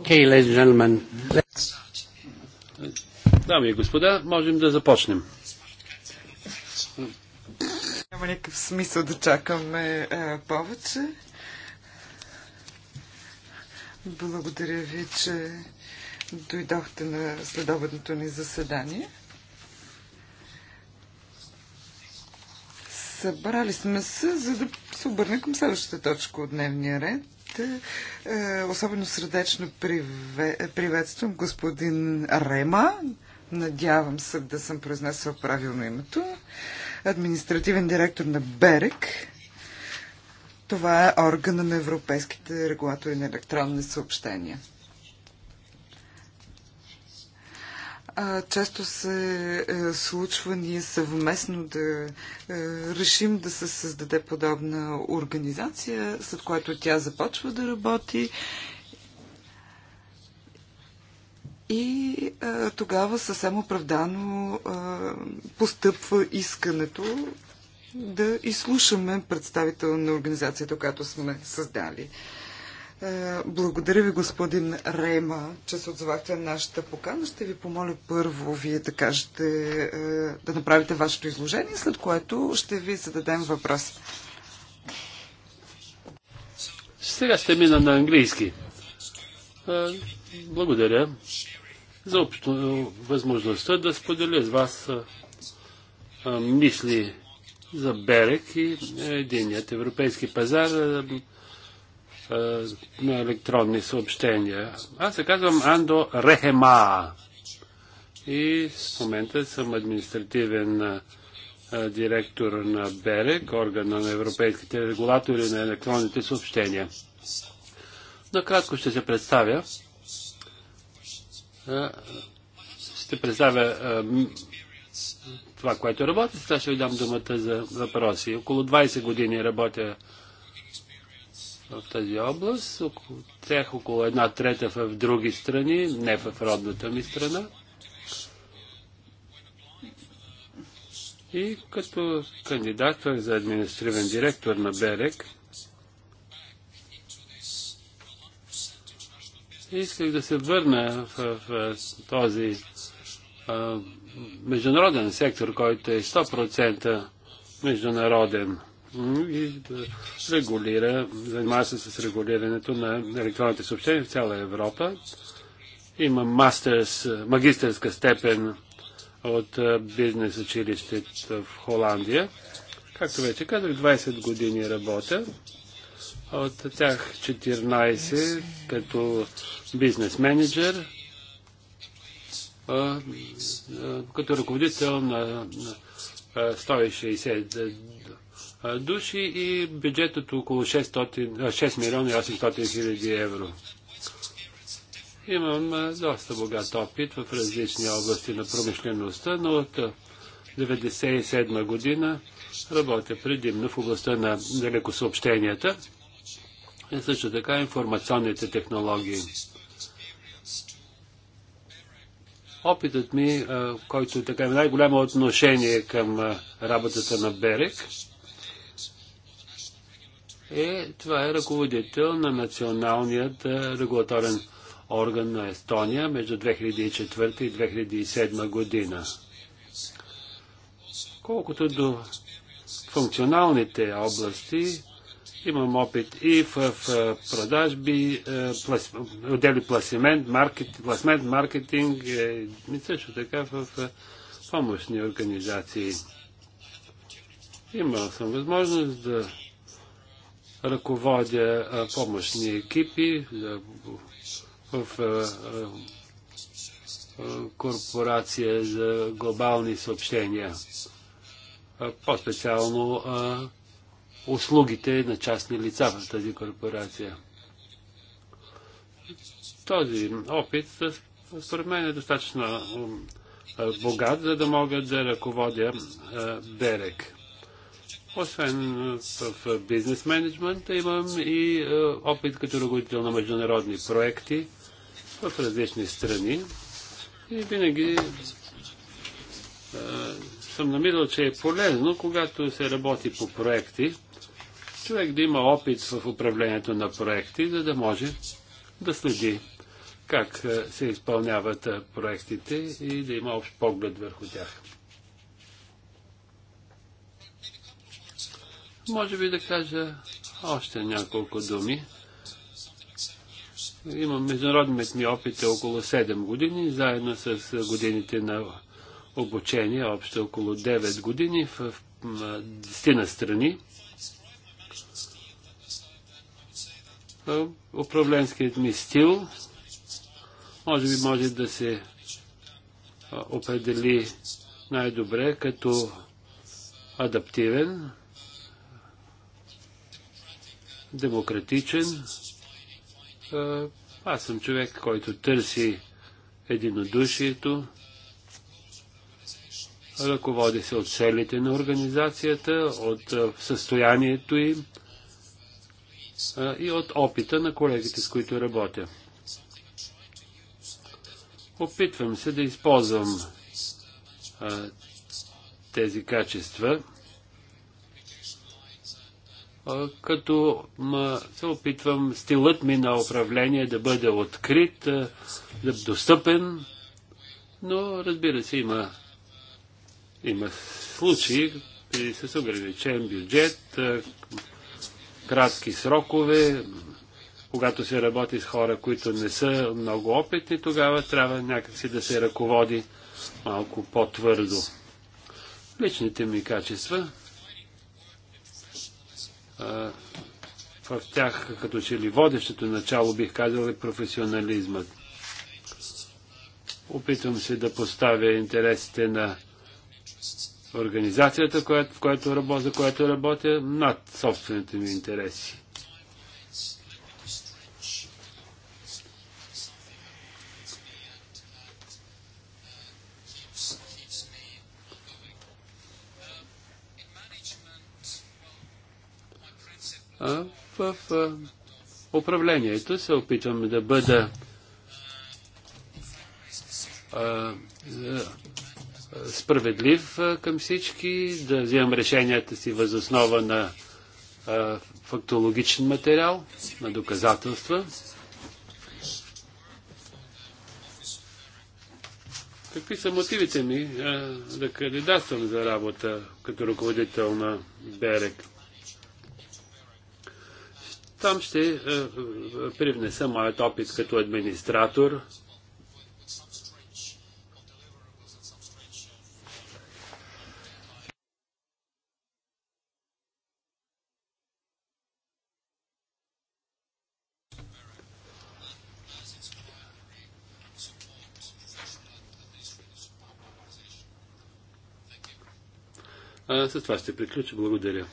Okay, ladies and gentlemen, let's... Дами и господа, можем да започнем. Няма никакъв смисъл да чакаме е, повече. Благодаря ви, че дойдохте на следобедното ни заседание. Събрали сме се, за да се обърнем към следващата точка от дневния ред гостите. Особено сърдечно приветствам господин Рема. Надявам се да съм произнесла правилно името. Административен директор на БЕРЕК. Това е органа на европейските регулатори на електронни съобщения. А, често се е, случва ние съвместно да е, решим да се създаде подобна организация, след което тя започва да работи. И е, тогава съвсем оправдано е, постъпва искането да изслушаме представител на организацията, която сме създали. Е, е, благодаря ви, господин Рейма, че се отзовахте на нашата покана. Ще ви помоля първо вие да кажете, е, да направите вашето изложение, след което ще ви зададем въпрос. Сега ще мина на английски. Е, благодаря за възможността да споделя с вас мисли за Берек и единият европейски пазар е, на електронни съобщения. Аз се казвам Андо Рехема и в момента съм административен е, директор на БЕРЕК, органа на европейските регулатори на електронните съобщения. Накратко ще се представя. Е, ще представя това, което работя. Сега ще ви дам думата за въпроси. Около 20 години работя в тази област, тях около една трета в други страни, не в родната ми страна. И като кандидат за административен директор на Берек, исках да се върна в, в този а, международен сектор, който е 100% международен и да регулира, занимава се с регулирането на електронните съобщения в цяла Европа. Има мастерс, магистърска степен от бизнес училище в Холандия. Както вече казах, 20 години работя. От тях 14 като бизнес менеджер, като ръководител на 160 души и бюджетът около 600, 6 милиона и 800 хиляди евро. Имам доста богат опит в различни области на промишлеността, но от 1997 година работя предимно в областта на далекосъобщенията и също така информационните технологии. Опитът ми, който е така има най-голямо отношение към работата на Берек, е, това е ръководител на националният е, регулаторен орган на Естония между 2004 и 2007 година. Колкото до функционалните области, имам опит и в, продажби, е, отдели пласимент, маркет, пласмент, маркетинг е, и също така в помощни организации. Имал съм възможност да ръководя помощни екипи в корпорация за глобални съобщения. По-специално услугите на частни лица в тази корпорация. Този опит, според мен, е достатъчно богат, за да мога да ръководя Берек. Освен в бизнес менеджмент, имам и опит като ръководител на международни проекти в различни страни. И винаги съм намирал, че е полезно, когато се работи по проекти, човек да има опит в управлението на проекти, за да може да следи как се изпълняват проектите и да има общ поглед върху тях. Може би да кажа още няколко думи. Имам международният ми опит е около 7 години, заедно с годините на обучение, общо около 9 години в 10 страни. Управленският ми стил може би може да се определи най-добре като адаптивен, демократичен. Аз съм човек, който търси единодушието, ръководи се от целите на организацията, от състоянието им и от опита на колегите, с които работя. Опитвам се да използвам тези качества като се опитвам стилът ми на управление да бъде открит, да достъпен, но разбира се, има, има случаи при с ограничен бюджет, кратки срокове, когато се работи с хора, които не са много опитни, тогава трябва някакси да се ръководи малко по-твърдо. Личните ми качества в тях като че ли водещото начало, бих казал, е професионализмът. Опитвам се да поставя интересите на организацията, в която, за която работя, над собствените ми интереси. в управлението се опитвам да бъда справедлив към всички, да вземам решенията си възоснова на фактологичен материал, на доказателства. Какви са мотивите ми да кандидатствам за работа като ръководител на БЕРЕК? Там ще е, е, привнеса моят опит като администратор. с това ще приключа. Благодаря.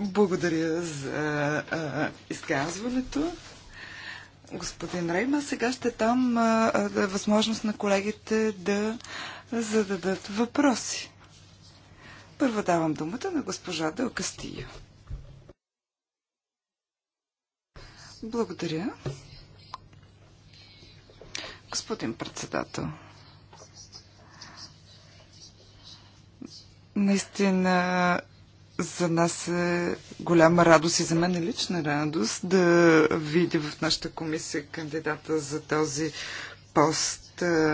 Благодаря за а, изказването. Господин Рейма, сега ще там а, а, възможност на колегите да зададат въпроси. Първо давам думата на госпожа Дълкастия. Благодаря. Господин председател, наистина за нас е голяма радост и за мен е лична радост да видя в нашата комисия кандидата за този пост е,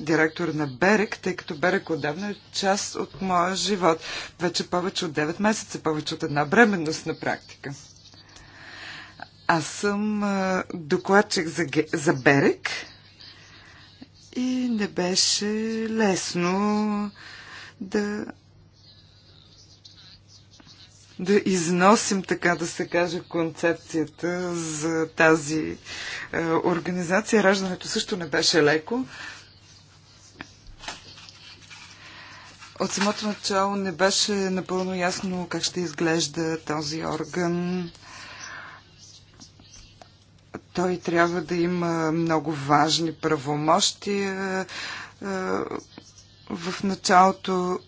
директор на Берек, тъй като Берек отдавна е част от моя живот. Вече повече от 9 месеца, повече от една бременност на практика. Аз съм е, докладчик за, за Берек и не беше лесно да да износим, така да се каже, концепцията за тази е, организация. Раждането също не беше леко. От самото начало не беше напълно ясно как ще изглежда този орган. Той трябва да има много важни правомощия. Е, в началото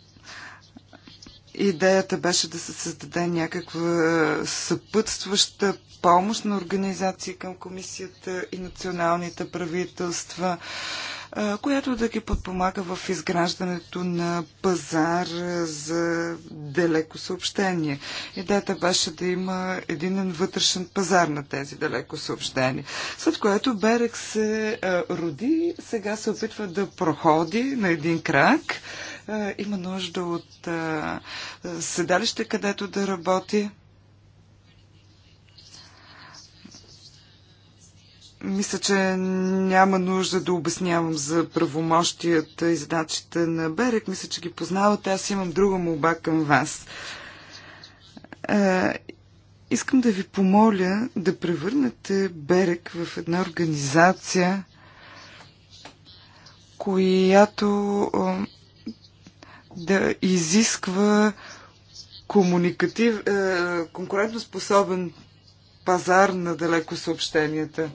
Идеята беше да се създаде някаква съпътстваща помощ на организации към комисията и националните правителства, която да ги подпомага в изграждането на пазар за далеко съобщение. Идеята беше да има един вътрешен пазар на тези далеко съобщения. След което Берек се роди, сега се опитва да проходи на един крак е, има нужда от е, седалище, където да работи. Мисля, че няма нужда да обяснявам за правомощията и задачите на Берек. Мисля, че ги познавате. Аз имам друга молба към вас. Е, искам да ви помоля да превърнете Берек в една организация, която да изисква комуникатив, е, конкурентоспособен пазар на далеко съобщенията.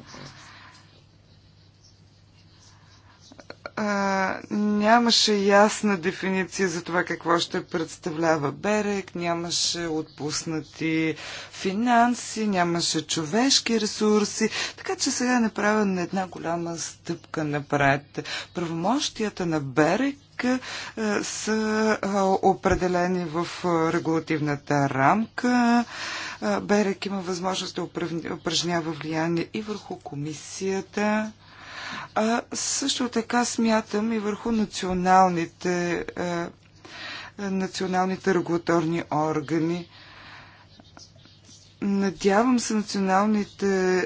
а, нямаше ясна дефиниция за това какво ще представлява Берек, нямаше отпуснати финанси, нямаше човешки ресурси, така че сега е направена една голяма стъпка напред. Правомощията на Берек практика е, са е, определени в е, регулативната рамка. Берек има възможност да упражнява влияние и върху комисията. А също така смятам и върху националните, националните регулаторни органи. Надявам се националните е,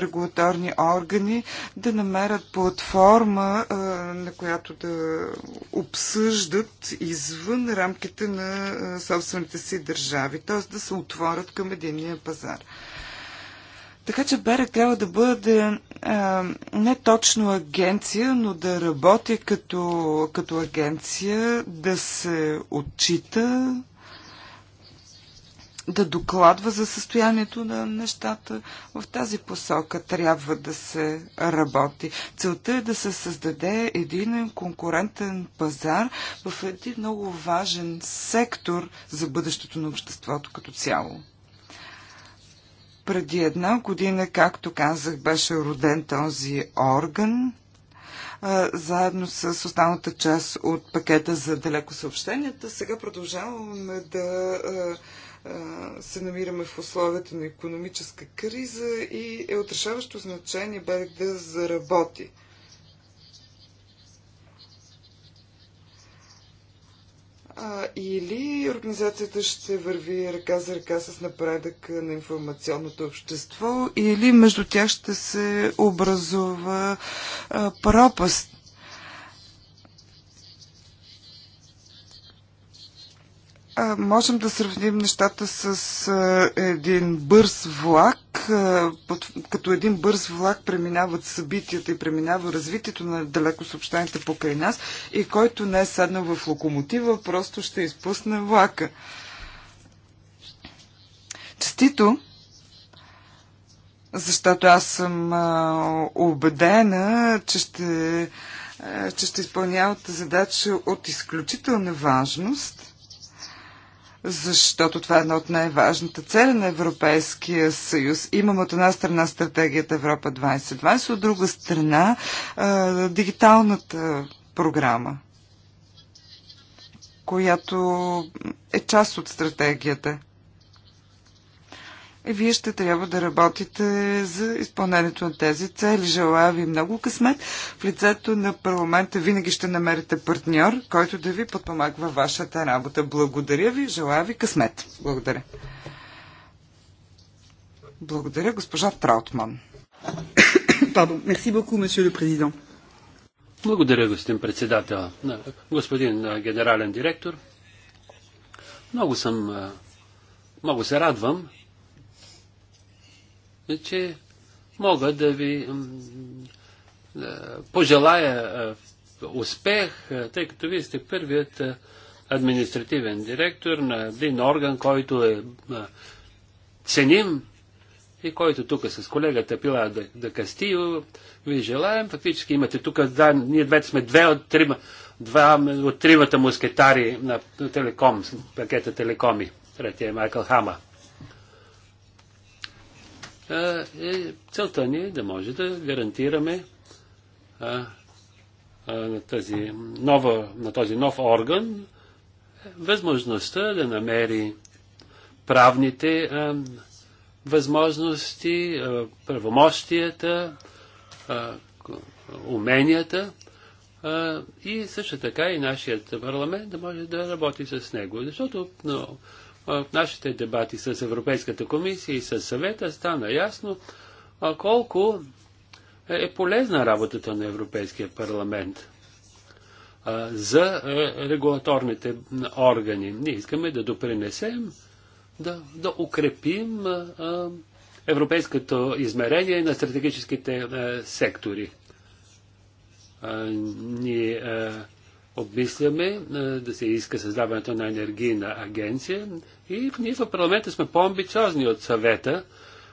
регулаторни органи да намерят платформа, е, на която да обсъждат извън рамките на е, собствените си държави, т.е. да се отворят към единния пазар. Така че Берек трябва да бъде а, е, не точно агенция, но да работи като, като агенция, да се отчита, да докладва за състоянието на нещата в тази посока. Трябва да се работи. Целта е да се създаде един конкурентен пазар в един много важен сектор за бъдещето на обществото като цяло. Преди една година, както казах, беше роден този орган заедно с останалата част от пакета за далеко съобщенията. Сега продължаваме да се намираме в условията на економическа криза и е отрешаващо значение БЕРЕК да заработи. А, или организацията ще върви ръка за ръка с напредък на информационното общество, или между тях ще се образува а, пропаст. Можем да сравним нещата с един бърз влак. Като един бърз влак преминават събитията и преминава развитието на далеко съобщаните покрай нас и който не е седнал в локомотива, просто ще изпусне влака. Честито, защото аз съм убедена, че ще, че ще изпълнявате задача от изключителна важност – защото това е една от най-важните цели на Европейския съюз. Имам от една страна стратегията Европа 2020, от друга страна дигиталната програма, която е част от стратегията вие ще трябва да работите за изпълнението на тези цели. Желая ви много късмет. В лицето на парламента винаги ще намерите партньор, който да ви подпомага вашата работа. Благодаря ви. Желая ви късмет. Благодаря. Благодаря, госпожа Траутман. Пардон. Мерси боку, monsieur le Благодаря, господин председател. Господин генерален директор, много съм, много се радвам, че мога да ви е, пожелая е, успех, е, тъй като вие сте първият административен директор на един орган, който е ценим и който тук с колегата Пила да, да Кастио ви желаем. Фактически имате тук, да, ние двете сме две от трима, два от тримата мускетари на, на телеком, пакета телекоми. Третия е Майкъл Хама е, целта ни е да може да гарантираме а, а, на, тази нова, на този нов орган възможността да намери правните а, възможности, а, правомощията, а, уменията а, и също така и нашият парламент да може да работи с него. Защото но, в нашите дебати с Европейската комисия и с съвета стана ясно колко е, е полезна работата на Европейския парламент за е, регулаторните органи. Ние искаме да допринесем, да, да укрепим европейското измерение на стратегическите е, сектори. Ние обмисляме да се иска създаването на енергийна агенция. И ние в парламента сме по-амбициозни от съвета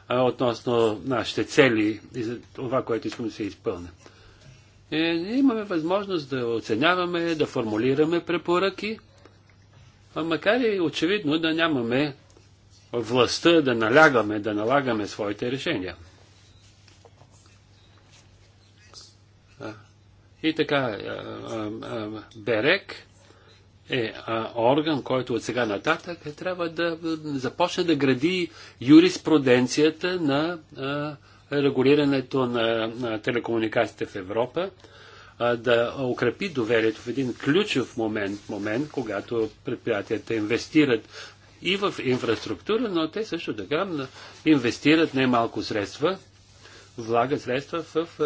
а, относно нашите цели и за това, което искаме да се изпълне. И имаме възможност да оценяваме, да формулираме препоръки, а макар и очевидно да нямаме властта да налягаме, да налагаме своите решения. И така, Берек е а, орган, който от сега нататък трябва да започне да гради юриспруденцията на а, регулирането на, на телекомуникациите в Европа, а, да укрепи доверието в един ключов момент, момент, когато предприятията инвестират и в инфраструктура, но те също така инвестират немалко средства влага средства в е,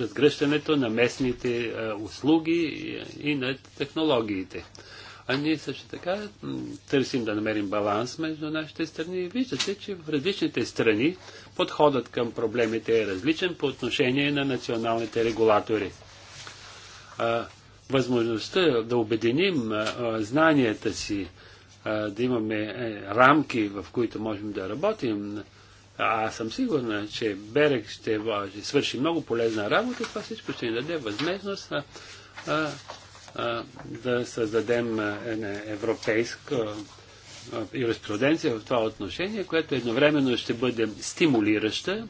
разгръщането на местните е, услуги и на технологиите. А ние също така търсим да намерим баланс между нашите страни и виждате, че в различните страни подходът към проблемите е различен по отношение на националните регулатори. Възможността да обединим знанията си, да имаме е, рамки, в които можем да работим, аз съм сигурна, че Берег ще свърши много полезна работа. Това всичко ще ни даде възможност а, а, да създадем една европейска юриспруденция в това отношение, което едновременно ще бъде стимулираща,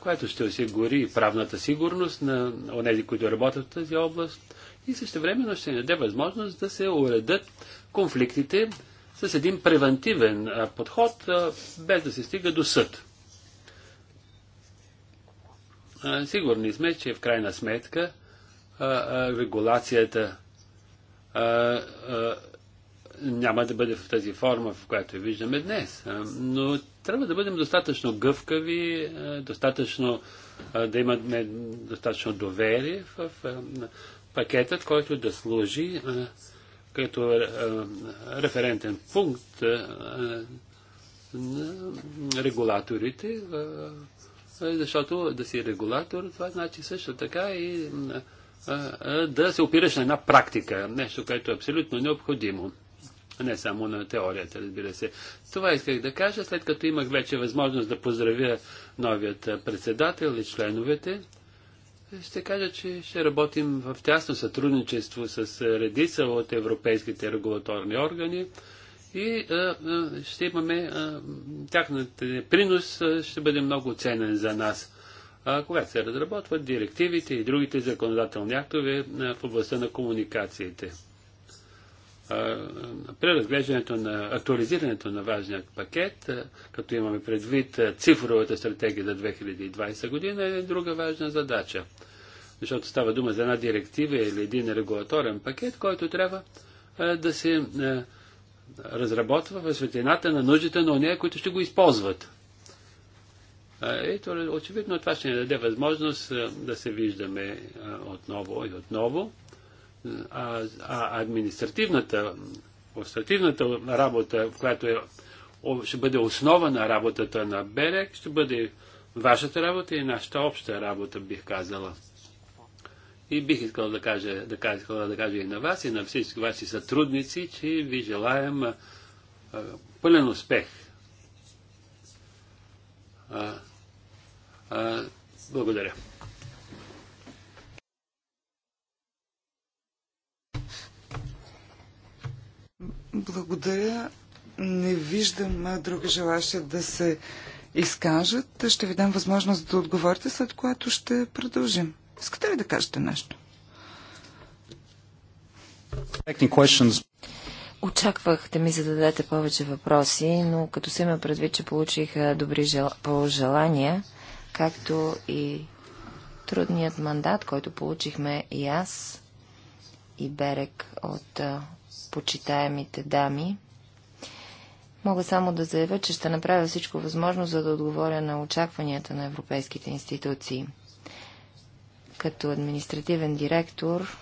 която ще осигури правната сигурност на тези, които работят в тази област и също времено ще ни даде възможност да се уредат конфликтите, с един превентивен подход, без да се стига до съд. Сигурни сме, че в крайна сметка регулацията няма да бъде в тази форма, в която я виждаме днес. Но трябва да бъдем достатъчно гъвкави, достатъчно да имаме достатъчно доверие в пакетът, който да служи като е, е, референтен пункт на е, регулаторите, защото да си регулатор, това значи също така и да се опираш на една практика, нещо, което е абсолютно необходимо. Не само на теорията, разбира се. Това исках да кажа, след като имах вече възможност да поздравя новият председател и членовете ще кажа, че ще работим в тясно сътрудничество с е, редица от европейските регулаторни органи и е, е, ще имаме тяхната принос, ще бъде много ценен за нас, когато се разработват директивите и другите законодателни актове в областта на комуникациите преразглеждането на актуализирането на важният пакет, като имаме предвид цифровата стратегия за 2020 година, е друга важна задача. Защото става дума за една директива или един регулаторен пакет, който трябва да се разработва в светлината на нуждите на уния, които ще го използват. Ето, очевидно това ще ни даде възможност да се виждаме отново и отново а, административната, административната работа, в която е, ще бъде основа на работата на Берек, ще бъде вашата работа и нашата обща работа, бих казала. И бих искал да кажа, да кажа, да кажа и на вас, и на всички ваши сътрудници, че ви желаем а, а, пълен успех. А, а, благодаря. Благодаря. Не виждам други желащи да се изкажат. Ще ви дам възможност да отговорите, след което ще продължим. Искате ли да кажете нещо? Очаквах да ми зададете повече въпроси, но като се има предвид, че получих добри жел... пожелания, както и трудният мандат, който получихме и аз, и Берек от почитаемите дами. Мога само да заявя, че ще направя всичко възможно, за да отговоря на очакванията на европейските институции. Като административен директор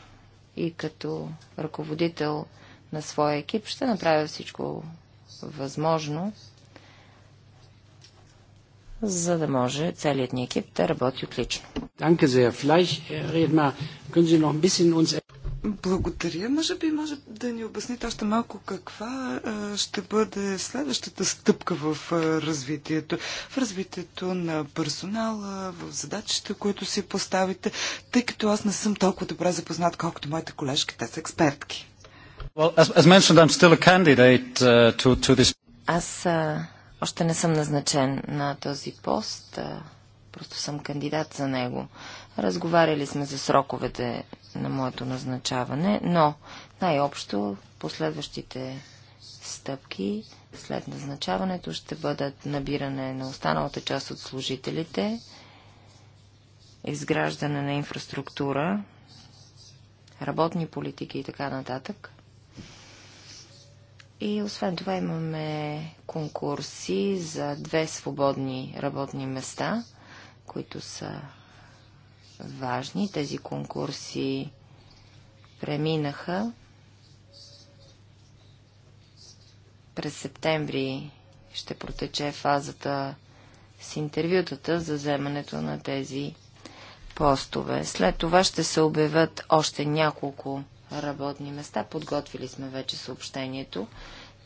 и като ръководител на своя екип ще направя всичко възможно, за да може целият ни екип да работи отлично. Благодаря. Може би може да ни обясните още малко каква ще бъде следващата стъпка в развитието. В развитието на персонала, в задачите, които си поставите, тъй като аз не съм толкова добре запознат, колкото моите колежки, те са експертки. Well, as, as mentioned, I'm still a candidate uh, to, to this... Аз още не съм назначен на този пост. просто съм кандидат за него. Разговаряли сме за сроковете на моето назначаване, но най-общо последващите стъпки след назначаването ще бъдат набиране на останалата част от служителите, изграждане на инфраструктура, работни политики и така нататък. И освен това имаме конкурси за две свободни работни места, които са важни. Тези конкурси преминаха през септември ще протече фазата с интервютата за вземането на тези постове. След това ще се обявят още няколко работни места. Подготвили сме вече съобщението.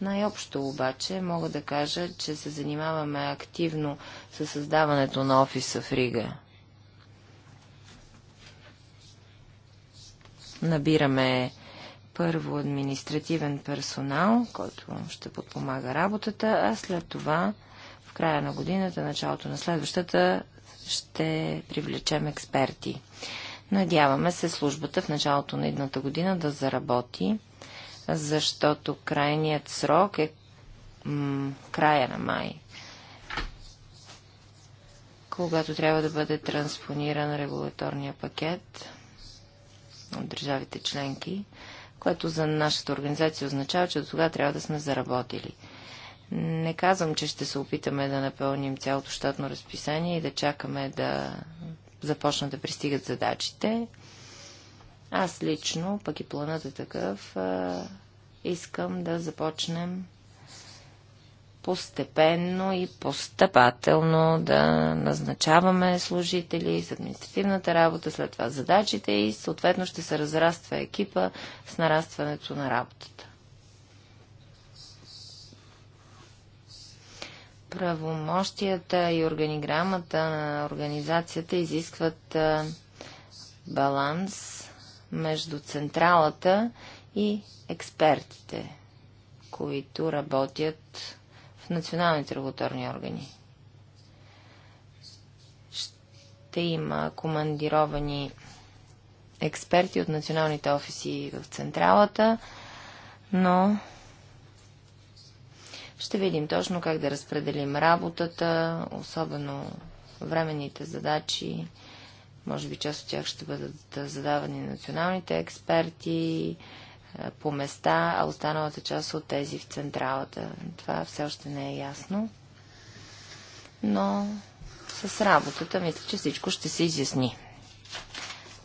Най-общо обаче мога да кажа, че се занимаваме активно с създаването на офиса в Рига. Набираме първо административен персонал, който ще подпомага работата, а след това в края на годината, началото на следващата, ще привлечем експерти. Надяваме се службата в началото на едната година да заработи, защото крайният срок е края на май, когато трябва да бъде транспониран регулаторния пакет – от държавите членки, което за нашата организация означава, че до тогава трябва да сме заработили. Не казвам, че ще се опитаме да напълним цялото щатно разписание и да чакаме да започнат да пристигат задачите. Аз лично, пък и планът е такъв, искам да започнем постепенно и постъпателно да назначаваме служители с административната работа, след това задачите и съответно ще се разраства екипа с нарастването на работата. Правомощията и органиграмата на организацията изискват баланс между централата и експертите, които работят в националните регулаторни органи. Ще има командировани експерти от националните офиси в централата, но ще видим точно как да разпределим работата, особено временните задачи. Може би част от тях ще бъдат задавани националните експерти, е, по места, а останалата част от тези в централата. Това все още не е ясно. Но с работата мисля, че всичко ще се изясни.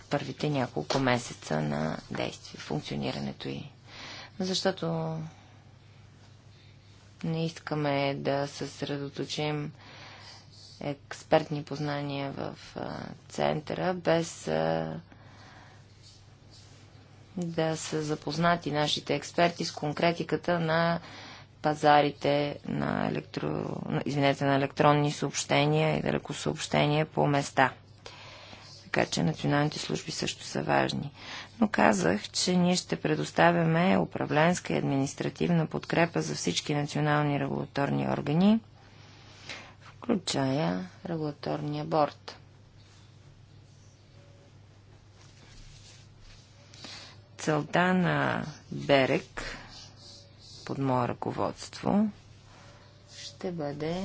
Първите няколко месеца на действие, функционирането и. Защото не искаме да съсредоточим експертни познания в центъра без да са запознати нашите експерти с конкретиката на пазарите на, електро... Извинете, на електронни съобщения и далекосъобщения по места. Така че националните служби също са важни. Но казах, че ние ще предоставяме управленска и административна подкрепа за всички национални регулаторни органи, включая регулаторния борт. целта на Берек под мое ръководство ще бъде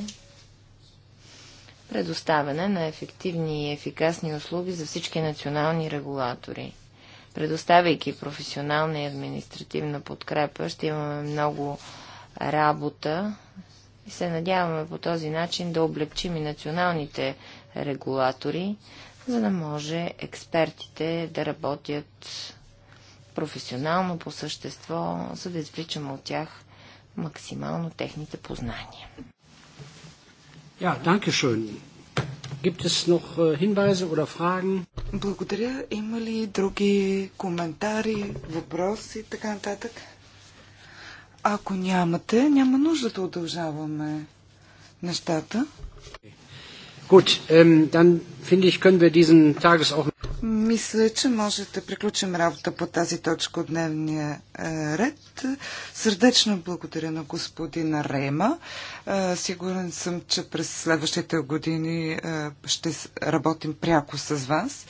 предоставяне на ефективни и ефикасни услуги за всички национални регулатори. Предоставяйки професионална и административна подкрепа, ще имаме много работа и се надяваме по този начин да облегчим и националните регулатори, за да може експертите да работят професионално, по същество, за да извличаме от тях максимално техните познания. Ja, danke schön. Gibt es noch äh, Hinweise oder Fragen? Благодаря. Има ли други коментари, въпроси и така нататък? Ако нямате, няма нужда да удължаваме нещата. Okay. Е, Gut, ähm, dann finde ich, können wir diesen Tagesordnung. Мисля, че може да приключим работа по тази точка от дневния е, ред. Сърдечно благодаря на господина Рема. Е, сигурен съм, че през следващите години е, ще работим пряко с вас.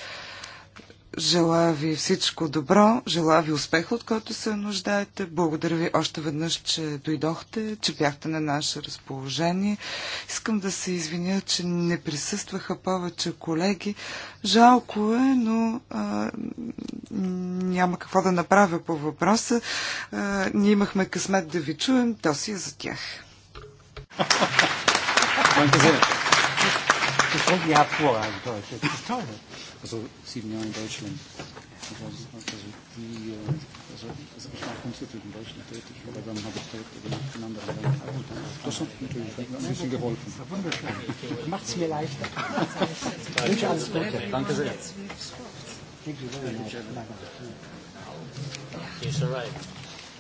Желая ви всичко добро, желая ви успех, от който се нуждаете. Благодаря ви още веднъж, че дойдохте, че бяхте на наше разположение. Искам да се извиня, че не присъстваха повече колеги. Жалко е, но а, няма какво да направя по въпроса. А, ние имахме късмет да ви чуем, то си е за тях. Das konnten wir hervorragend Deutsch. Das ist toll. Also sieben Jahre in Deutschland. Also, die, also, also ich war grundsätzlich in Deutschland tätig, aber dann habe ich direkt in anderen Ländern Das hat natürlich ein bisschen geholfen. Wunderschön. Macht es mir leichter. Ich wünsche alles Gute. Danke sehr. Thank you very much. He's all right.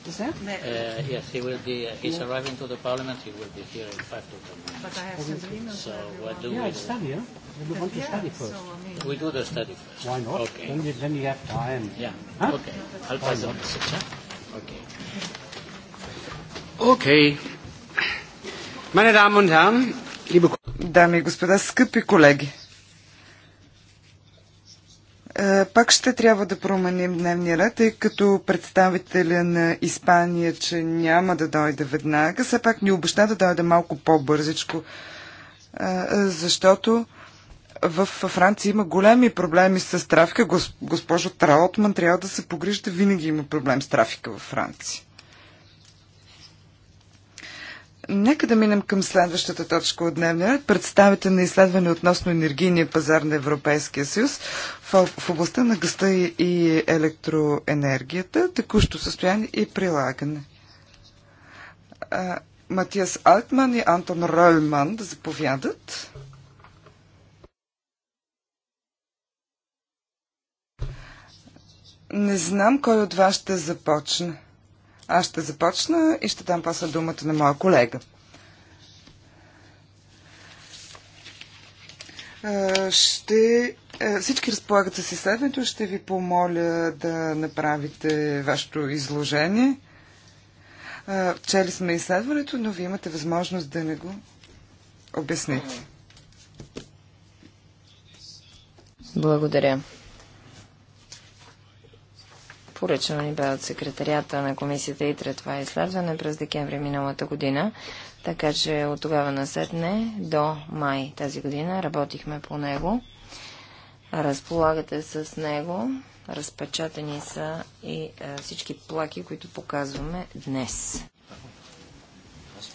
Uh, yes, he will be. Uh, he's arriving to the parliament. He will be here in five to ten minutes. But I have some emails. So what do yeah, we do? study. Huh? We want to study first. So, I mean, we do the study first. Why not? Okay. Then you, then you have time. Yeah. Huh? Okay. I'll pass the message. Huh? Okay. Okay. Meine Damen und Herren, liebe Dame и господа, скъпи колеги! Е, пак ще трябва да променим дневния ред, тъй като представителя на Испания, че няма да дойде веднага, все пак ни обеща да дойде малко по-бързичко, е, е, защото в Франция има големи проблеми с трафика. Госпожо Траотман трябва да се погрижда, винаги има проблем с трафика във Франция нека да минем към следващата точка от дневния ред. Представите на изследване относно енергийния пазар на Европейския съюз в, областта на гъста и електроенергията, текущо състояние и прилагане. Матиас Алтман и Антон Ройлман да заповядат. Не знам кой от вас ще започне. Аз ще започна и ще дам после думата на моя колега. Ще всички разполагат с изследването. Ще ви помоля да направите вашето изложение. Чели сме изследването, но ви имате възможност да не го обясните. Благодаря. Поръчано ни бе от секретарията на комисията и ИТРА това изследване през декември миналата година, така че от тогава насетне до май тази година работихме по него. Разполагате с него. Разпечатани са и е, всички плаки, които показваме днес.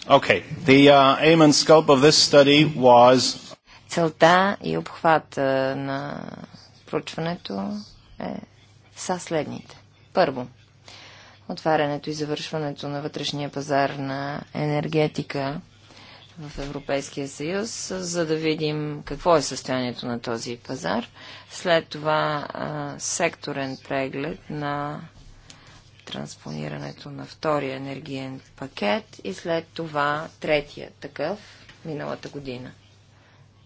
Okay. The uh, aim and scope of this study was Целта и обхват на проучването е, са следните. Първо, отварянето и завършването на вътрешния пазар на енергетика в Европейския съюз, за да видим какво е състоянието на този пазар. След това а, секторен преглед на транспонирането на втория енергиен пакет и след това третия такъв миналата година.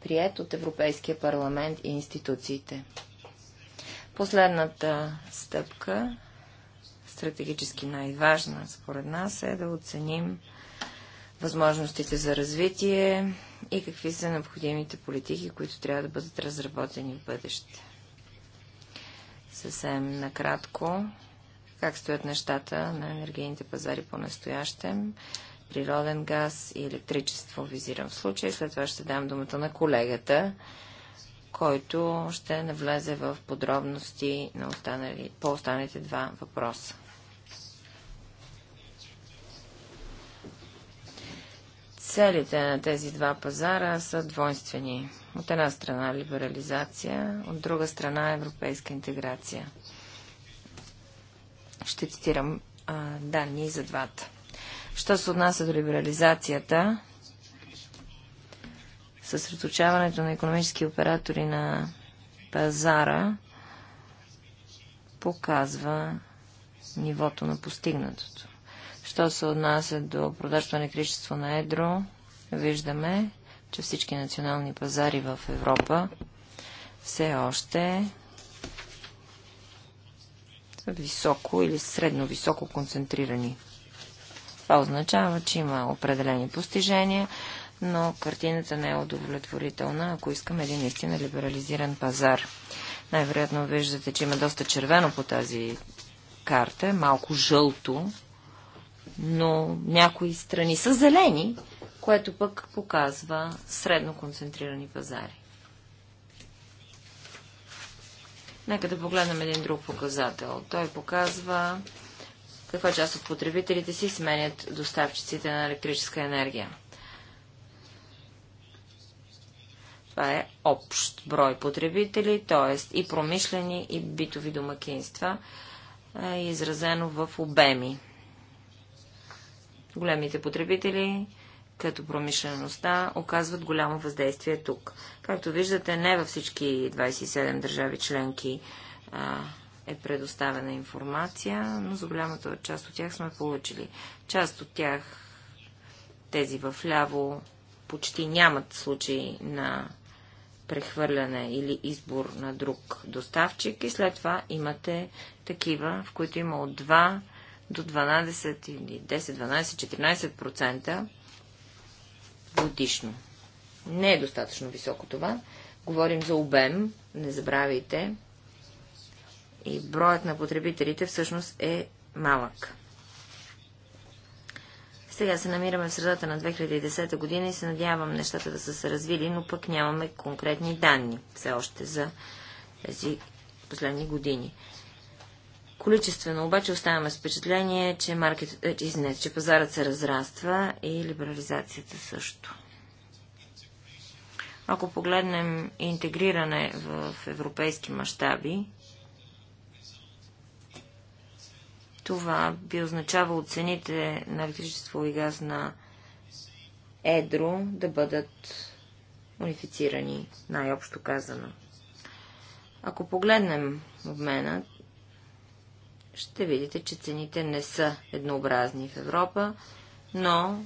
Прият от Европейския парламент и институциите. Последната стъпка стратегически най-важна, според нас, е да оценим възможностите за развитие и какви са необходимите политики, които трябва да бъдат разработени в бъдеще. Съвсем накратко, как стоят нещата на енергийните пазари по-настоящем, природен газ и електричество визирам в случай. След това ще дам думата на колегата, който ще навлезе в подробности на останали, по останалите два въпроса. Целите на тези два пазара са двойствени. От една страна либерализация, от друга страна европейска интеграция. Ще цитирам а, данни за двата. Що се отнася до либерализацията, съсредоточаването на економически оператори на пазара показва нивото на постигнатото. Що се отнася до продажба на електричество на едро, виждаме, че всички национални пазари в Европа все още са високо или средно високо концентрирани. Това означава, че има определени постижения, но картината не е удовлетворителна, ако искаме един наистина либерализиран пазар. Най-вероятно виждате, че има доста червено по тази карта, малко жълто но някои страни са зелени, което пък показва средно концентрирани пазари. Нека да погледнем един друг показател. Той показва каква част от потребителите си сменят доставчиците на електрическа енергия. Това е общ брой потребители, т.е. и промишлени, и битови домакинства, изразено в обеми. Големите потребители, като промишлеността, оказват голямо въздействие тук. Както виждате, не във всички 27 държави членки а, е предоставена информация, но за голямата част от тях сме получили. Част от тях, тези в ляво, почти нямат случаи на прехвърляне или избор на друг доставчик и след това имате такива, в които има от два до 12 или 10, 12, 14% годишно. Не е достатъчно високо това. Говорим за обем, не забравяйте. И броят на потребителите всъщност е малък. Сега се намираме в средата на 2010 година и се надявам нещата да са се развили, но пък нямаме конкретни данни все още за тези последни години. Количествено обаче оставаме с впечатление, че, маркет, е, извинете, че пазарът се разраства и либерализацията също. Ако погледнем интегриране в европейски мащаби, това би означавало цените на електричество и газ на едро да бъдат унифицирани, най-общо казано. Ако погледнем обмена, ще видите, че цените не са еднообразни в Европа, но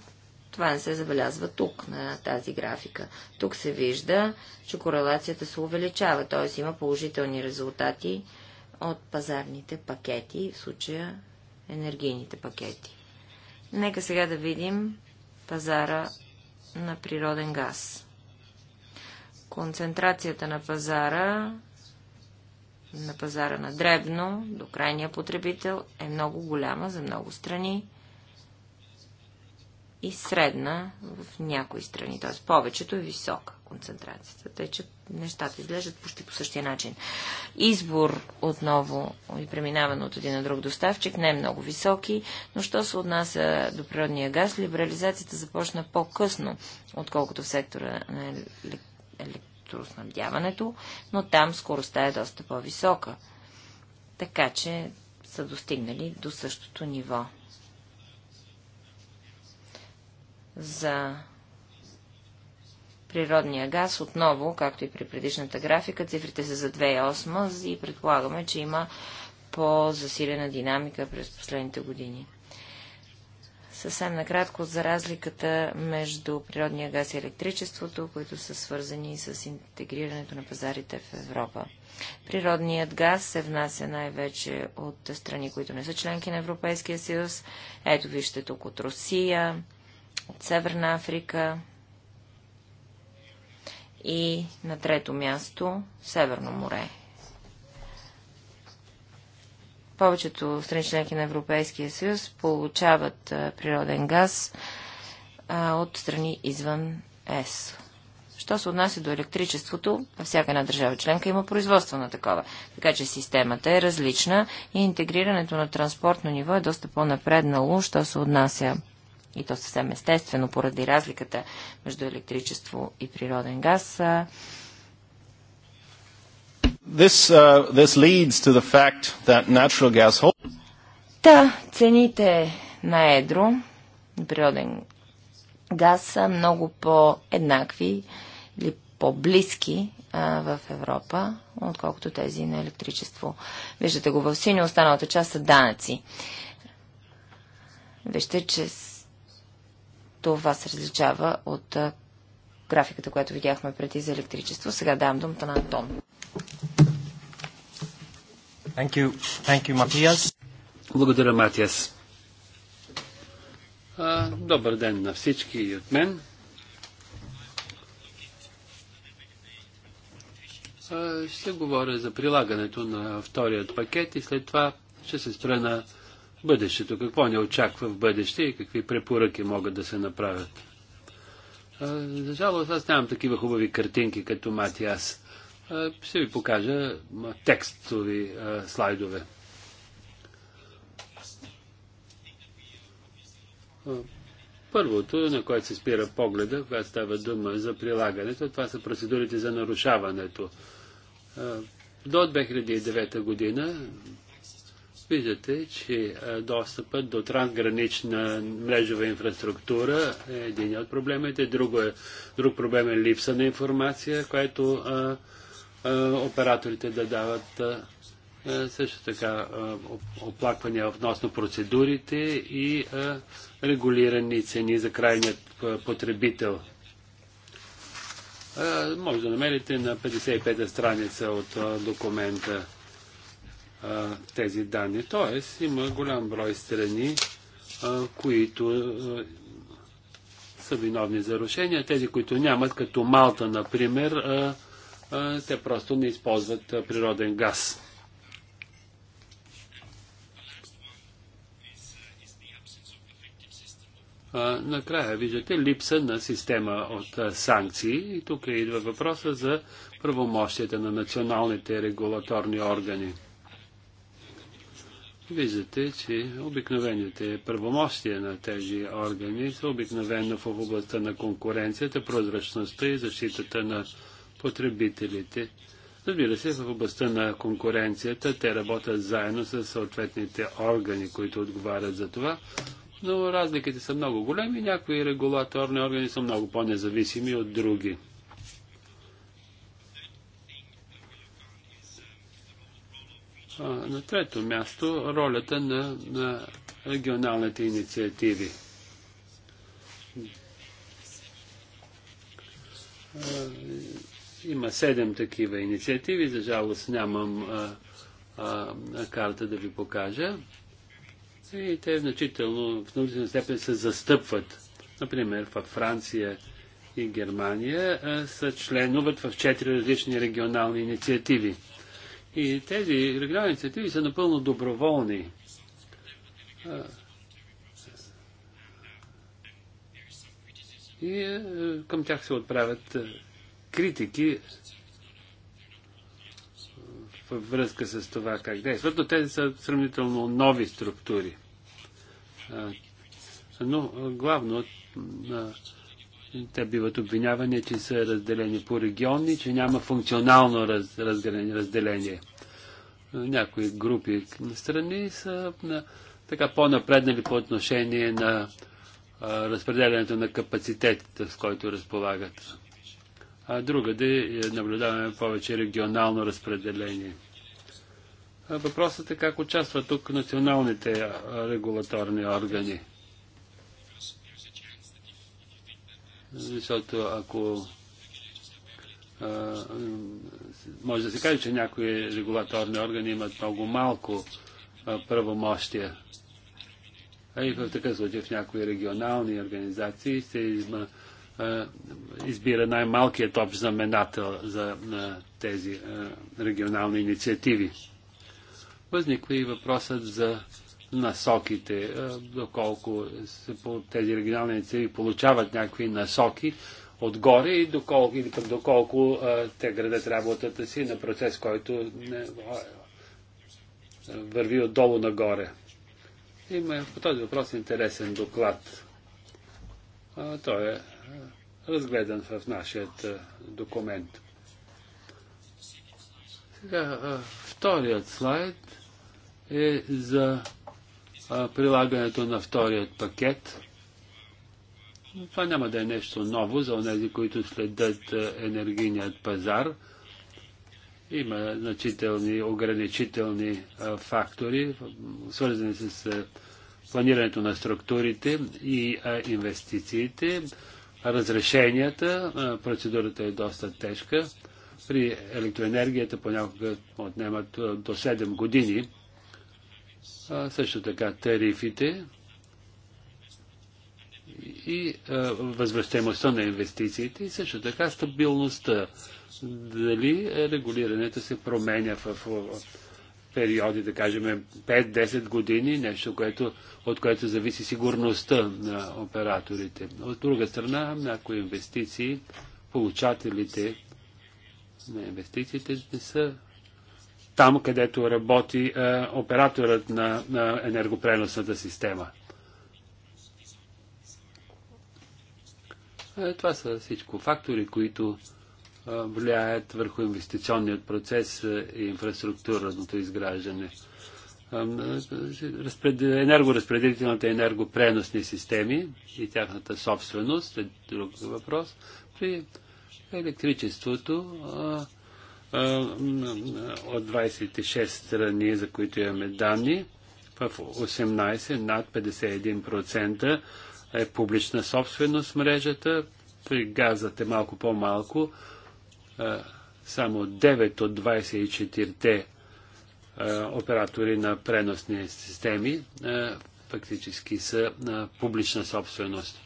това не се забелязва тук, на тази графика. Тук се вижда, че корелацията се увеличава, т.е. има положителни резултати от пазарните пакети, в случая енергийните пакети. Нека сега да видим пазара на природен газ. Концентрацията на пазара на пазара на дребно до крайния потребител е много голяма за много страни и средна в някои страни, т.е. повечето е висока концентрацията, тъй че нещата изглеждат почти по същия начин. Избор отново и преминаване от един на друг доставчик не е много високи, но що се отнася до природния газ, либерализацията започна по-късно, отколкото в сектора на електричеството електроснабдяването, но там скоростта е доста по-висока. Така че са достигнали до същото ниво. За природния газ отново, както и при предишната графика, цифрите са за 2008 и предполагаме, че има по-засилена динамика през последните години. Съвсем накратко за разликата между природния газ и електричеството, които са свързани с интегрирането на пазарите в Европа. Природният газ се внася най-вече от страни, които не са членки на Европейския съюз. Ето вижте тук от Русия, от Северна Африка и на трето място Северно море, повечето страни членки на Европейския съюз получават природен газ от страни извън ЕС. Що се отнася до електричеството, всяка една държава членка има производство на такова. Така че системата е различна и интегрирането на транспортно ниво е доста по-напреднало, що се отнася и то съвсем естествено, поради разликата между електричество и природен газ, This, uh, this leads to the fact that natural gas holds... Та, цените на едро, на природен газ са много по-еднакви или по-близки в Европа, отколкото тези на електричество. Виждате го в синьо, останалата част са данъци. Вижте, че това се различава от графиката, която видяхме преди за електричество. Сега давам думата на Антон. Thank you. Thank you, Благодаря, Матиас. добър ден на всички и от мен. А, ще говоря за прилагането на вторият пакет и след това ще се строя на бъдещето. Какво ни очаква в бъдеще и какви препоръки могат да се направят. А, за жалост аз нямам такива хубави картинки като Матиас ще ви покажа текстови слайдове. Първото, на което се спира погледа, когато става дума за прилагането, това са процедурите за нарушаването. До 2009 година виждате, че достъпът до трансгранична мрежова инфраструктура е един от проблемите. е, друг проблем е липса на информация, което е, операторите да дават е, е, също така оплаквания относно процедурите и регулирани цени за крайният потребител. Може да намерите на 55-та страница от документа тези данни. Тоест има голям брой страни, които са виновни за рушения. Тези, които нямат, като Малта, например, те просто не използват природен газ. накрая виждате липса на система от санкции. И тук идва въпроса за правомощията на националните регулаторни органи. Виждате, че обикновените правомощия на тези органи са обикновено в областта на конкуренцията, прозрачността и защитата на потребителите. Разбира се, в областта на конкуренцията те работят заедно с съответните органи, които отговарят за това, но разликите са много големи. Някои регулаторни органи са много по-независими от други. на трето място ролята на, на регионалните инициативи. А, има седем такива инициативи, за жалост нямам а, а, карта да ви покажа. И те значително, в научна степен се застъпват. Например, в Франция и Германия а, са членуват в четири различни регионални инициативи. И тези регионални инициативи са напълно доброволни. А, и към тях се отправят критики във връзка с това как е. Защото те са сравнително нови структури. Но главно те биват обвинявани, че са разделени по региони, че няма функционално раз, разделение. разделение. Някои групи страни са на, така по-напреднали по отношение на а, разпределянето на капацитетите, с който разполагат а другаде е, наблюдаваме повече регионално разпределение. Въпросът е как участват тук националните регулаторни органи. Защото ако а, може да се каже, че някои регулаторни органи имат много малко правомощия. А и в такъв случай в някои регионални организации се има е, избира най-малкият общ знаменател за тези е, регионални инициативи. Възниква и въпросът за насоките, е, доколко тези регионални инициативи получават някакви насоки отгоре и доколко, или пък доколко те градят работата си на процес, който не, върви отдолу нагоре. Има по този въпрос интересен доклад. Той е разгледан в нашия документ. Сега, вторият слайд е за прилагането на вторият пакет. Това няма да е нещо ново за тези, които следят енергийният пазар. Има значителни ограничителни фактори, свързани с планирането на структурите и инвестициите разрешенията. Процедурата е доста тежка. При електроенергията понякога отнемат до 7 години. А, също така тарифите и а, възвръщаемостта на инвестициите и също така стабилността. Дали регулирането се променя в, в, в периоди, да кажем 5-10 години, нещо, което, от което зависи сигурността на операторите. От друга страна, някои инвестиции, получателите на инвестициите не са там, където работи е, операторът на, на енергопреносната система. Е, това са всичко фактори, които влияят върху инвестиционният процес и инфраструктурното изграждане. Енергоразпределителните енергопреносни системи и тяхната собственост е друг въпрос. При електричеството от 26 страни, за които имаме данни, в 18 над 51% е публична собственост мрежата, при газът е малко по-малко, само 9 от 24-те оператори на преносни системи фактически са на публична собственост.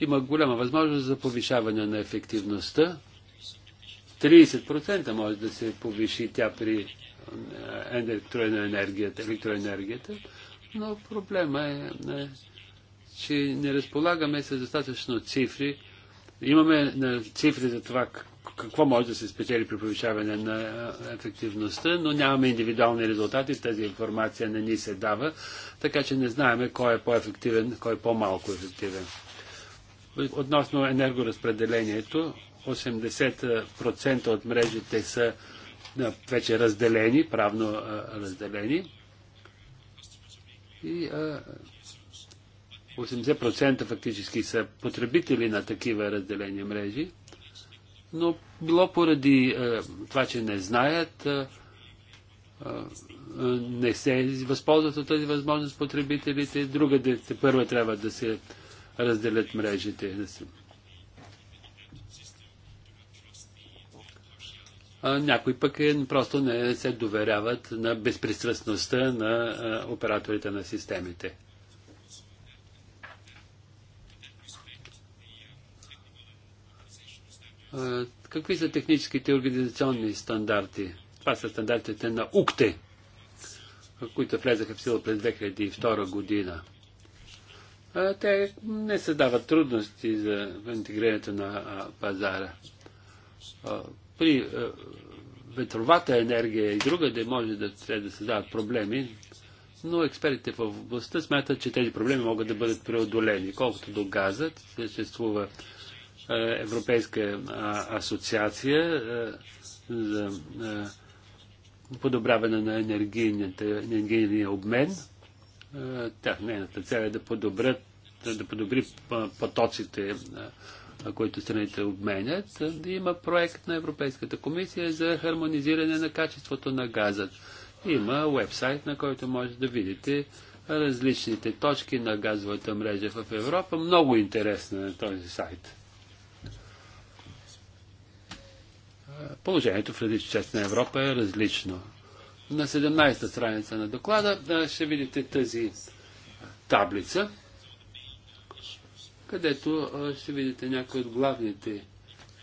Има голяма възможност за повишаване на ефективността. 30% може да се повиши тя при електроенергията, електроенергията но проблема е, е, че не разполагаме с достатъчно цифри, Имаме е, цифри за това какво може да се спечели при повишаване на е, ефективността, но нямаме индивидуални резултати, тази информация не ни се дава, така че не знаеме кой е по-ефективен, кой е по-малко ефективен. Относно енергоразпределението, 80% от мрежите са е, вече разделени, правно разделени. И а, 80% фактически са потребители на такива разделени мрежи, но било поради е, това, че не знаят, е, е, не се възползват от тази възможност потребителите, друга дете първа трябва да се разделят мрежите. Да се... А, някой пък е, просто не се доверяват на безпристрастността на е, операторите на системите. Какви са техническите организационни стандарти? Това са стандартите на УКТЕ, които влезаха в сила през 2002 година. Те не създават трудности за интегрирането на пазара. При ветровата енергия и друга да може да, да създават проблеми, но експертите в областта смятат, че тези проблеми могат да бъдат преодолени. Колкото до газът, съществува е, Европейска е, асоциация е, за подобряване на енергийния обмен. Тях нейната цел е да подобрят, да подобри потоците, които страните обменят. Има проект на Европейската комисия за хармонизиране на качеството на газът. Има вебсайт, на който може да видите различните точки на газовата мрежа в Европа. Много интересен е този сайт. положението в различни части на Европа е различно. На 17-та страница на доклада ще видите тази таблица, където ще видите някои от главните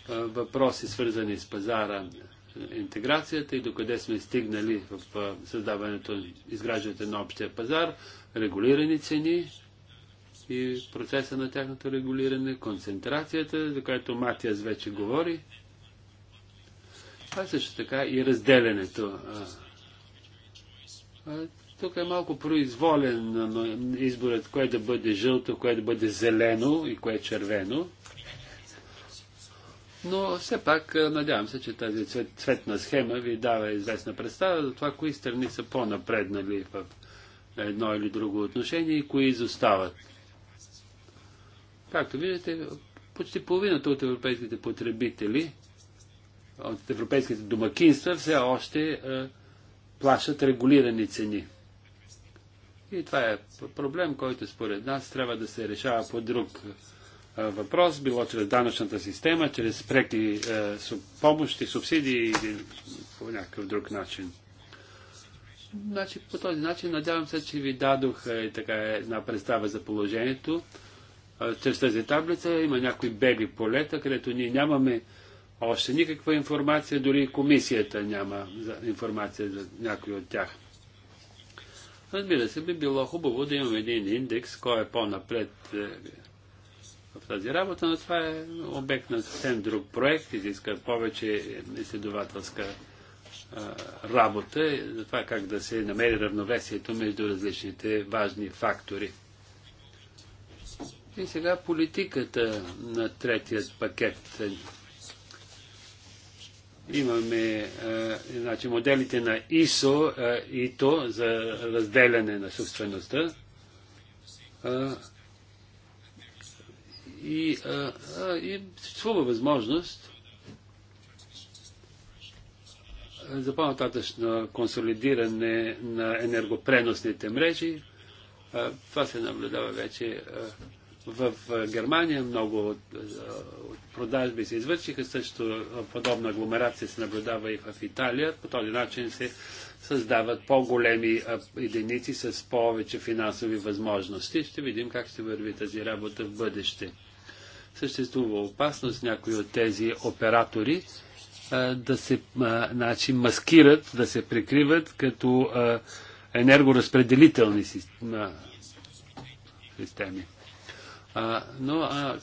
въпроси, свързани с пазара, интеграцията и докъде сме стигнали в създаването, изграждането на общия пазар, регулирани цени и процеса на тяхното регулиране, концентрацията, за която Матиас вече говори, е също така и разделянето. Тук е малко произволен изборът, кое да бъде жълто, кое да бъде зелено и кое е червено. Но все пак надявам се, че тази цвет, цветна схема ви дава известна представа за това, кои страни са по-напреднали в едно или друго отношение и кои изостават. Както виждате, почти половината от европейските потребители от европейските домакинства все още е, плащат регулирани цени. И това е проблем, който според нас трябва да се решава по друг е, въпрос, било чрез данъчната система, чрез преки е, помощи, субсидии или по някакъв друг начин. Значи, по този начин надявам се, че ви дадох е, така, една представа за положението. Е, чрез тази таблица има някои бели полета, където ние нямаме още никаква информация, дори и комисията няма информация за някой от тях. Разбира се, би било хубаво да имаме един индекс, кой е по-напред е, в тази работа, но това е обект на съвсем друг проект, изиска повече изследователска е, работа и за това как да се намери равновесието между различните важни фактори. И сега политиката на третият пакет Имаме е, значи, моделите на ИСО е, и ТО за разделяне на собствеността. Е, и, и съществува възможност за по-нататъчно консолидиране на енергопреносните мрежи. Това се наблюдава вече в Германия много от, от продажби се извършиха, също подобна агломерация се наблюдава и в Италия. По този начин се създават по-големи единици с повече финансови възможности. Ще видим как ще върви тази работа в бъдеще. Съществува опасност някои от тези оператори да се значи, маскират, да се прикриват като енергоразпределителни системи. А, но а,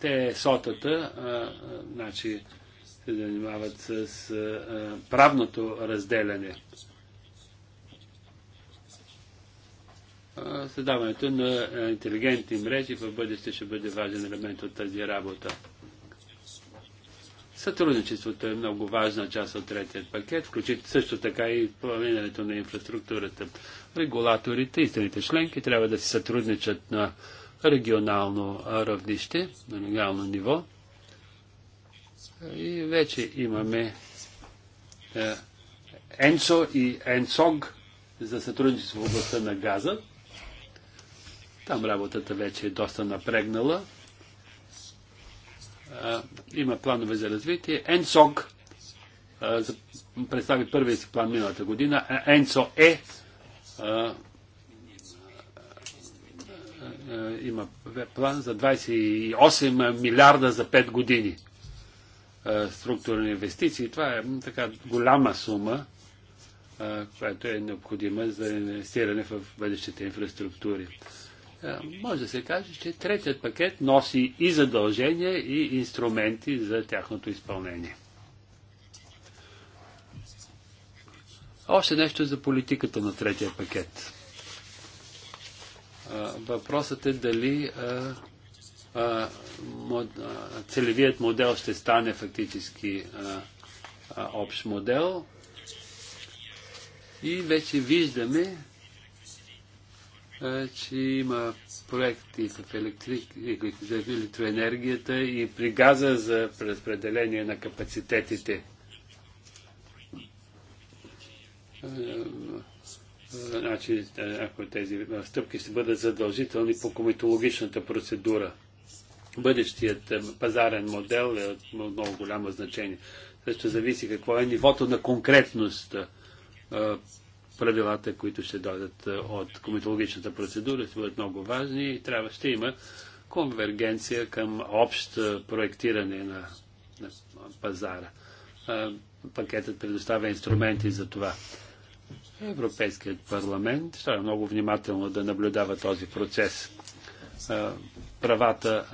те сотата, а, значи, се занимават с а, правното разделяне. създаването на интелигентни мрежи в бъдеще ще бъде важен елемент от тази работа. Сътрудничеството е много важна част от третия пакет, включително също така и планирането на инфраструктурата. Регулаторите и страните членки трябва да си сътрудничат на регионално равнище, на регионално ниво. И вече имаме е, ЕНСО и ЕНСОГ за сътрудничество в областта на газа. Там работата вече е доста напрегнала. Е, има планове за развитие. ЕНСОГ е, представи първият си план миналата година. ЕНСО е е, има план за 28 милиарда за 5 години е, структурни инвестиции. Това е така голяма сума, е, която е необходима за инвестиране в бъдещите инфраструктури. Може да се каже, че третият пакет носи и задължения, и инструменти за тяхното изпълнение. Още нещо за политиката на третия пакет. Въпросът е дали целевият модел ще стане фактически общ модел. И вече виждаме, че има проекти в електрик, за електроенергията и при газа за разпределение на капацитетите. Значи, е, ако тези е, стъпки ще бъдат задължителни по комитологичната процедура. Бъдещият е, пазарен модел е от много голямо значение. Също зависи какво е нивото на конкретност правилата, които ще дойдат от комитологичната процедура, ще бъдат много важни и трябва ще има конвергенция към общо проектиране на, на пазара. Пакетът предоставя инструменти за това. Европейският парламент ще е много внимателно да наблюдава този процес. Правата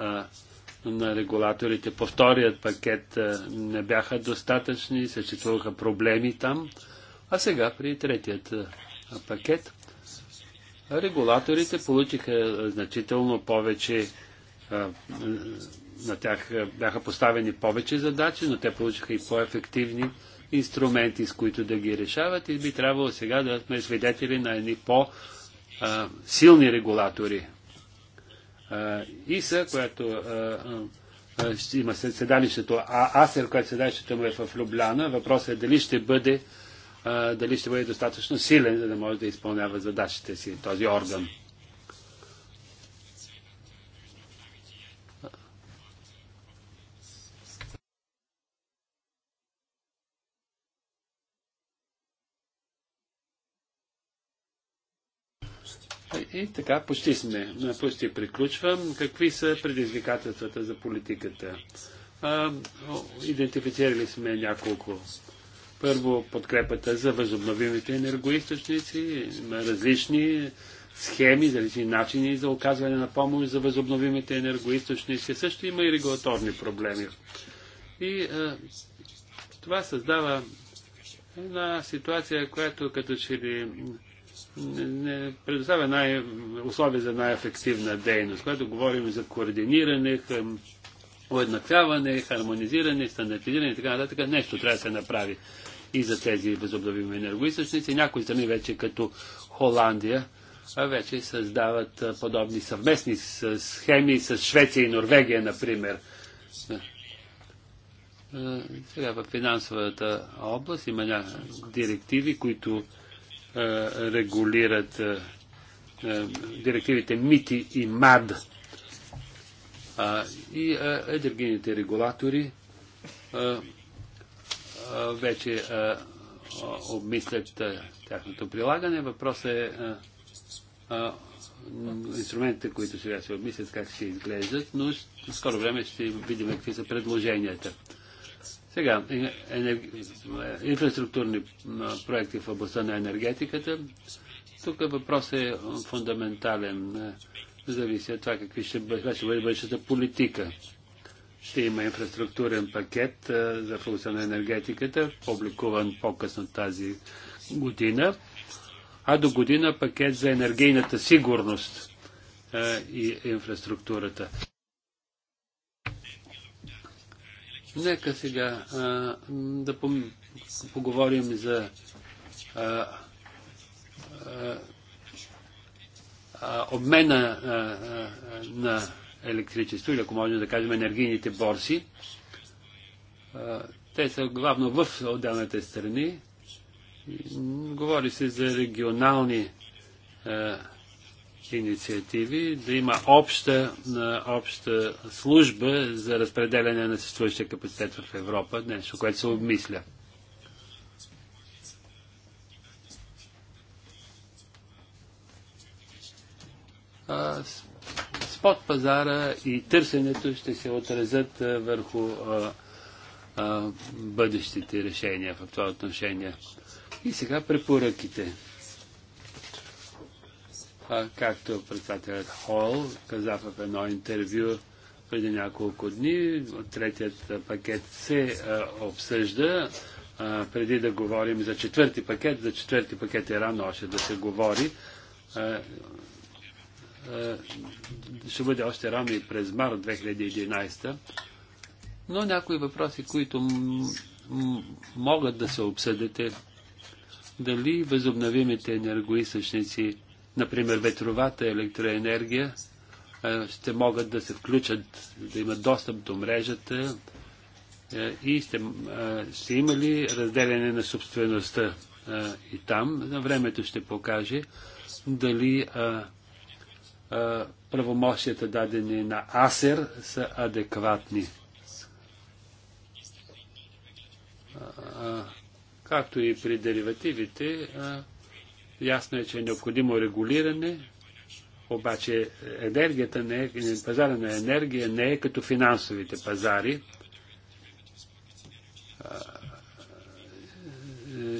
на регулаторите по вторият пакет не бяха достатъчни, съществуваха проблеми там, а сега при третият пакет регулаторите получиха значително повече на тях бяха поставени повече задачи, но те получиха и по-ефективни инструменти, с които да ги решават и би трябвало сега да сме свидетели на едни по-силни регулатори. ИСА, която има седалището, а АСЕР, което седалището му е в Любляна, въпросът е дали ще бъде дали ще бъде достатъчно силен, за да може да изпълнява задачите си този орган. И така, почти сме, почти приключвам. Какви са предизвикателствата за политиката? А, идентифицирали сме няколко. Първо, подкрепата за възобновимите енергоисточници. Има различни схеми, различни начини за оказване на помощ за възобновимите енергоисточници. Също има и регулаторни проблеми. И а, това създава една ситуация, която като че ли не, не предоставя най- условия за най-ефективна дейност, когато говорим за координиране, към уеднаквяване, хармонизиране, стандартизиране и така нататък. Нещо трябва да се направи и за тези безобновими енергоисточници. Някои страни вече като Холандия вече създават подобни съвместни схеми с Швеция и Норвегия, например. Сега в финансовата област има директиви, които е, регулират е, е, директивите МИТИ и МАД. И енергийните регулатори вече обмислят тяхното прилагане. Въпросът е инструментите, които сега се обмислят, как ще изглеждат, но в скоро време ще видим какви са предложенията. Сега, е, инфраструктурни проекти в областта на енергетиката. Тук въпросът е фундаментален. Е, зависи от това какви ще бъде, ще бъде бъдещата политика. Ще има инфраструктурен пакет е, за функция на енергетиката, публикуван по-късно тази година, а до година пакет за енергийната сигурност и инфраструктурата. Нека сега а, да поговорим за а, а, обмена а, а, на електричество или ако можем да кажем енергийните борси. А, те са главно в отделните страни. Говори се за регионални а, инициативи, да има обща, обща служба за разпределяне на съществуващия капацитет в Европа, нещо, което се обмисля. спот пазара и търсенето ще се отразят върху бъдещите решения в това отношение. И сега препоръките както председателят Хол каза в едно интервю преди няколко дни, третият пакет се а, обсъжда. А, преди да говорим за четвърти пакет, за четвърти пакет е рано още да се говори. А, ще бъде още рано и през март 2011. Но някои въпроси, които могат да се обсъдят дали възобновимите енергоисъчници например, ветровата електроенергия, ще могат да се включат, да имат достъп до мрежата и ще, ще има ли разделяне на собствеността и там. На времето ще покаже дали правомощията дадени на АСЕР са адекватни. Както и при деривативите, Ясно е, че е необходимо регулиране, обаче енергията не е, пазара на енергия не е като финансовите пазари.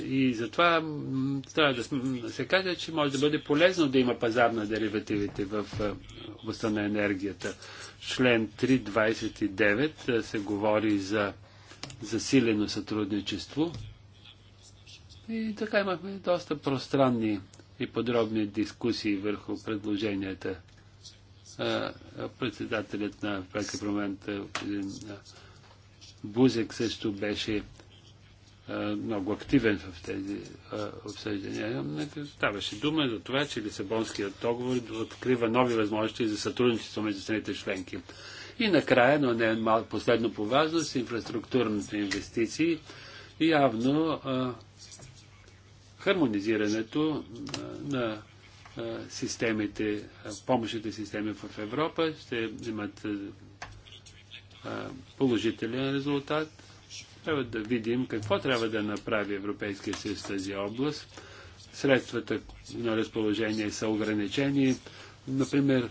И затова трябва да се каже, че може да бъде полезно да има пазар на деривативите в областта на енергията. Член 3.29 се говори за засилено сътрудничество. И така имахме доста пространни и подробни дискусии върху предложенията. Председателят на Европейския промент Бузек също беше много активен в тези обсъждания. Ставаше дума за това, че Лисабонският договор открива нови възможности за сътрудничество между страните членки. И накрая, но не последно по важност, инфраструктурните инвестиции явно хармонизирането на системите, помощните системи в Европа ще имат положителен резултат. Трябва да видим какво трябва да направи Европейския съюз в тази област. Средствата на разположение са ограничени. Например,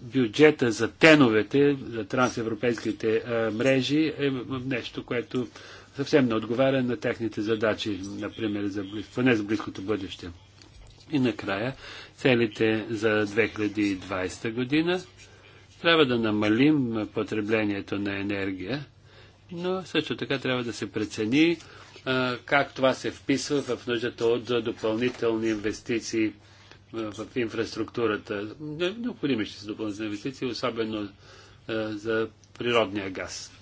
бюджета за теновете, за трансевропейските мрежи е нещо, което съвсем не отговаря на техните задачи, например, за близко, поне за близкото бъдеще. И накрая, целите за 2020 година трябва да намалим потреблението на енергия, но също така трябва да се прецени как това се вписва в нуждата от допълнителни инвестиции в инфраструктурата. Необходими ще са допълнителни инвестиции, особено за природния газ.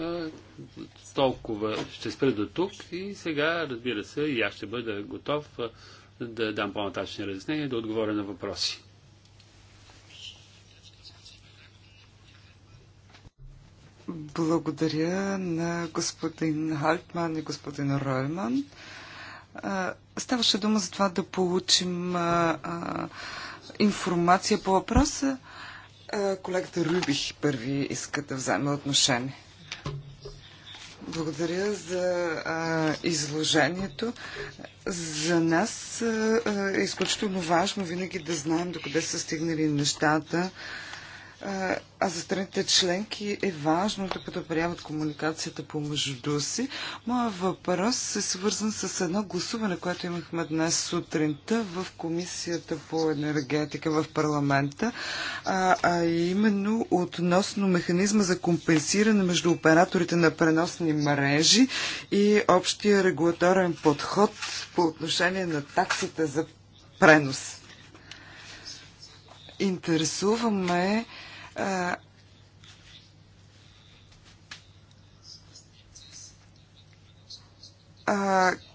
Е, толкова ще спра до тук и сега, разбира се, и аз ще бъда готов е, да дам по-нататъчни разяснения и да отговоря на въпроси. Благодаря на господин Хартман и господин Ройман. Е, ставаше дума за това да получим информация по въпроса. Колегата Рубих първи иска да вземе отношение. Благодаря за а, изложението. За нас а, е изключително важно винаги да знаем докъде са стигнали нещата а за страните членки е важно да подобряват комуникацията помежду си. Моя въпрос е свързан с едно гласуване, което имахме днес сутринта в Комисията по енергетика в парламента, а, а именно относно механизма за компенсиране между операторите на преносни мрежи и общия регулаторен подход по отношение на таксите за пренос. Интересуваме а,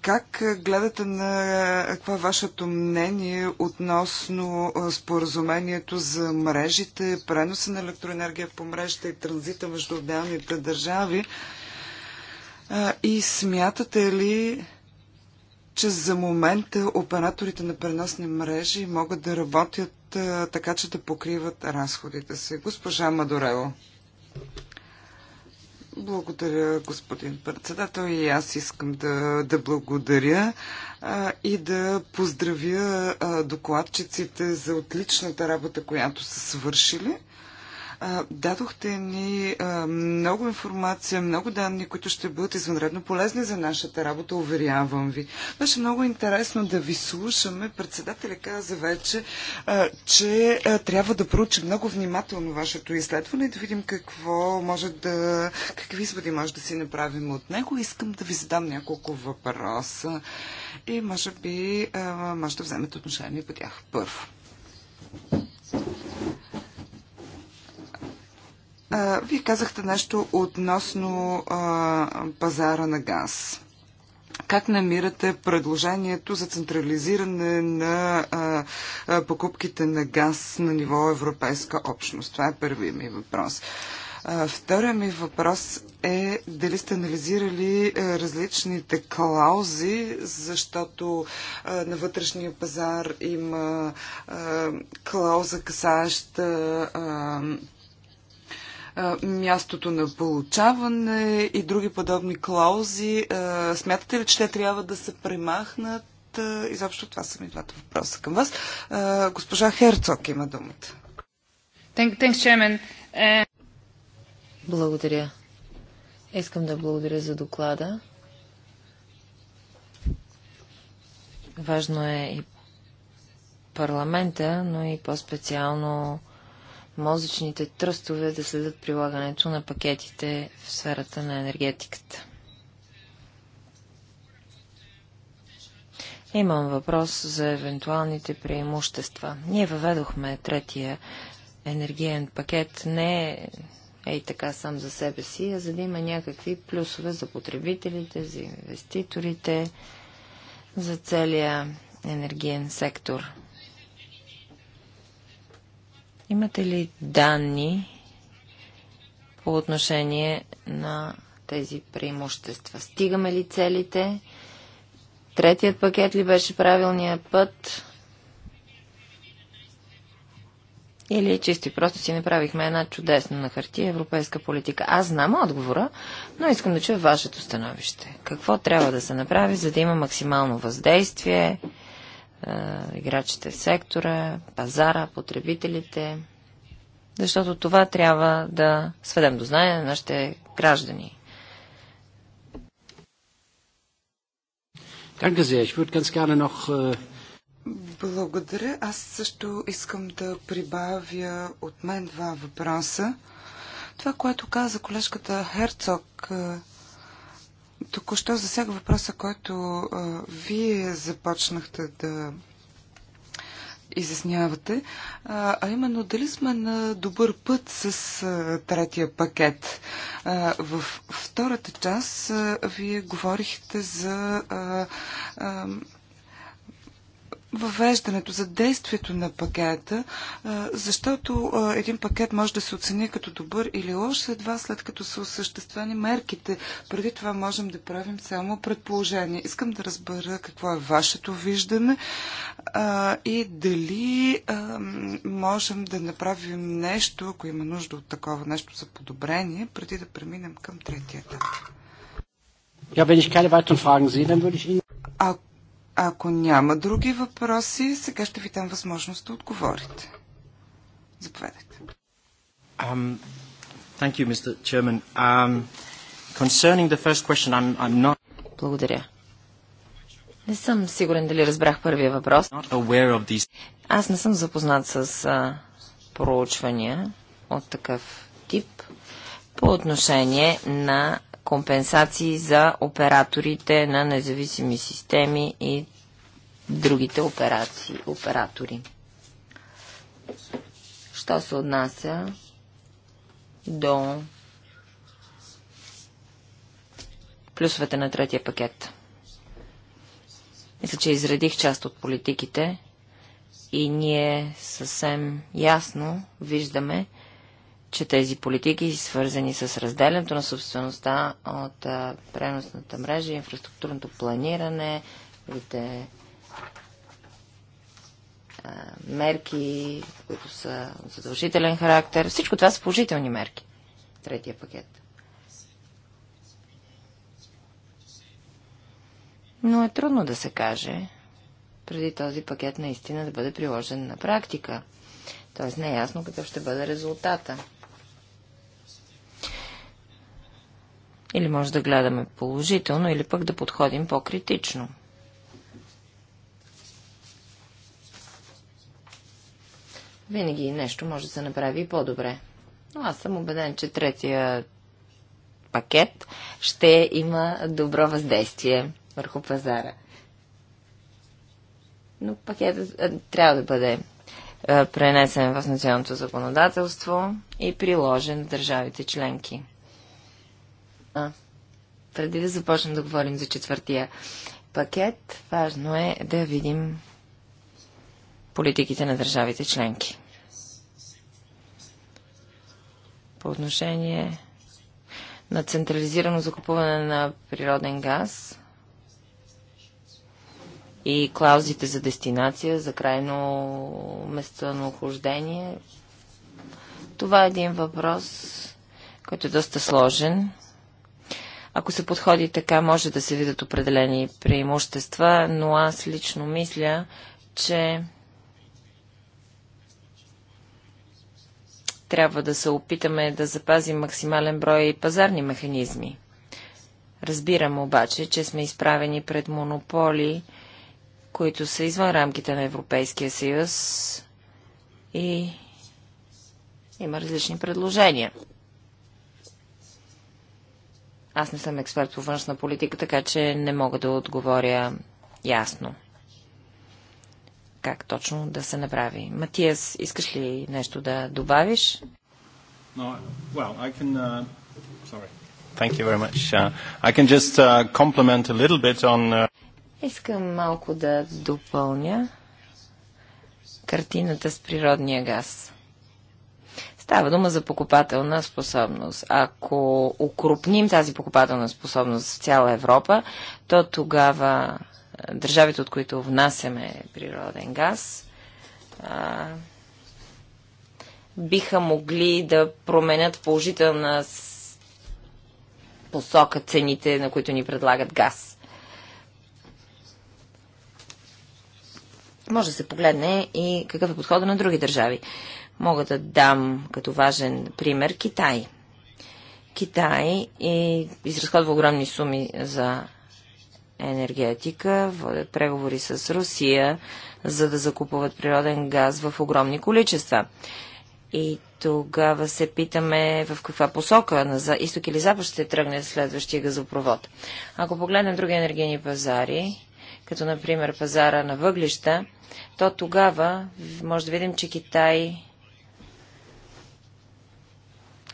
как гледате на какво е вашето мнение относно споразумението за мрежите, преноса на електроенергия по мрежите и транзита между отделните държави? А, и смятате ли, че за момента операторите на преносни мрежи могат да работят а, така, че да покриват разходите си. Госпожа Мадорело. Благодаря, господин председател. И аз искам да, да благодаря а, и да поздравя а, докладчиците за отличната работа, която са свършили. Дадохте ни много информация, много данни, които ще бъдат извънредно полезни за нашата работа, уверявам ви. Беше много интересно да ви слушаме. Председателя каза вече, че трябва да проучим много внимателно вашето изследване и да видим какво може да, какви изводи може да си направим от него. Искам да ви задам няколко въпроса и може би може да вземете отношение по тях. Първо. А, вие казахте нещо относно а, пазара на газ. Как намирате предложението за централизиране на а, а, покупките на газ на ниво Европейска общност? Това е първият ми въпрос. Втория ми въпрос е дали сте анализирали различните клаузи, защото на вътрешния пазар има клауза касаеща мястото на получаване и други подобни клаузи. Смятате ли, че те трябва да се премахнат? Изобщо това са ми двата въпроса към вас. Госпожа Херцог има думата. Е, благодаря. Искам да благодаря за доклада. Важно е и парламента, но и по-специално мозъчните тръстове да следят прилагането на пакетите в сферата на енергетиката. Имам въпрос за евентуалните преимущества. Ние въведохме третия енергиен пакет не е, ей така сам за себе си, а за да има някакви плюсове за потребителите, за инвеститорите, за целия енергиен сектор. Имате ли данни по отношение на тези преимущества? Стигаме ли целите? Третият пакет ли беше правилният път? Или чисто и просто си направихме една чудесна на хартия европейска политика. Аз знам отговора, но искам да чуя вашето становище. Какво трябва да се направи, за да има максимално въздействие? играчите в сектора, пазара, потребителите, защото това трябва да сведем до знание на нашите граждани. Äh, Благодаря. Аз също искам да прибавя от мен два въпроса. Това, което каза колежката Херцог Току-що засяга въпроса, който а, вие започнахте да изяснявате, а, а именно дали сме на добър път с а, третия пакет. А, във втората част а, вие говорихте за а, а, въвеждането, за действието на пакета, защото един пакет може да се оцени като добър или лош едва след като са осъществени мерките. Преди това можем да правим само предположение. Искам да разбера какво е вашето виждане и дали можем да направим нещо, ако има нужда от такова нещо за подобрение, преди да преминем към третия етап. Ja, wenn ich keine weiteren Fragen sehe, dann würde ich Ihnen... Ако ако няма други въпроси, сега ще ви дам възможност да отговорите. Заповядайте. Um, thank you, Mr. Chairman. Um, concerning the first question, I'm, I'm not... Благодаря. Не съм сигурен дали разбрах първия въпрос. Аз не съм запознат с uh, проучвания от такъв тип по отношение на компенсации за операторите на независими системи и другите операции, оператори. Що се отнася до плюсовете на третия пакет? Мисля, че изредих част от политиките и ние съвсем ясно виждаме, че тези политики, свързани с разделянето на собствеността от преносната мрежа, инфраструктурното планиране, видите, мерки, които са задължителен характер, всичко това са положителни мерки. Третия пакет. Но е трудно да се каже, преди този пакет наистина да бъде приложен на практика. Тоест не е ясно какъв ще бъде резултата. Или може да гледаме положително, или пък да подходим по-критично. Винаги нещо може да се направи и по-добре. Но аз съм убеден, че третия пакет ще има добро въздействие върху пазара. Но пакетът трябва да бъде пренесен в националното законодателство и приложен в държавите членки. А, преди да започнем да говорим за четвъртия пакет, важно е да видим политиките на държавите членки. По отношение на централизирано закупуване на природен газ и клаузите за дестинация, за крайно местонохождение. Това е един въпрос, който е доста сложен ако се подходи така, може да се видят определени преимущества, но аз лично мисля, че трябва да се опитаме да запазим максимален брой пазарни механизми. Разбирам обаче, че сме изправени пред монополи, които са извън рамките на Европейския съюз и има различни предложения. Аз не съм експерт по външна политика, така че не мога да отговоря ясно. Как точно да се направи? Матиас, искаш ли нещо да добавиш? No, well, I can, uh... Sorry. Thank you very much. Uh, I can just uh, compliment a little bit on... Uh... Искам малко да допълня картината с природния газ. Става дума за покупателна способност. Ако укрупним тази покупателна способност в цяла Европа, то тогава е, държавите, от които внасяме природен газ, биха могли да променят положителна посока цените, на които ни предлагат газ. Може да се погледне и какъв е подходът на други държави. Мога да дам като важен пример Китай. Китай и изразходва огромни суми за енергетика, водят преговори с Русия, за да закупуват природен газ в огромни количества. И тогава се питаме в каква посока, на изток или запад ще тръгне следващия газопровод. Ако погледнем други енергийни пазари, като например пазара на въглища, то тогава може да видим, че Китай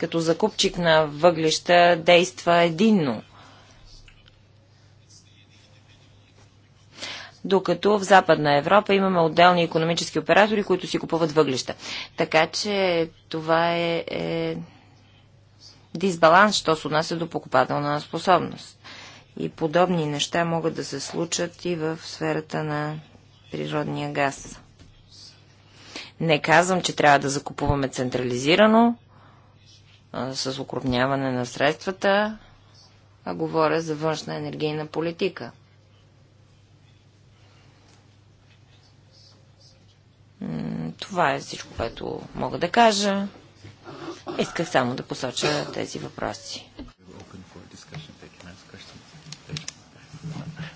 като закупчик на въглища действа единно. докато в Западна Европа имаме отделни економически оператори, които си купуват въглища. Така че това е, е дисбаланс, що се отнася до покупателна способност. И подобни неща могат да се случат и в сферата на природния газ. Не казвам, че трябва да закупуваме централизирано, а, с окрупняване на средствата, а говоря за външна енергийна политика. Това е всичко, което мога да кажа. Исках само да посоча тези въпроси.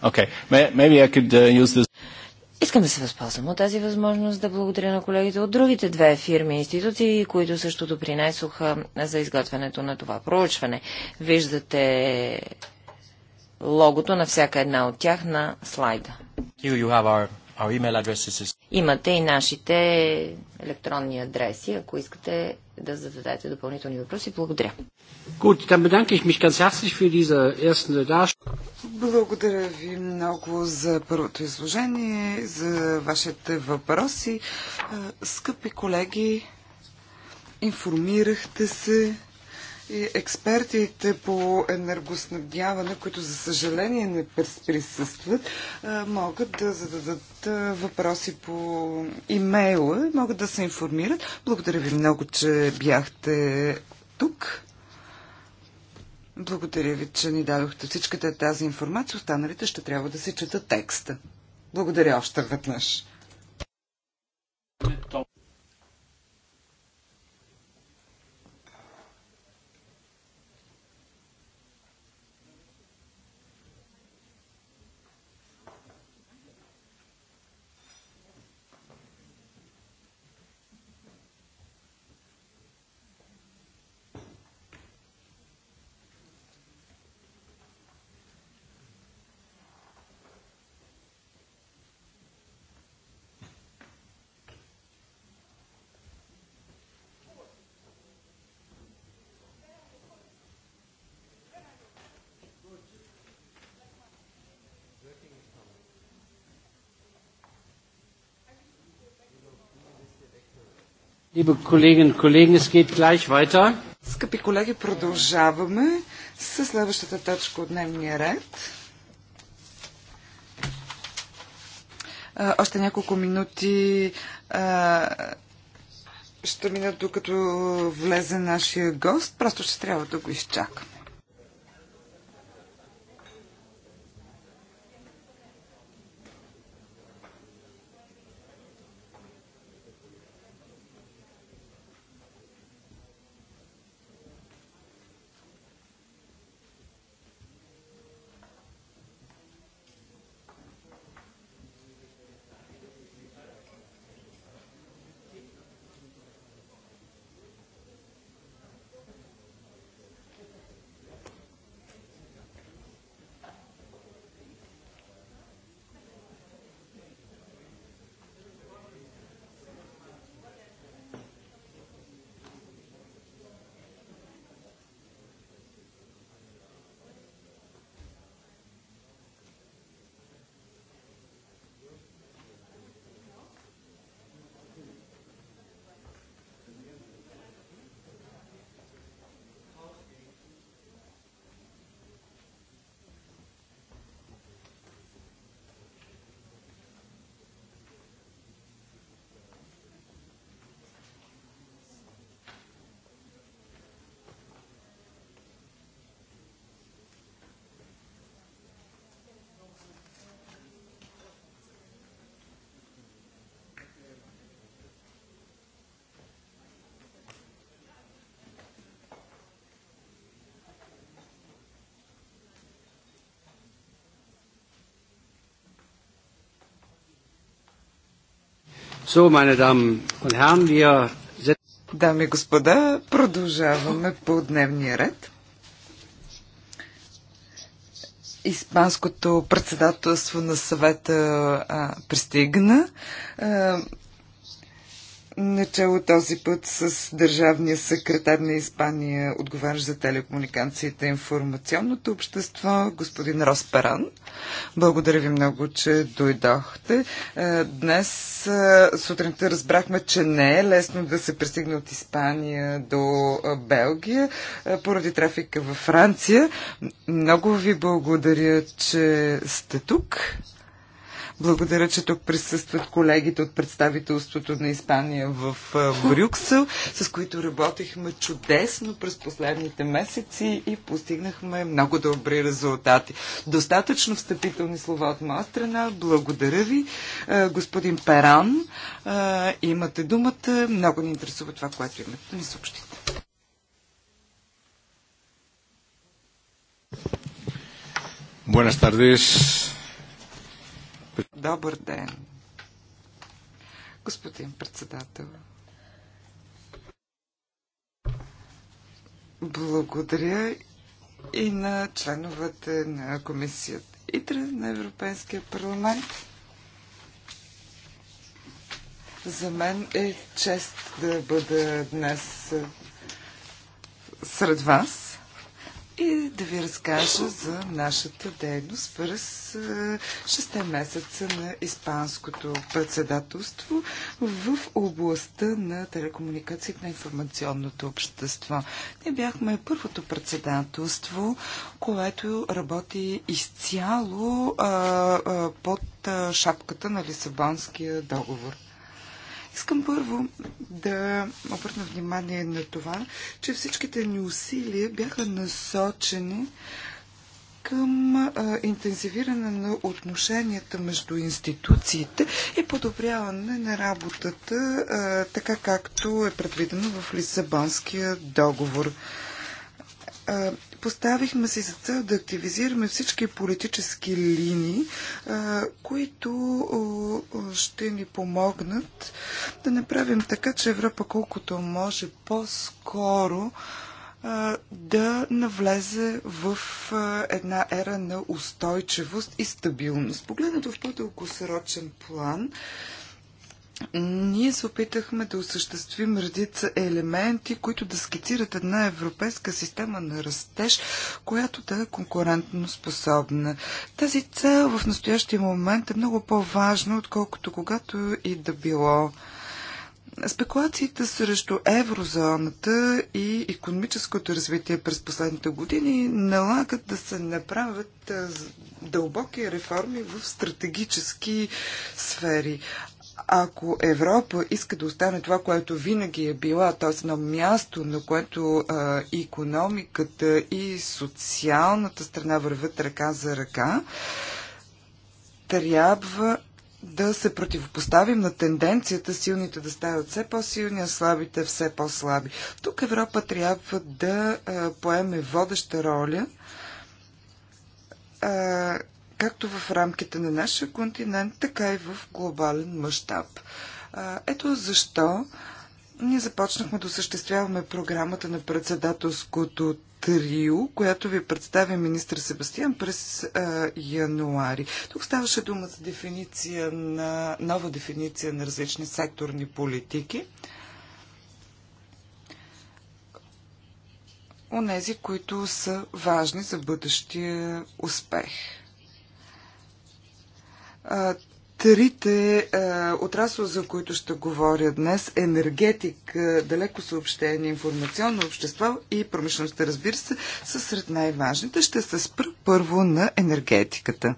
Okay. Maybe I could uh, use this Искам да се възползвам от тази възможност да благодаря на колегите от другите две фирми и институции, които също допринесоха за изготвянето на това проучване. Виждате логото на всяка една от тях на слайда. Имате и нашите електронни адреси, ако искате да зададете допълнителни въпроси. Благодаря. Благодаря ви много за първото изложение, за вашите въпроси. Скъпи колеги, информирахте се и експертите по енергоснабдяване, които за съжаление не присъстват, могат да зададат въпроси по имейла, могат да се информират. Благодаря ви много, че бяхте тук. Благодаря ви, че ни дадохте всичката тази информация. Останалите ще трябва да се чета текста. Благодаря още веднъж. Liebe Kolleginnen und Kollegen, es geht gleich weiter. Скъпи колеги, продължаваме с следващата точка от дневния ред. Още няколко минути ще минат докато влезе нашия гост. Просто ще трябва да го изчакам. Дами и господа, продължаваме по дневния ред. Испанското председателство на съвета а, пристигна. А, начало този път с държавния секретар на Испания, отговарящ за телекомуникацията и информационното общество, господин Росперан. Благодаря ви много, че дойдохте. Е, днес е, сутринта разбрахме, че не е лесно да се пристигне от Испания до е, Белгия поради трафика във Франция. Много ви благодаря, че сте тук. Благодаря, че тук присъстват колегите от представителството на Испания в Брюксел, с които работихме чудесно през последните месеци и постигнахме много добри резултати. Достатъчно встъпителни слова от моя страна. Благодаря ви. Господин Перан, имате думата. Много ни интересува това, което имате ни съобщите. Buenas tardes. Добър ден, господин председател. Благодаря и на членовете на комисията ИТРА на Европейския парламент. За мен е чест да бъда днес сред вас и да ви разкажа за нашата дейност през 6 е, месеца на Испанското председателство в областта на телекомуникациите на информационното общество. Ние бяхме първото председателство, което работи изцяло а, е, а, е, под шапката на Лисабонския договор. Искам първо да обърна внимание на това, че всичките ни усилия бяха насочени към а, интензивиране на отношенията между институциите и подобряване на работата, а, така както е предвидено в Лисабонския договор. А, Поставихме си за цел да активизираме всички политически линии, които ще ни помогнат да направим така, че Европа колкото може по-скоро да навлезе в една ера на устойчивост и стабилност. Погледнато в по-дългосрочен план, ние се опитахме да осъществим редица елементи, които да скицират една европейска система на растеж, която да е конкурентно способна. Тази цел в настоящия момент е много по-важна, отколкото когато и да било. Спекулациите срещу еврозоната и економическото развитие през последните години налагат да се направят дълбоки реформи в стратегически сфери ако Европа иска да остане това, което винаги е била, т.е. на място, на което а, и економиката и социалната страна върват ръка за ръка, трябва да се противопоставим на тенденцията силните да стават все по-силни, а слабите все по-слаби. Тук Европа трябва да а, поеме водеща роля а, както в рамките на нашия континент, така и в глобален мащаб. Ето защо ние започнахме да осъществяваме програмата на председателското трио, която ви представи министър Себастиан през а, януари. Тук ставаше дума за дефиниция на, нова дефиниция на различни секторни политики. Онези, които са важни за бъдещия успех. Трите е, отрасла, за които ще говоря днес, енергетик, е, далеко съобщение, информационно общество и промишлеността, разбира се, са сред най-важните. Ще се спра първо на енергетиката.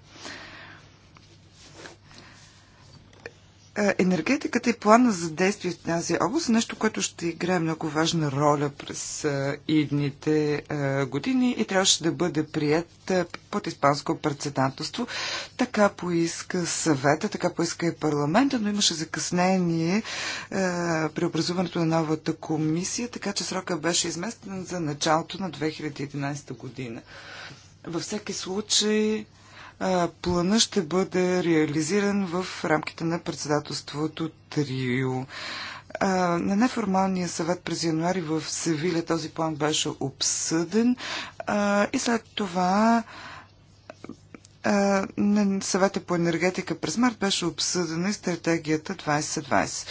Е, енергетиката и плана за действие в тази област е нещо, което ще играе много важна роля през е, идните е, години и трябваше да бъде прият под испанско председателство. Така поиска съвета, така поиска и парламента, но имаше закъснение при образуването на новата комисия, така че срока беше изместен за началото на 2011 година. Във всеки случай плана ще бъде реализиран в рамките на председателството Трио. На неформалния съвет през януари в Севиля този план беше обсъден и след това на съвета по енергетика през март беше обсъдена и стратегията 2020.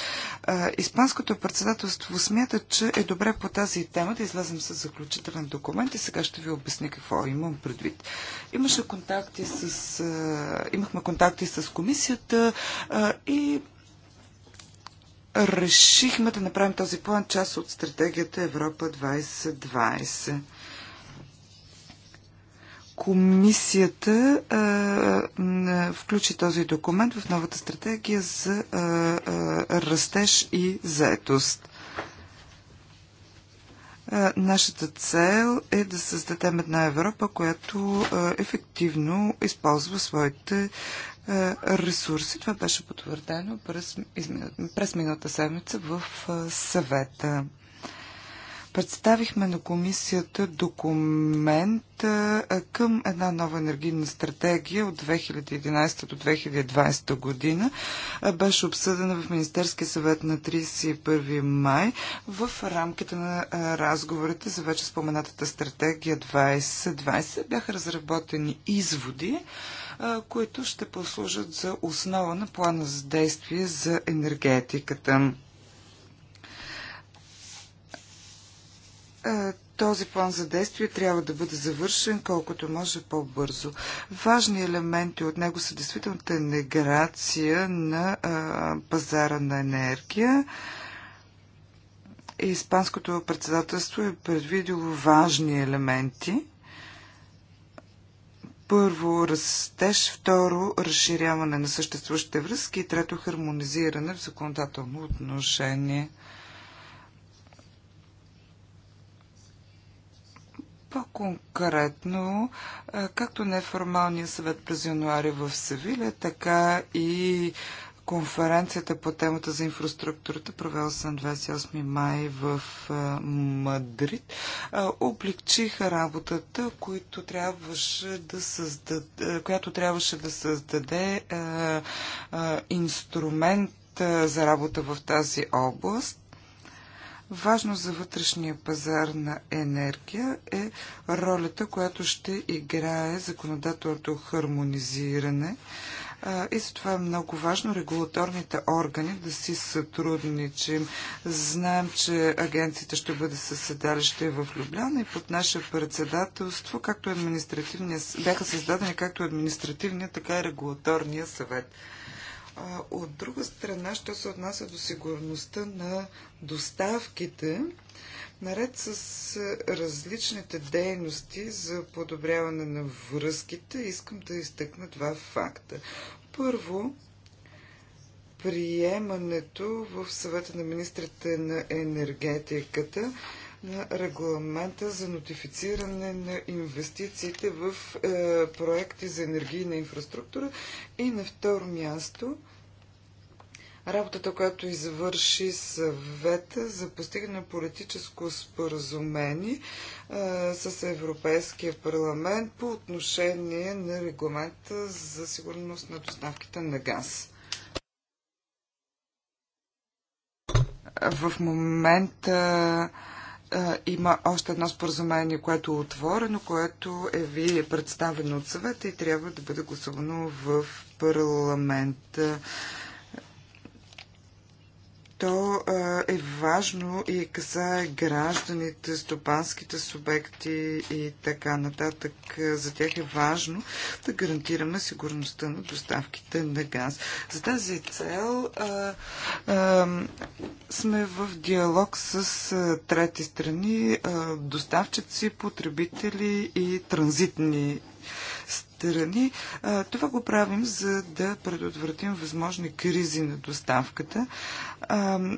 Испанското председателство смята, че е добре по тази тема да излезем с заключителен документ и сега ще ви обясня какво имам предвид. Имаше контакти с, имахме контакти с комисията и решихме да направим този план част от стратегията Европа 2020 комисията а, включи този документ в новата стратегия за а, а, растеж и заетост. А, нашата цел е да създадем една Европа, която а, ефективно използва своите а, ресурси. Това беше потвърдено през, през миналата седмица в а, съвета. Представихме на комисията документ към една нова енергийна стратегия от 2011 до 2020 година. Беше обсъдена в Министерския съвет на 31 май в рамките на разговорите за вече споменатата стратегия 2020. Бяха разработени изводи, които ще послужат за основа на плана за действие за енергетиката. Е, този план за действие трябва да бъде завършен колкото може по-бързо. Важни елементи от него са действителната неграция на е, пазара на енергия. Испанското председателство е предвидило важни елементи. Първо, растеж, второ, разширяване на съществуващите връзки и трето, хармонизиране в законодателно отношение. По-конкретно, както неформалният съвет през януари в Севиля, така и конференцията по темата за инфраструктурата, провела се на 28 май в Мадрид, облегчиха работата, която трябваше да създаде, която трябваше да създаде инструмент за работа в тази област. Важно за вътрешния пазар на енергия е ролята, която ще играе законодателното хармонизиране. И за това е много важно регулаторните органи да си сътрудничим. Знаем, че агенцията ще бъде със седалище в Любляна и под наше председателство, както административния, бяха създадени както административния, така и регулаторния съвет от друга страна, що се отнася до сигурността на доставките, наред с различните дейности за подобряване на връзките, искам да изтъкна два факта. Първо, приемането в съвета на министрите на енергетиката на регламента за нотифициране на инвестициите в е, проекти за енергийна инфраструктура и на второ място работата, която извърши съвета за постигане на политическо споразумение е, с Европейския парламент по отношение на регламента за сигурност на доставките на газ. В момента има още едно споразумение, което е отворено, което е ви представено от съвета и трябва да бъде гласувано в парламента то е важно и касае гражданите, стопанските субекти и така нататък. За тях е важно да гарантираме сигурността на доставките на газ. За тази цел а, а, сме в диалог с трети страни, а, доставчици, потребители и транзитни страни. Това го правим, за да предотвратим възможни кризи на доставката.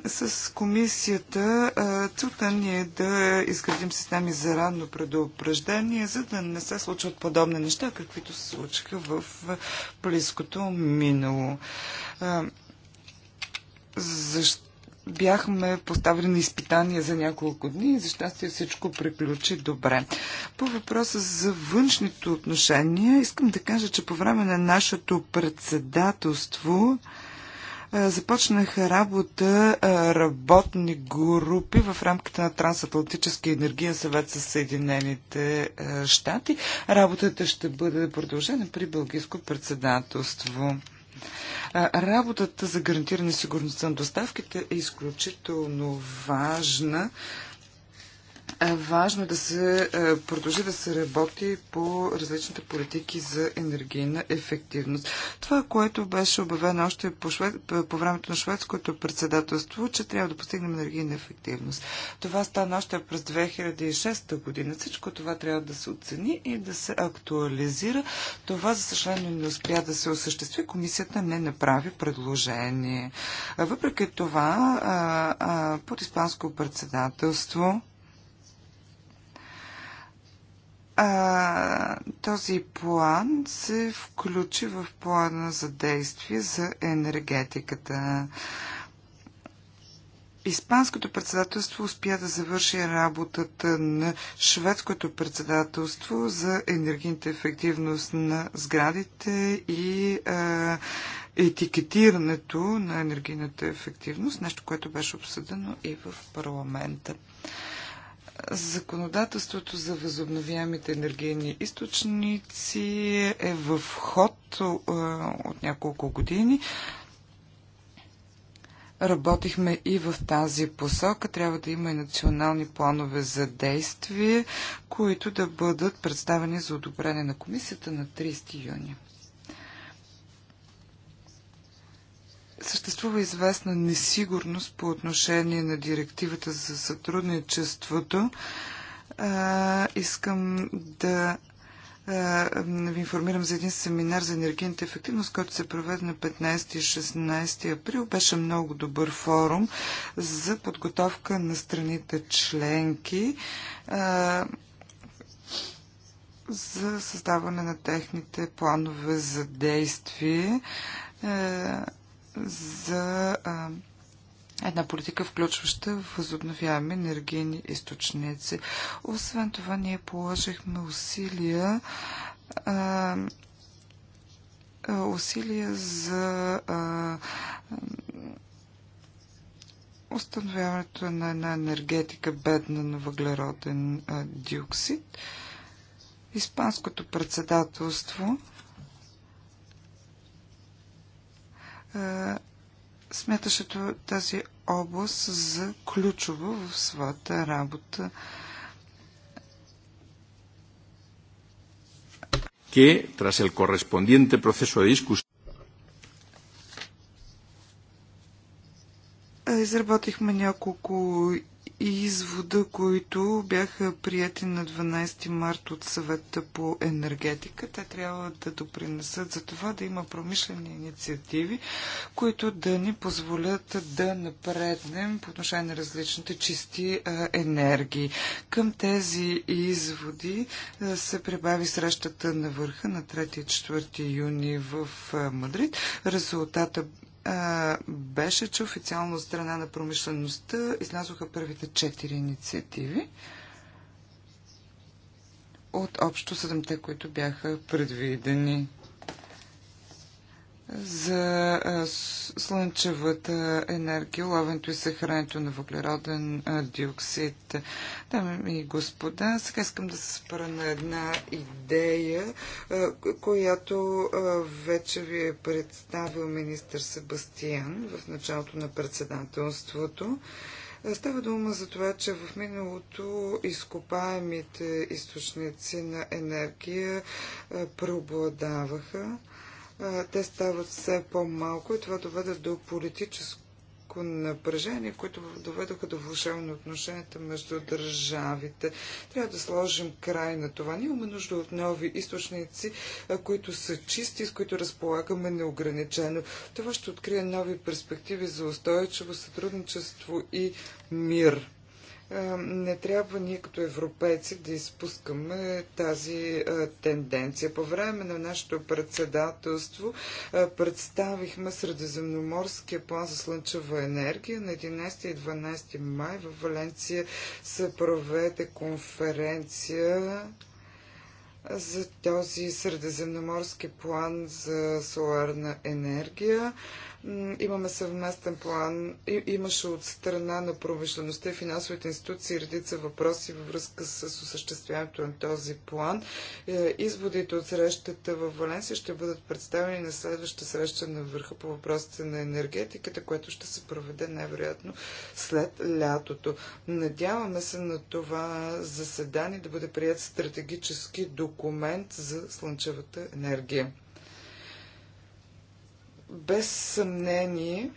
С комисията целта ни е да изградим системи за ранно предупреждение, за да не се случват подобни неща, каквито се случиха в близкото минало. Защо? бяхме поставили на изпитания за няколко дни и за щастие всичко приключи добре. По въпроса за външните отношения, искам да кажа, че по време на нашето председателство започнаха работа работни групи в рамките на Трансатлантическия енергия съвет с Съединените щати. Работата ще бъде продължена при Бългийско председателство. Работата за гарантиране сигурността на доставките е изключително важна е, важно е да се е, продължи да се работи по различните политики за енергийна ефективност. Това, което беше обявено още по, швед... по времето на шведското председателство, че трябва да постигнем енергийна ефективност. Това стана още през 2006 година. Всичко това трябва да се оцени и да се актуализира. Това, за съжаление, не успя да се осъществи. Комисията не направи предложение. Въпреки това, под испанско председателство, а, този план се включи в плана за действие за енергетиката. Испанското председателство успя да завърши работата на шведското председателство за енергийната ефективност на сградите и а, етикетирането на енергийната ефективност, нещо, което беше обсъдено и в парламента. Законодателството за възобновяемите енергийни източници е в ход от няколко години. Работихме и в тази посока. Трябва да има и национални планове за действие, които да бъдат представени за одобрение на комисията на 30 юни. съществува известна несигурност по отношение на директивата за сътрудничеството. А, искам да ви информирам за един семинар за енергийната ефективност, който се проведе на 15 и 16 април. Беше много добър форум за подготовка на страните членки а, за създаване на техните планове за действие. Е, за а, една политика, включваща възобновяеми енергийни източници. Освен това, ние положихме усилия а, усилия за а, установяването на една енергетика бедна на въглероден диоксид. Испанското председателство смяташе тази област за ключова в своята работа. que, tras el correspondiente proceso de discusión, Изработихме няколко извода, които бяха прияти на 12 март от съвета по енергетика. Те трябва да допринесат за това да има промишлени инициативи, които да ни позволят да напреднем по отношение на различните чисти енергии. Към тези изводи се прибави срещата на върха на 3 и 4 юни в Мадрид. Резултата а, беше, че официално от страна на промишлеността излязоха първите четири инициативи от общо седемте, които бяха предвидени за слънчевата енергия, лавенето и съхранението на въглероден диоксид. Дами и господа, сега искам да се спра на една идея, която вече ви е представил министър Себастиян в началото на председателството. Става дума за това, че в миналото изкопаемите източници на енергия преобладаваха те стават все по-малко и това доведе до политическо напрежение, които доведоха до влушаване на отношенията между държавите. Трябва да сложим край на това. Ние имаме нужда от нови източници, които са чисти, с които разполагаме неограничено. Това ще открие нови перспективи за устойчиво сътрудничество и мир. Е, не трябва ние като европейци да изпускаме тази е, тенденция. По време на нашето председателство е, представихме Средиземноморския план за слънчева енергия. На 11 и 12 май в Валенция се проведе конференция за този средиземноморски план за соларна енергия. Имаме съвместен план. Имаше от страна на промишлеността и финансовите институции редица въпроси във връзка с осъществяването на този план. Е, изводите от срещата в Валенсия ще бъдат представени на следващата среща на върха по въпросите на енергетиката, което ще се проведе най-вероятно след лятото. Надяваме се на това заседание да бъде прият стратегически документ за слънчевата енергия без съмнение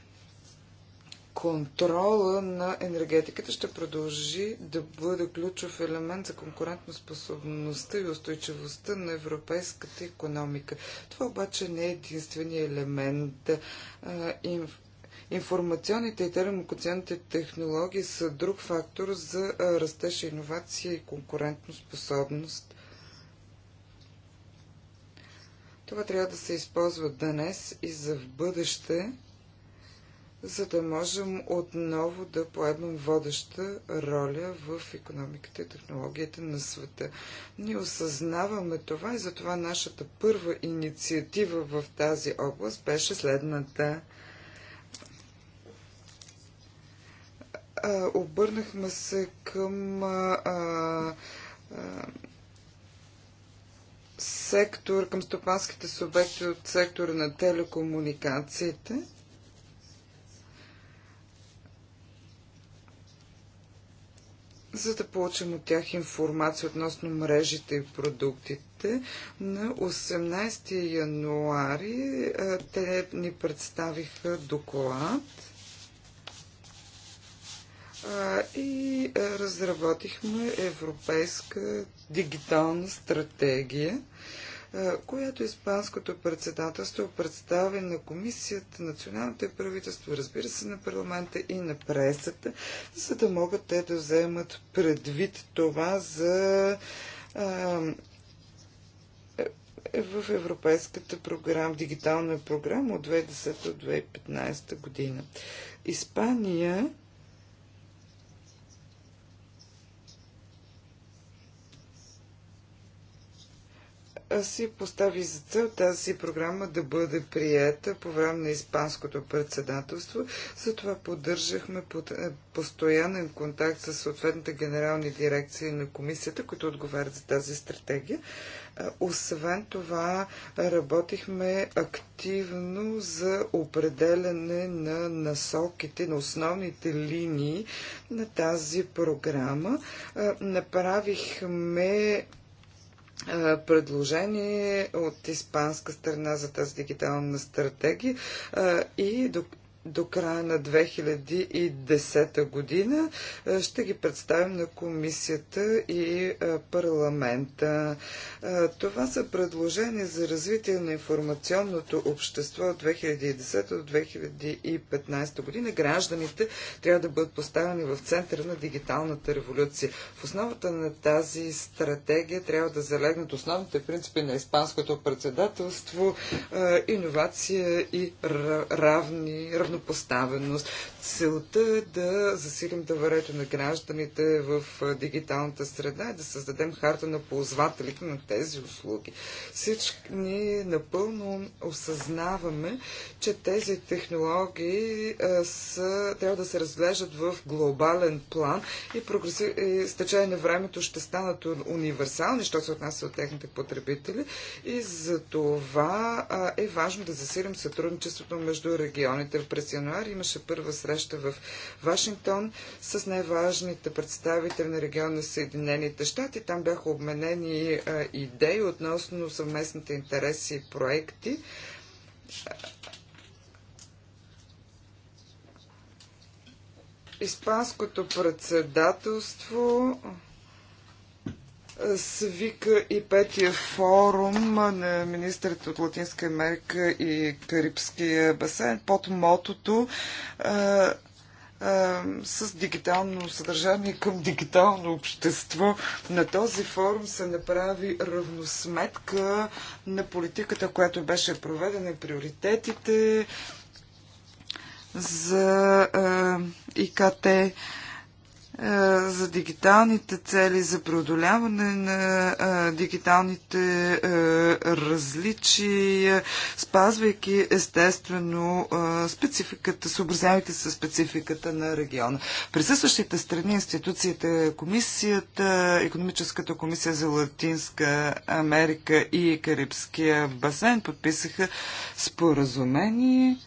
контрола на енергетиката ще продължи да бъде ключов елемент за конкурентоспособността и устойчивостта на европейската економика. Това обаче не е единствения елемент. Информационните и телемокационните технологии са друг фактор за растеж, иновация и конкурентоспособност. Това трябва да се използва днес и за в бъдеще, за да можем отново да поемем водеща роля в економиката и технологията на света. Ние осъзнаваме това и затова нашата първа инициатива в тази област беше следната. обърнахме се към сектор, към стопанските субекти от сектора на телекомуникациите. за да получим от тях информация относно мрежите и продуктите. На 18 януари те ни представиха доклад и разработихме европейска дигитална стратегия. Е, която Испанското председателство представи на комисията, националните правителства, разбира се, на парламента и на пресата, за да могат те да вземат предвид това за е, е, в Европейската програма, дигитална програма от 2010 до 2015 година. Испания си постави за цел тази програма да бъде приета по време на Испанското председателство. Затова поддържахме е, постоянен контакт с съответните генерални дирекции на комисията, които отговарят за тази стратегия. Е, освен това, работихме активно за определене на насоките, на основните линии на тази програма. Е, направихме е, предложение от испанска страна за тази дигитална стратегия е, и до края на 2010 година. Е, ще ги представим на комисията и е, парламента. Е, това са предложения за развитие на информационното общество от 2010 до 2015 година. Гражданите трябва да бъдат поставени в центъра на дигиталната революция. В основата на тази стратегия трябва да залегнат основните принципи на испанското председателство, иновация и равни, равно равнопоставеност. Целта е да засилим доверието на гражданите в дигиталната среда и да създадем харта на ползвателите на тези услуги. Всички ние напълно осъзнаваме, че тези технологии са, трябва да се разглеждат в глобален план и, прогреси... и с течение на времето ще станат универсални, що се отнася от техните потребители и за това е важно да засилим сътрудничеството между регионите. През през януари имаше първа среща в Вашингтон с най-важните представители на региона на Съединените щати. Там бяха обменени идеи относно съвместните интереси и проекти. Испанското председателство свика и петия форум на министрите от Латинска Америка и Карибския басейн под мотото с дигитално съдържание към дигитално общество. На този форум се направи равносметка на политиката, която беше проведена и приоритетите за а, ИКТ за дигиталните цели, за преодоляване на дигиталните различия, спазвайки естествено спецификата, съобразявайки се спецификата на региона. Присъстващите страни, институциите, комисията, економическата комисия за Латинска Америка и Карибския басейн подписаха споразумение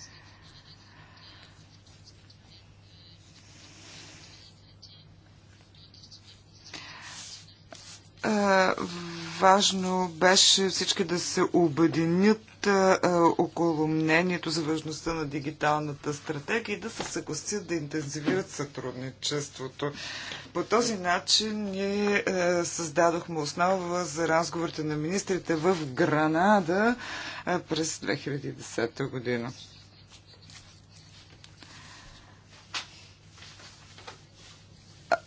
Е, важно беше всички да се обединят е, е, около мнението за важността на дигиталната стратегия и да се съгласят да интензивират сътрудничеството. По този начин ние създадохме основа за разговорите на министрите в Гранада през 2010 година.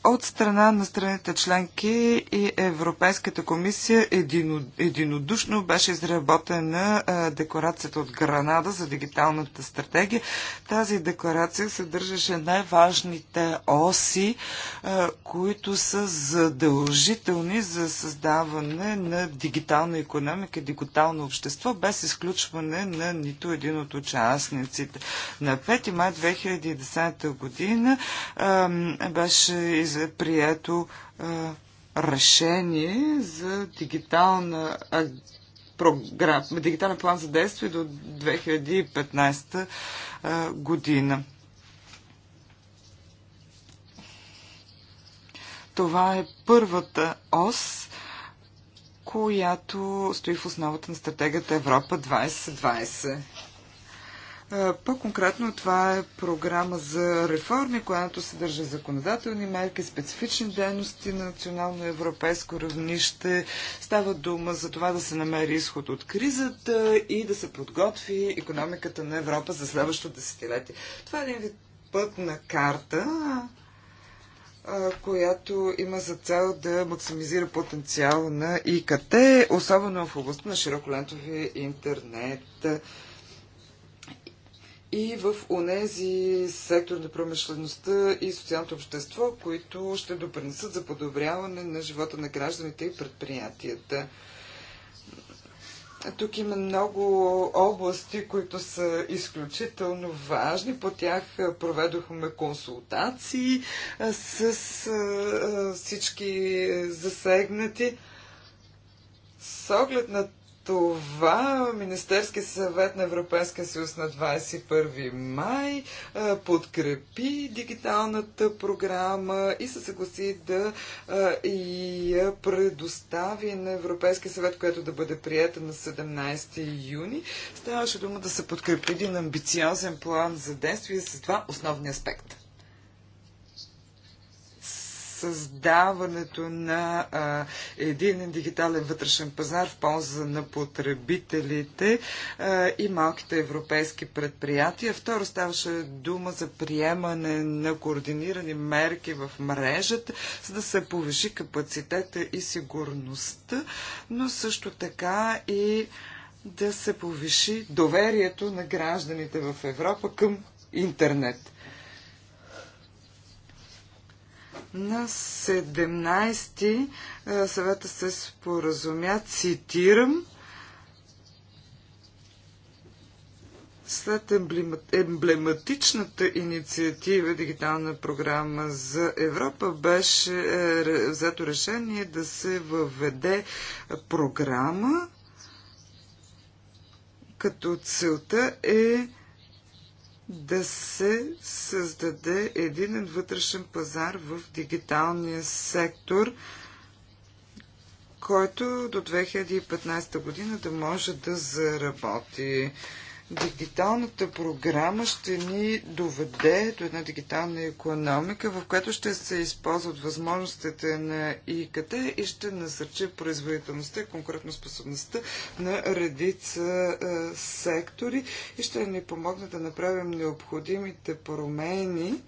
от страна на страните членки и Европейската комисия едино, единодушно беше изработена а, декларацията от Гранада за дигиталната стратегия. Тази декларация съдържаше най-важните оси, а, които са задължителни за създаване на дигитална економика, и дигитално общество, без изключване на нито един от участниците. На 5 май 2010 година а, беше криза прието а, решение за дигитална програма, дигитален план за действие до 2015 а, година. Това е първата ос, която стои в основата на стратегията Европа 2020. По-конкретно това е програма за реформи, която съдържа законодателни мерки, специфични дейности на национално европейско равнище. Става дума за това да се намери изход от кризата и да се подготви економиката на Европа за следващото десетилетие. Това е един вид път на карта, която има за цел да максимизира потенциал на ИКТ, особено в областта на широколентови интернет и в унези сектор на промишлеността и социалното общество, които ще допринесат за подобряване на живота на гражданите и предприятията. Тук има много области, които са изключително важни. По тях проведохме консултации с всички засегнати. С оглед на това Министерски съвет на Европейския съюз на 21 май подкрепи дигиталната програма и се съгласи да я предостави на Европейския съвет, което да бъде приятен на 17 юни. Ставаше дума да се подкрепи един амбициозен план за действие с два основни аспекта създаването на а, един дигитален вътрешен пазар в полза на потребителите а, и малките европейски предприятия. Второ ставаше дума за приемане на координирани мерки в мрежата, за да се повиши капацитета и сигурността, но също така и да се повиши доверието на гражданите в Европа към интернет. На 17 е, съвета се споразумя, цитирам, след емблематичната инициатива Дигитална програма за Европа беше е, взето решение да се въведе програма, като целта е да се създаде един вътрешен пазар в дигиталния сектор, който до 2015 година да може да заработи дигиталната програма ще ни доведе до една дигитална економика, в която ще се използват възможностите на ИКТ и ще насърчи производителността и конкретно способността на редица е, сектори и ще ни помогне да направим необходимите промени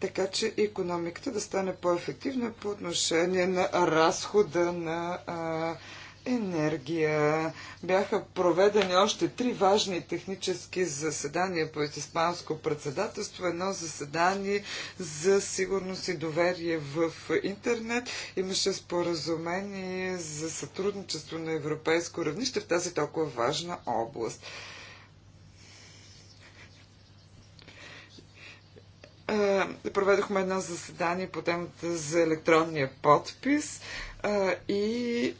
така че економиката да стане по-ефективна по отношение на разхода на е, енергия. Бяха проведени още три важни технически заседания по Испанско председателство, едно заседание за сигурност и доверие в интернет. Имаше споразумение за сътрудничество на европейско равнище в тази толкова важна област. проведохме едно заседание по темата за електронния подпис и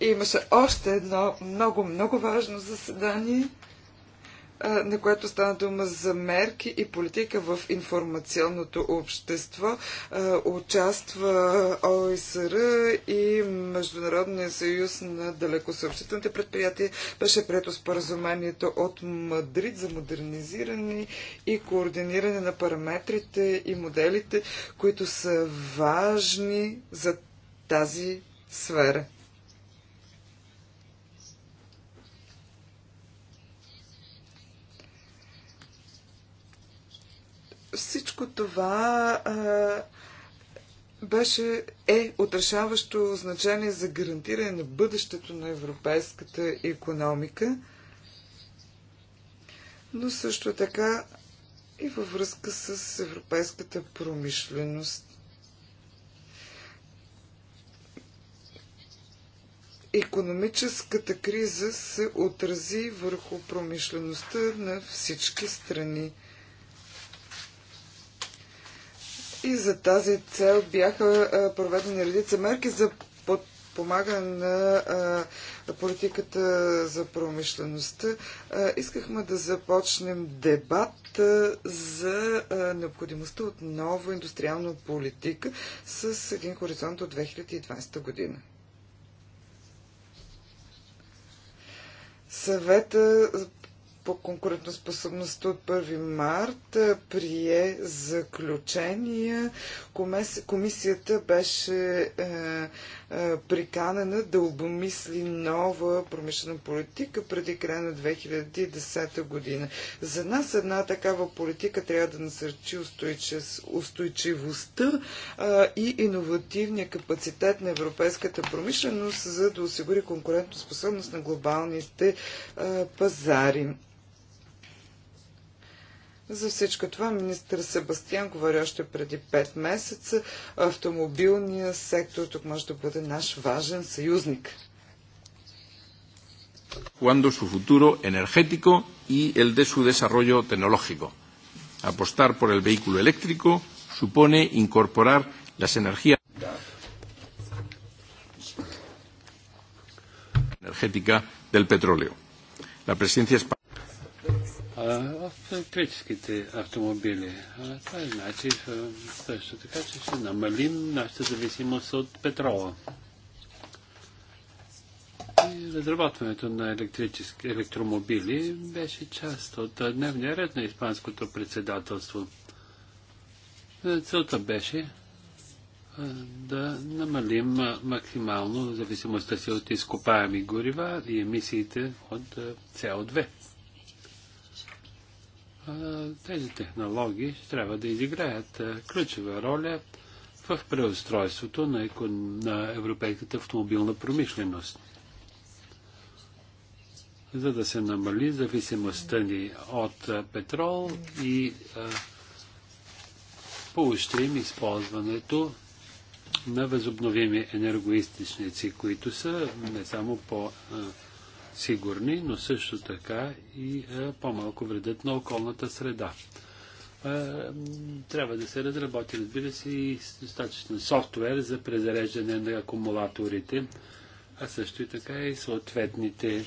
имаше още едно много, много важно заседание, на което стана дума за мерки и политика в информационното общество. Участва ОСР и Международния съюз на далекосъобщителните предприятия. Беше прието споразумението от Мадрид за модернизиране и координиране на параметрите и моделите, които са важни за тази сфера. Всичко това беше, е отрешаващо значение за гарантиране на бъдещето на европейската економика, но също така и във връзка с европейската промишленост. Економическата криза се отрази върху промишлеността на всички страни – И за тази цел бяха проведени редица мерки за подпомагане на политиката за промишлеността. Искахме да започнем дебат за необходимостта от нова индустриална политика с един хоризонт от 2020 година. Съвета по конкурентоспособността от 1 март прие заключения. Комисията беше е, е, приканена да обмисли нова промишлена политика преди края на 2010 година. За нас една такава политика трябва да насърчи устойчивостта и иновативния капацитет на европейската промишленост, за да осигури конкурентоспособност на глобалните пазари. За всичко това министър Себастиан говори още преди 5 месеца. Автомобилният сектор тук може да бъде наш важен съюзник. Jugando su futuro energético y el de su desarrollo tecnológico. Apostar por el vehículo eléctrico supone incorporar las energías energética del petróleo. La presidencia española електрическите автомобили. А, това е значи също така, че ще намалим нашата зависимост от петрола. И разработването на електрически, електромобили беше част от дневния ред на Испанското председателство. Целта беше да намалим максимално зависимостта си от изкопаеми горива и емисиите от CO2 тези технологии трябва да изиграят ключова роля в преустройството на, екон... на европейската автомобилна промишленост. За да се намали зависимостта ни от петрол и а, поощрим използването на възобновими енергоистичници, които са не само по а, сигурни, но също така и по-малко вредят на околната среда. Трябва да се разработи, разбира се, и достатъчно софтуер за презареждане на акумулаторите, а също и така и съответните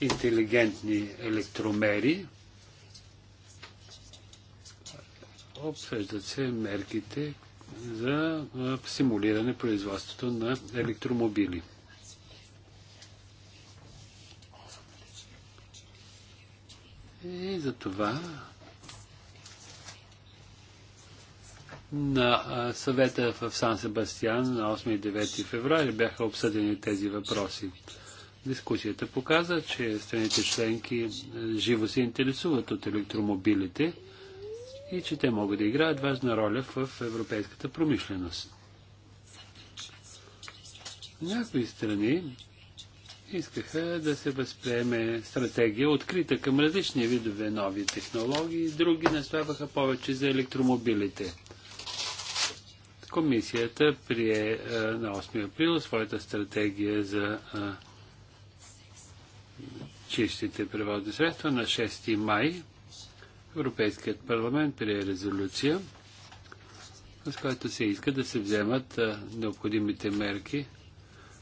интелигентни електромери. Обсъждат се мерките за симулиране производството на електромобили. И за това на съвета в Сан Себастьян на 8 и 9 февруари бяха обсъдени тези въпроси. Дискусията показа, че страните членки живо се интересуват от електромобилите и че те могат да играят важна роля в европейската промишленост. Някои страни искаха да се възприеме стратегия открита към различни видове нови технологии, други настояваха повече за електромобилите. Комисията прие е, на 8 април своята стратегия за е, чистите превозни средства на 6 май. Европейският парламент прие резолюция, с която се иска да се вземат е, необходимите мерки –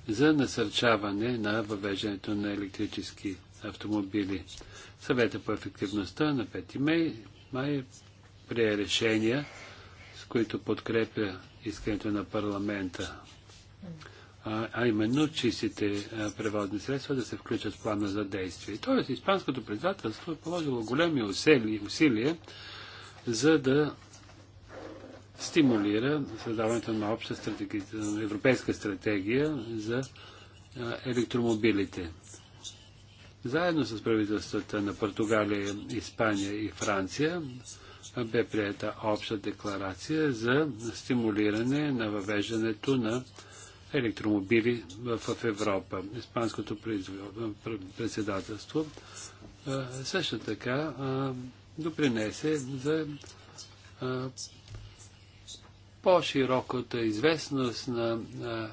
за насърчаване на въвеждането на електрически автомобили. Съвета по ефективността на 5 май, май прие решения, с които подкрепя искането на парламента. А, а именно чистите а, превозни средства да се включат в плана за действие. Тоест, Испанското председателство е положило големи усилия, усилия за да стимулира създаването на обща стратегия, европейска стратегия за електромобилите. Заедно с правителствата на Португалия, Испания и Франция бе приета обща декларация за стимулиране на въвеждането на електромобили в Европа. Испанското председателство също така допринесе за по-широката известност на, а,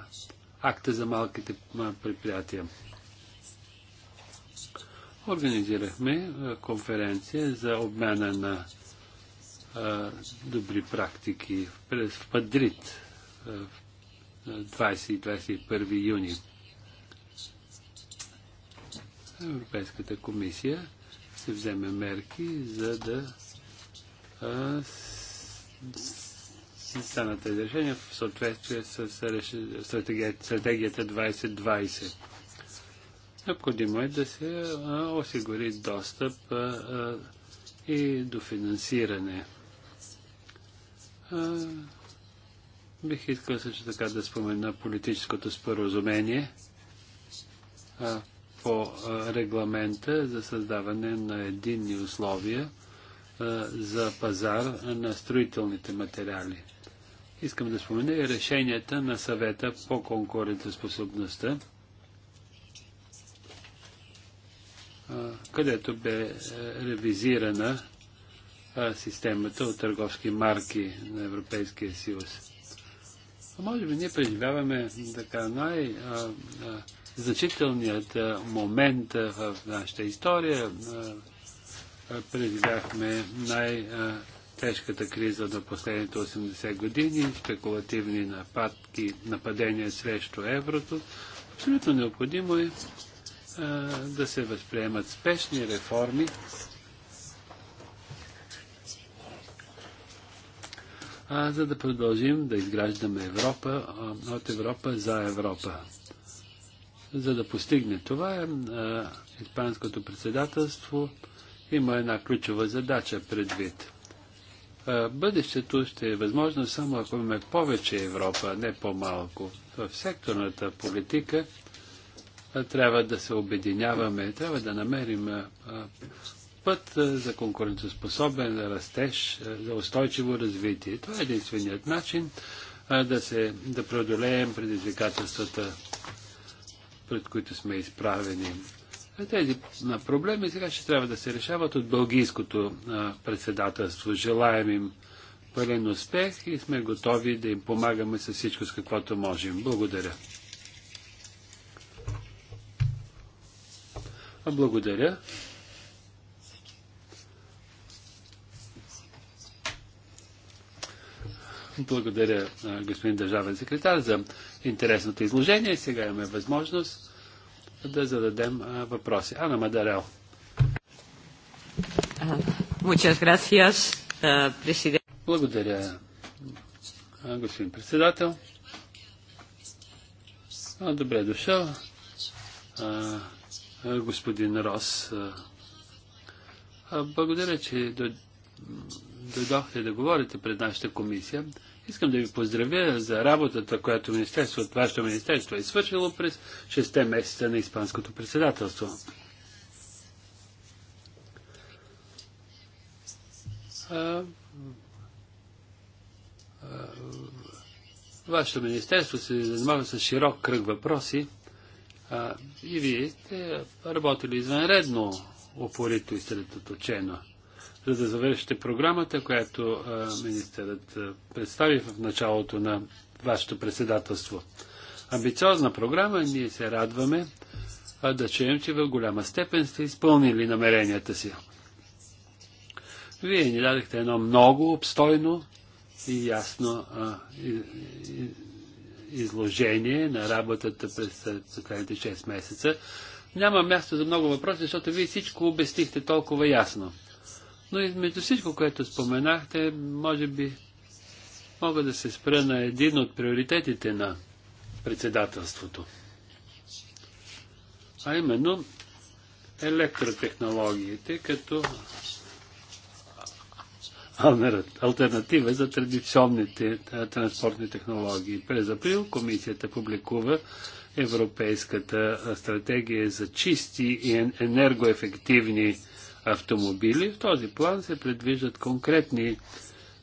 акта за малките предприятия. Организирахме конференция за обмяна на а, добри практики в Падрит в 20-21 юни. Европейската комисия се вземе мерки за да а, тези решения в съответствие с стратегията 2020. Необходимо е да се осигури достъп и до финансиране. Бих искал също така да спомена политическото споразумение по регламента за създаване на единни условия за пазар на строителните материали искам да спомена и решенията на съвета по конкурентоспособността, където бе е, ревизирана системата от търговски марки на Европейския съюз. може би ние преживяваме така най-значителният момент в нашата история. Преживяхме най- тежката криза на последните 80 години, спекулативни нападки, нападения срещу еврото, абсолютно необходимо е а, да се възприемат спешни реформи, а, за да продължим да изграждаме Европа а, от Европа за Европа. За да постигне това, а, Испанското председателство има една ключова задача предвид – Бъдещето ще е възможно само ако имаме повече Европа, не по-малко. В секторната политика трябва да се обединяваме, трябва да намерим път за конкурентоспособен растеж, за устойчиво развитие. Това е единственият начин да, се, да преодолеем предизвикателствата, пред които сме изправени. Тези проблеми сега ще трябва да се решават от бългийското председателство. Желаем им пълен успех и сме готови да им помагаме с всичко, с каквото можем. Благодаря. Благодаря. Благодаря, господин държавен секретар, за интересното изложение. Сега имаме възможност да зададем въпроси. Ана Мадарел. Благодаря, господин председател. Добре дошъл, господин Рос. Благодаря, че дойдохте да говорите пред нашата комисия. Искам да ви поздравя за работата, която министерство, вашето Министерство е свършило през 6 месеца на Испанското председателство. вашето Министерство се занимава с широк кръг въпроси а, и вие сте работили извънредно упорито и средоточено за да завършите програмата, която министърът представи в началото на вашето председателство. Амбициозна програма, ние се радваме а да чуем, че в голяма степен сте изпълнили намеренията си. Вие ни дадахте едно много обстойно и ясно а, и, и, изложение на работата през последните 6 месеца. Няма място за много въпроси, защото вие всичко обяснихте толкова ясно. Но между всичко, което споменахте, може би мога да се спра на един от приоритетите на председателството. А именно електротехнологиите като альтернатива за традиционните транспортни технологии. През април комисията публикува Европейската стратегия за чисти и енергоефективни автомобили. В този план се предвиждат конкретни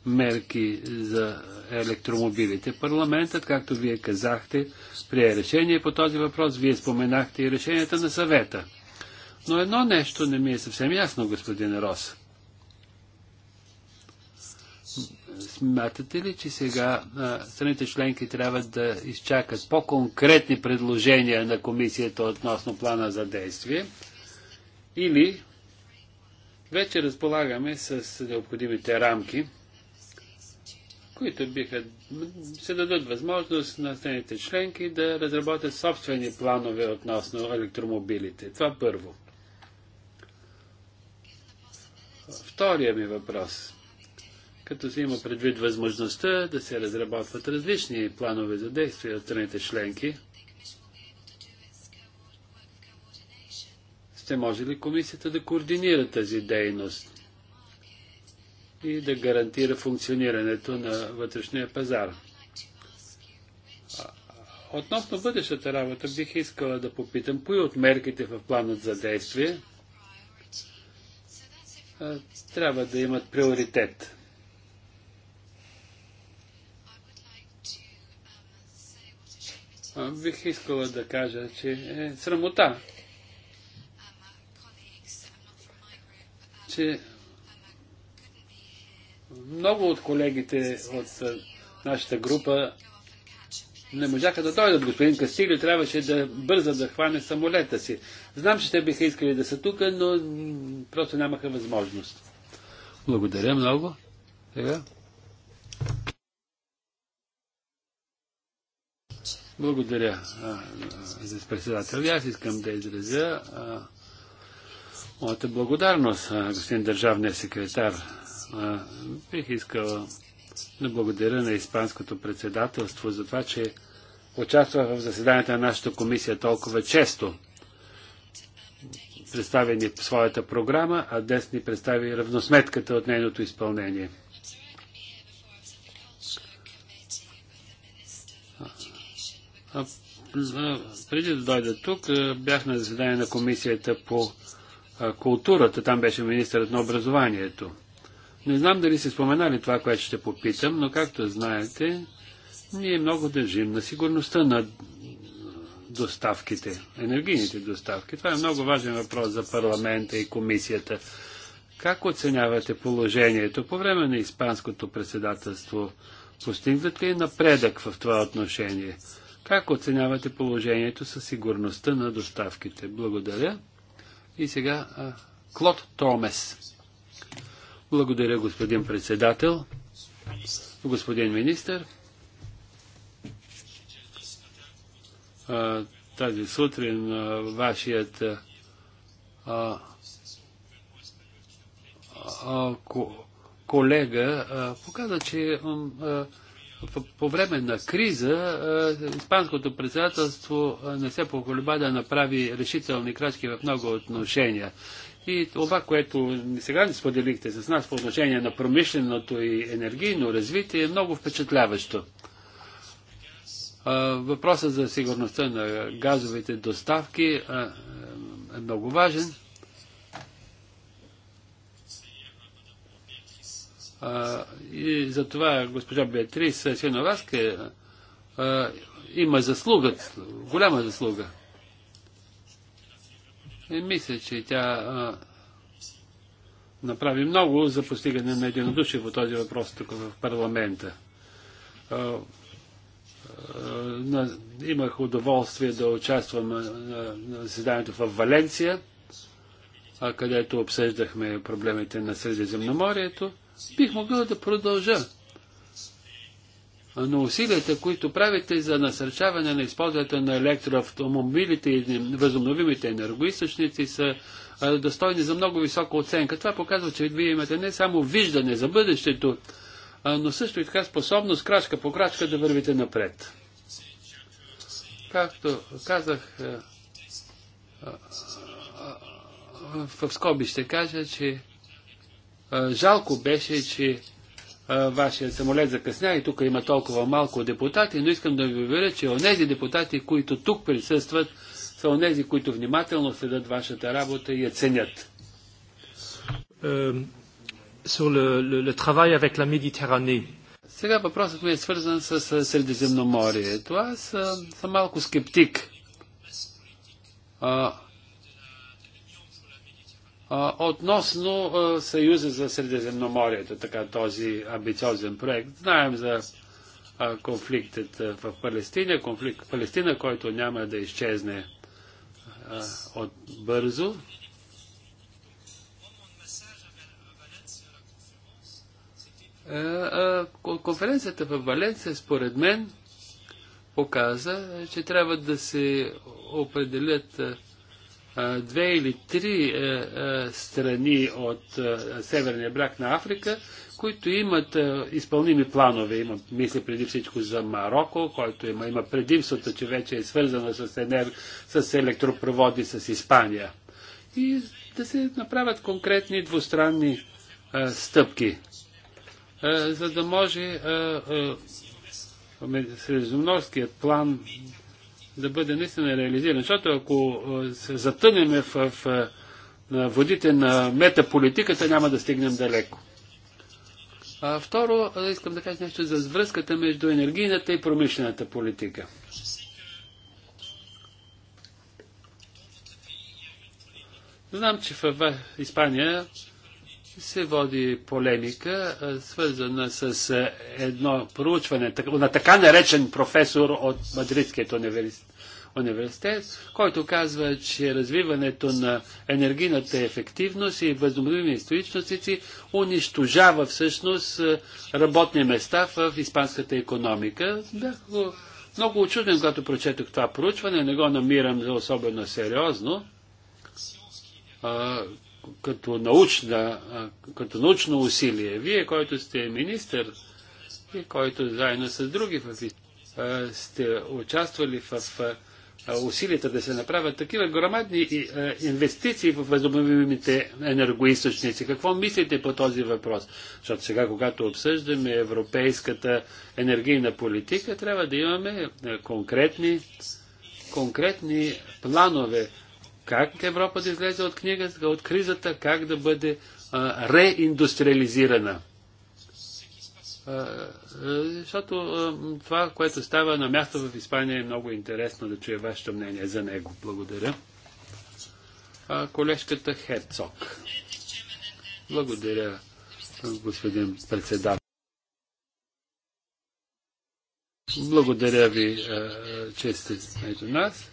мерки за електромобилите. Парламентът, както вие казахте, прие решение по този въпрос. Вие споменахте и решенията на съвета. Но едно нещо не ми е съвсем ясно, господин Рос. Смятате ли, че сега а, страните членки трябва да изчакат по-конкретни предложения на комисията относно плана за действие? Или вече разполагаме с необходимите рамки, които биха се дадат възможност на страните членки да разработят собствени планове относно електромобилите. Това първо. Втория ми въпрос. Като се има предвид възможността да се разработват различни планове за действие от страните членки, ще може ли комисията да координира тази дейност и да гарантира функционирането на вътрешния пазар? Относно бъдещата работа бих искала да попитам, кои от мерките в планът за действие трябва да имат приоритет. Бих искала да кажа, че е срамота, че много от колегите от нашата група не можаха да дойдат. Господин Кастилио трябваше да бърза да хване самолета си. Знам, че те биха искали да са тук, но просто нямаха възможност. Благодаря много. Сега. Благодаря а, а, за председател. Аз искам да изразя а, Моята благодарност, господин държавния секретар. Бих искала да благодаря на Испанското председателство за това, че участва в заседанията на нашата комисия толкова често. Представя ни своята програма, а днес ни представи равносметката от нейното изпълнение. преди да дойда тук, бях на заседание на комисията по културата, там беше министърът на образованието. Не знам дали се споменали това, което ще попитам, но както знаете, ние много държим на сигурността на доставките, енергийните доставки. Това е много важен въпрос за парламента и комисията. Как оценявате положението по време на испанското председателство? Постигнат ли напредък в това отношение? Как оценявате положението със сигурността на доставките? Благодаря. И сега а, Клод Томес. Благодаря, господин председател, господин министр. А, тази сутрин а, вашият а, а, колега а, показа, че а, по време на криза Испанското председателство не се поколеба да направи решителни крачки в много отношения. И това, което сега не споделихте с нас по отношение на промишленото и енергийно развитие, е много впечатляващо. Въпросът за сигурността на газовите доставки е много важен. и затова госпожа Беатрис Сеноваска има заслуга, голяма заслуга. И е, мисля, че тя а, направи много за постигане на единодушие по този въпрос тук в парламента. А, на, имах удоволствие да участвам на, на заседанието в Валенция, където обсъждахме проблемите на Средиземноморието. Бих могъл да продължа. Но усилията, които правите за насърчаване на използването на електроавтомобилите и възобновимите енергоисточници са достойни за много висока оценка. Това показва, че вие имате не само виждане за бъдещето, но също и така способност крачка по крачка да вървите напред. Както казах, в скоби ще кажа, че Жалко беше, че вашия самолет закъсня и тук има толкова малко депутати, но искам да ви уверя, че онези депутати, които тук присъстват, са онези, които внимателно следят вашата работа и я ценят. Е, Сега въпросът ми е свързан с Средиземноморието. Аз съм малко скептик. Относно Съюза за Средиземноморието, така този амбициозен проект, знаем за конфликтът в Палестина, конфликт в Палестина, който няма да изчезне от бързо. Е, конференцията в Валенция, според мен, показа, че трябва да се определят две или три е, е, страни от е, северния бряг на Африка, които имат изпълними планове. Има, мисля преди всичко за Марокко, който има, има предимството, че вече е свързано с, енер... с електропроводи с Испания. И да се направят конкретни двустранни а, стъпки, а, за да може а, а, план да бъде наистина реализиран. Защото ако се затънеме в, в водите на метаполитиката, няма да стигнем далеко. А, второ, искам да кажа нещо за връзката между енергийната и промишлената политика. Знам, че в Испания се води полемика, свързана с едно проучване на така наречен професор от Мадридският университет, който казва, че развиването на енергийната ефективност и възобновими източници унищожава всъщност работни места в испанската економика. Бях много очуден, когато прочетох това проучване, не го намирам за особено сериозно като, научна, като научно усилие. Вие, който сте министър и който заедно с други в, сте участвали в усилията да се направят такива громадни инвестиции в възобновимите енергоисточници. Какво мислите по този въпрос? Защото сега, когато обсъждаме европейската енергийна политика, трябва да имаме конкретни, конкретни планове как Европа да излезе от книгата, от кризата, как да бъде а, реиндустриализирана. А, защото а, това, което става на място в Испания е много интересно да чуя вашето мнение за него. Благодаря. А, колежката Херцог. Благодаря, господин председател. Благодаря ви, че сте между нас.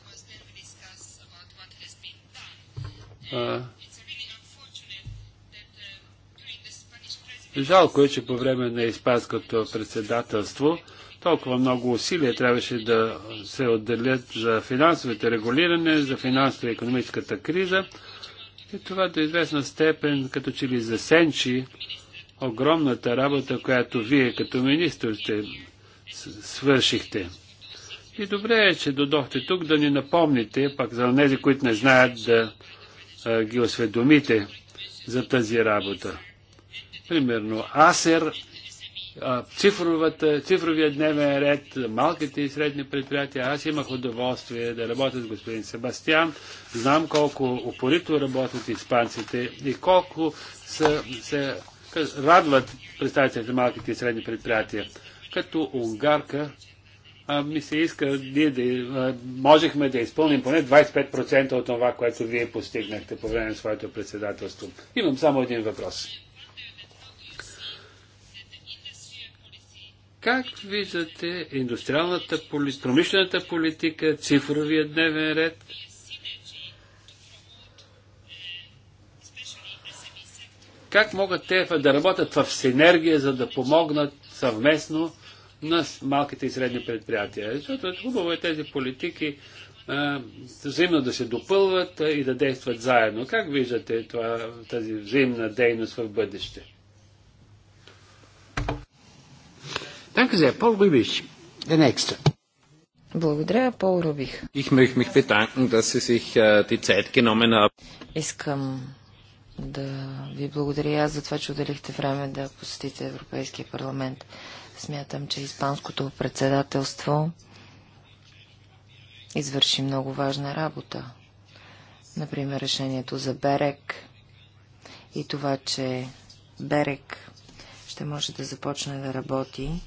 Жалко е, че по време на испанското председателство толкова много усилия трябваше да се отделят за финансовите регулиране, за финансово економическата криза. И това до известна степен като че ли засенчи огромната работа, която вие като министр сте свършихте. И добре е, че додохте тук да ни напомните, пак за тези, които не знаят да ги осведомите за тази работа. Примерно АСЕР, цифровия дневен ред, малките и средни предприятия. Аз имах удоволствие да работя с господин Себастиан. Знам колко упорито работят испанците и колко са, се радват представителите на малките и средни предприятия. Като унгарка а, ми се иска ние да, а, можехме да изпълним поне 25% от това, което вие постигнахте по време на своето председателство. Имам само един въпрос. Как виждате индустриалната поли... промишлената политика, цифровия дневен ред? Как могат те да работят в синергия, за да помогнат съвместно на малките и средни предприятия. Защото хубаво е тези политики а, взаимно да се допълват а, и да действат заедно. Как виждате това, тази взаимна дейност в бъдеще? Благодаря, Пол Рубих. Искам да ви благодаря аз за това, че отделихте време да посетите Европейския парламент. Смятам, че Испанското председателство извърши много важна работа. Например, решението за Берек и това, че Берек ще може да започне да работи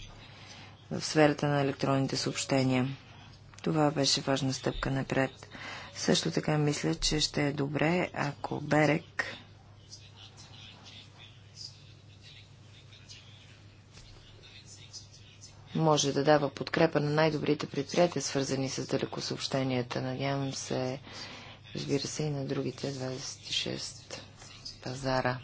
в сферата на електронните съобщения. Това беше важна стъпка напред. Също така мисля, че ще е добре, ако Берек може да дава подкрепа на най-добрите предприятия, свързани с далекосъобщенията. Надявам се, разбира се, и на другите 26 пазара.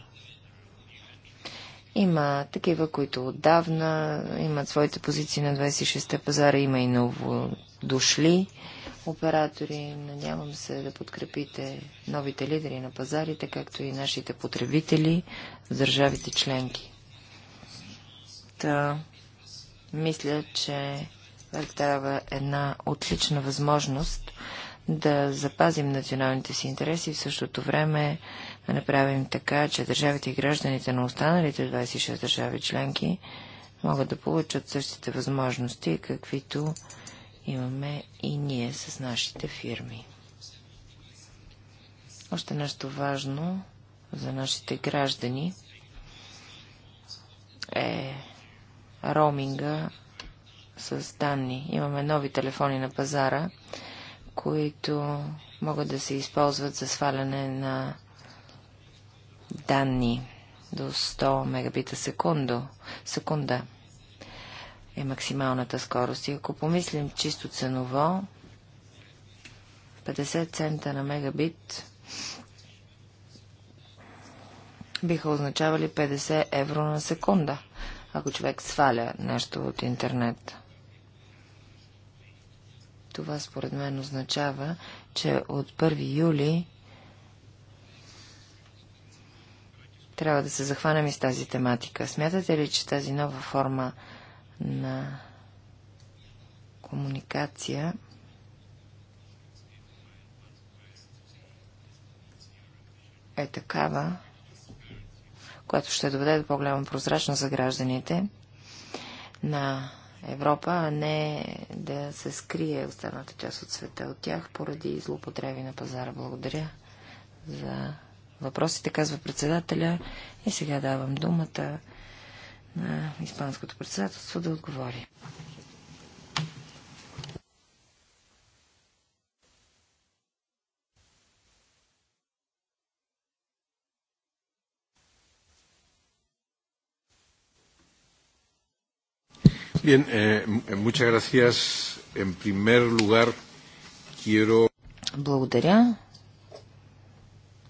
Има такива, които отдавна имат своите позиции на 26-те пазара, има и ново дошли оператори. Надявам се да подкрепите новите лидери на пазарите, както и нашите потребители в държавите членки. Та, мисля, че дава една отлична възможност да запазим националните си интереси и в същото време да направим така, че държавите и гражданите на останалите 26 държави членки могат да получат същите възможности, каквито имаме и ние с нашите фирми. Още нещо важно за нашите граждани е роуминга с данни. Имаме нови телефони на пазара, които могат да се използват за сваляне на данни до 100 мегабита секунда. секунда е максималната скорост. И ако помислим чисто ценово, 50 цента на мегабит биха означавали 50 евро на секунда ако човек сваля нещо от интернет. Това според мен означава, че от 1 юли трябва да се захванем и с тази тематика. Смятате ли, че тази нова форма на комуникация е такава, което ще доведе до по-голяма прозрачност за гражданите на Европа, а не да се скрие останата част от света от тях поради злоупотреби на пазара. Благодаря за въпросите, казва председателя. И сега давам думата на Испанското председателство да отговори. Bien, eh, muchas gracias. En primer lugar, quiero... Благодаря.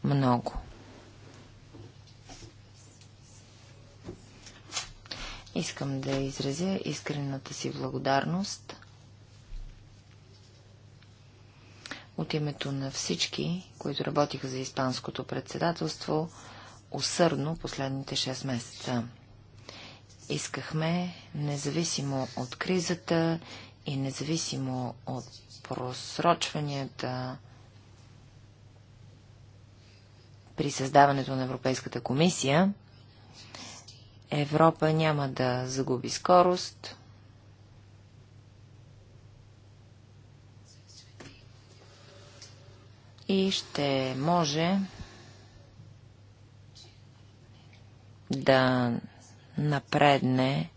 Много. Искам да изразя искрената си благодарност от името на всички, които работиха за Испанското председателство усърдно последните 6 месеца. Искахме, независимо от кризата и независимо от просрочванията при създаването на Европейската комисия, Европа няма да загуби скорост. И ще може да напредне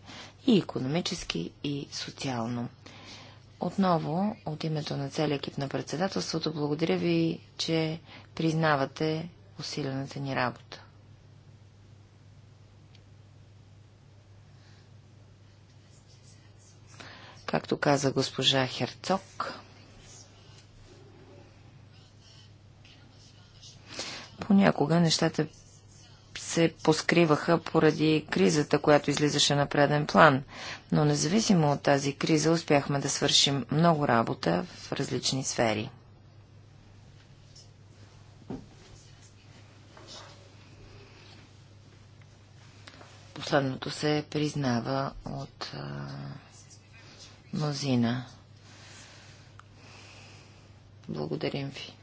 и економически, и социално. Отново, от името на целия екип на председателството, благодаря ви, че признавате усилената ни работа. Както каза госпожа Херцог, понякога нещата се поскриваха поради кризата, която излизаше на преден план. Но независимо от тази криза, успяхме да свършим много работа в различни сфери. Последното се признава от а, мнозина. Благодарим ви.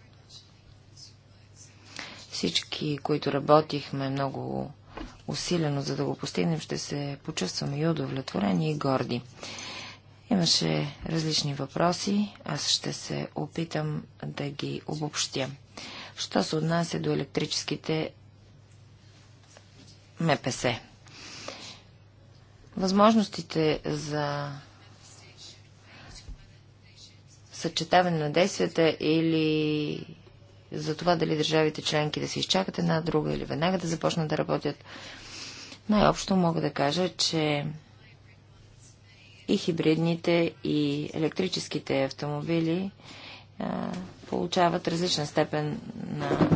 Всички, които работихме много усилено, за да го постигнем, ще се почувстваме и удовлетворени и горди. Имаше различни въпроси, аз ще се опитам да ги обобщя. Що се отнася до електрическите МПС? Възможностите за съчетаване на действията или за това дали държавите членки да се изчакат една друга или веднага да започнат да работят. Най-общо мога да кажа, че и хибридните, и електрическите автомобили а, получават различна степен на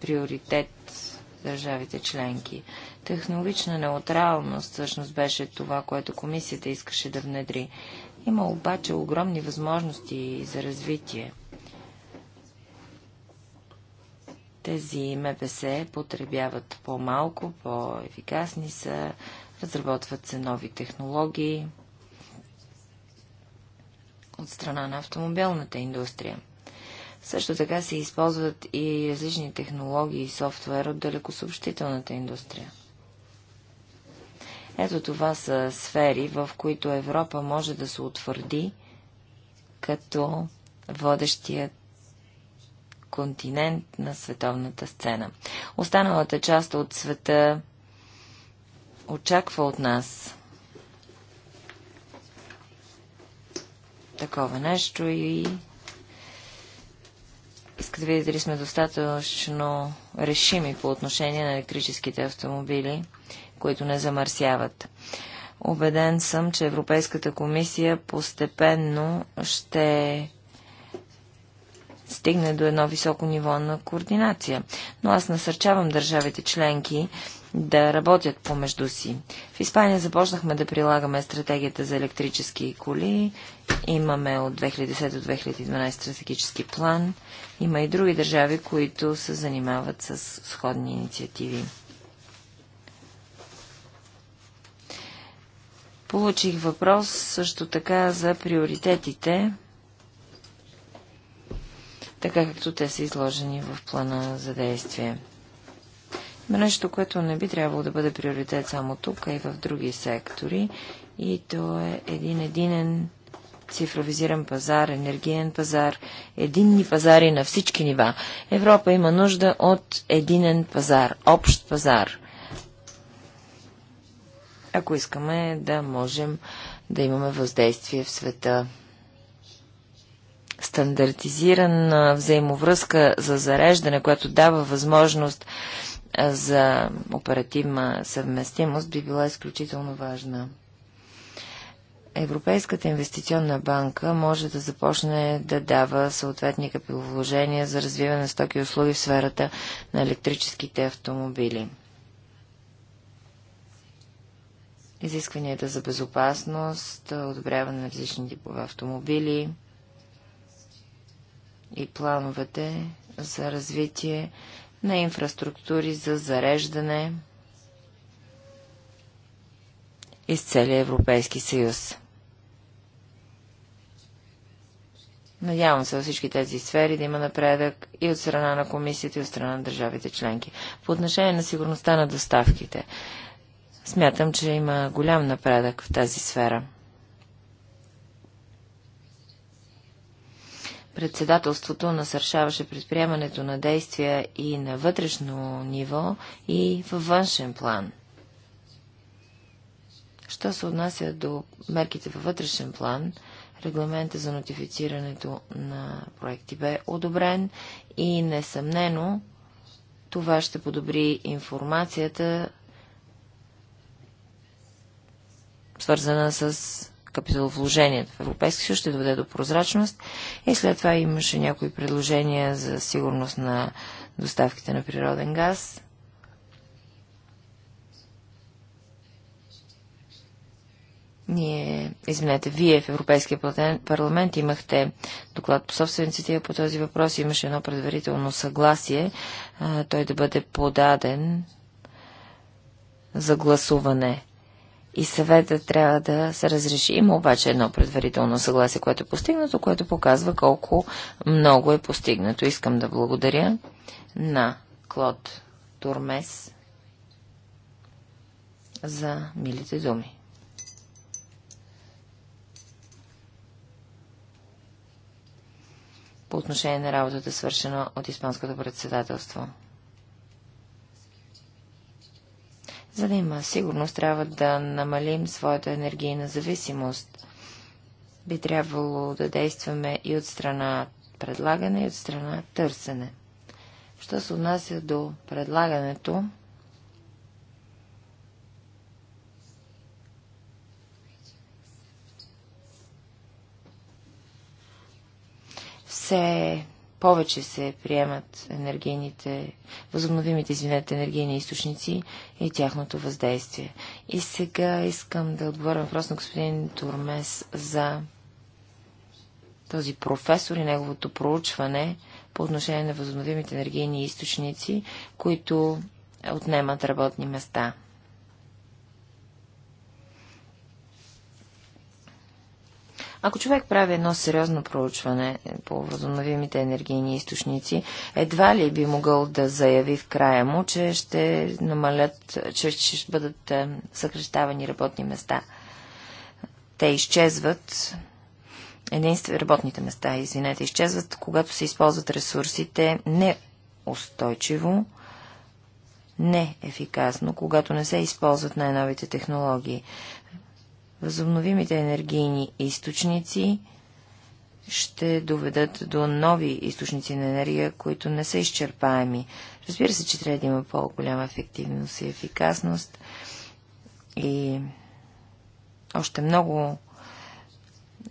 приоритет държавите членки. Технологична неутралност всъщност беше това, което комисията искаше да внедри. Има обаче огромни възможности за развитие. Тези МПС потребяват по-малко, по-ефикасни са, разработват се нови технологии от страна на автомобилната индустрия. Също така се използват и различни технологии и софтуер от далекосъобщителната индустрия. Ето това са сфери, в които Европа може да се утвърди като водещият континент на световната сцена. Останалата част от света очаква от нас такова нещо и иска да видите, ли сме достатъчно решими по отношение на електрическите автомобили, които не замърсяват. Обеден съм, че Европейската комисия постепенно ще стигне до едно високо ниво на координация. Но аз насърчавам държавите членки да работят помежду си. В Испания започнахме да прилагаме стратегията за електрически коли. Имаме от 2010 до 2012 стратегически план. Има и други държави, които се занимават с сходни инициативи. Получих въпрос също така за приоритетите така както те са изложени в плана за действие. Има нещо, което не би трябвало да бъде приоритет само тук, а и в други сектори. И то е един единен цифровизиран пазар, енергиен пазар, единни пазари на всички нива. Европа има нужда от единен пазар, общ пазар. Ако искаме да можем да имаме въздействие в света стандартизирана взаимовръзка за зареждане, която дава възможност за оперативна съвместимост, би била изключително важна. Европейската инвестиционна банка може да започне да дава съответни капиталовложения за развиване на стоки и услуги в сферата на електрическите автомобили. Изискванията за безопасност, одобряване на различни типове автомобили – и плановете за развитие на инфраструктури за зареждане из целия Европейски съюз. Надявам се във всички тези сфери да има напредък и от страна на комисията, и от страна на държавите членки. По отношение на сигурността на доставките, смятам, че има голям напредък в тази сфера. председателството насършаваше предприемането на действия и на вътрешно ниво, и във външен план. Що се отнася до мерките във вътрешен план, регламента за нотифицирането на проекти бе одобрен и несъмнено това ще подобри информацията, свързана с капиталовложението в Европейски съюз ще доведе до прозрачност и след това имаше някои предложения за сигурност на доставките на природен газ. Ние, извинете, вие в Европейския парламент имахте доклад по собствениците по този въпрос. Имаше едно предварително съгласие а, той да бъде подаден за гласуване и съвета трябва да се разреши. Има обаче едно предварително съгласие, което е постигнато, което показва колко много е постигнато. Искам да благодаря на Клод Турмес за милите думи. По отношение на работата, свършена от Испанското председателство. За да има сигурност, трябва да намалим своята енергийна зависимост. Би трябвало да действаме и от страна предлагане, и от страна търсене. Що се отнася до предлагането, все повече се приемат енергийните, възобновимите, извинете, енергийни източници и тяхното въздействие. И сега искам да отговоря въпрос на господин Турмес за този професор и неговото проучване по отношение на възобновимите енергийни източници, които отнемат работни места. Ако човек прави едно сериозно проучване по възобновимите енергийни източници, едва ли би могъл да заяви в края му, че ще намалят, че ще бъдат е, съкрещавани работни места. Те изчезват единствено работните места, извинете, изчезват, когато се използват ресурсите неустойчиво, неефикасно, когато не се използват най-новите технологии. Възобновимите енергийни източници ще доведат до нови източници на енергия, които не са изчерпаеми. Разбира се, че трябва да има по-голяма ефективност и ефикасност и още много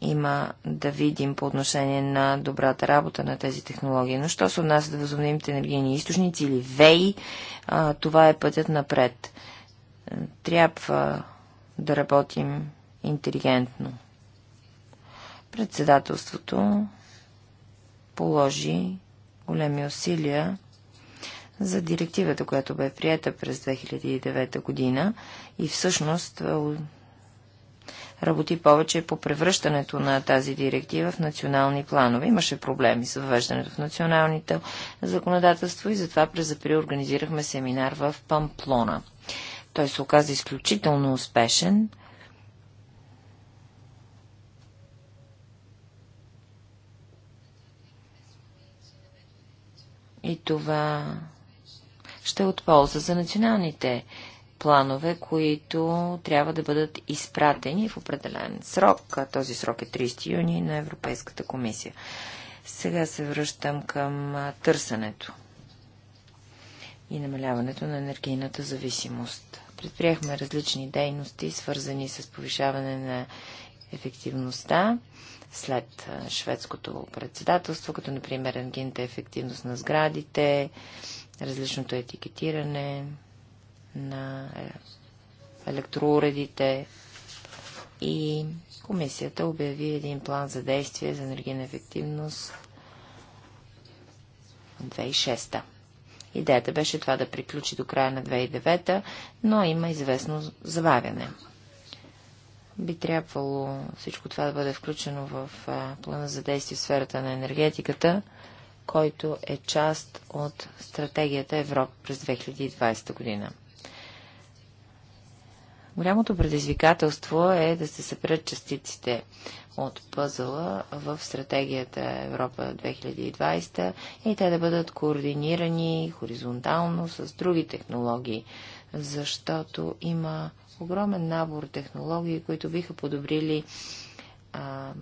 има да видим по отношение на добрата работа на тези технологии. Но що се отнася до да възобновимите енергийни източници или ВЕИ, това е пътят напред. Трябва да работим интелигентно. Председателството положи големи усилия за директивата, която бе прията през 2009 година и всъщност е, работи повече по превръщането на тази директива в национални планове. Имаше проблеми с въвеждането в националните законодателство и затова през април организирахме семинар в Памплона. Той се оказа изключително успешен. И това ще е от полза за националните планове, които трябва да бъдат изпратени в определен срок. този срок е 30 юни на Европейската комисия. Сега се връщам към търсенето и намаляването на енергийната зависимост. Предприехме различни дейности, свързани с повишаване на ефективността след шведското председателство, като например енгинта ефективност на сградите, различното етикетиране на е, електроуредите и комисията обяви един план за действие за енергийна ефективност 2006. та Идеята беше това да приключи до края на 2009, но има известно забавяне. Би трябвало всичко това да бъде включено в плана за действие в сферата на енергетиката, който е част от стратегията Европа през 2020 година. Голямото предизвикателство е да се съберат частиците от пъзела в стратегията Европа 2020 и те да бъдат координирани хоризонтално с други технологии, защото има огромен набор технологии, които биха подобрили а,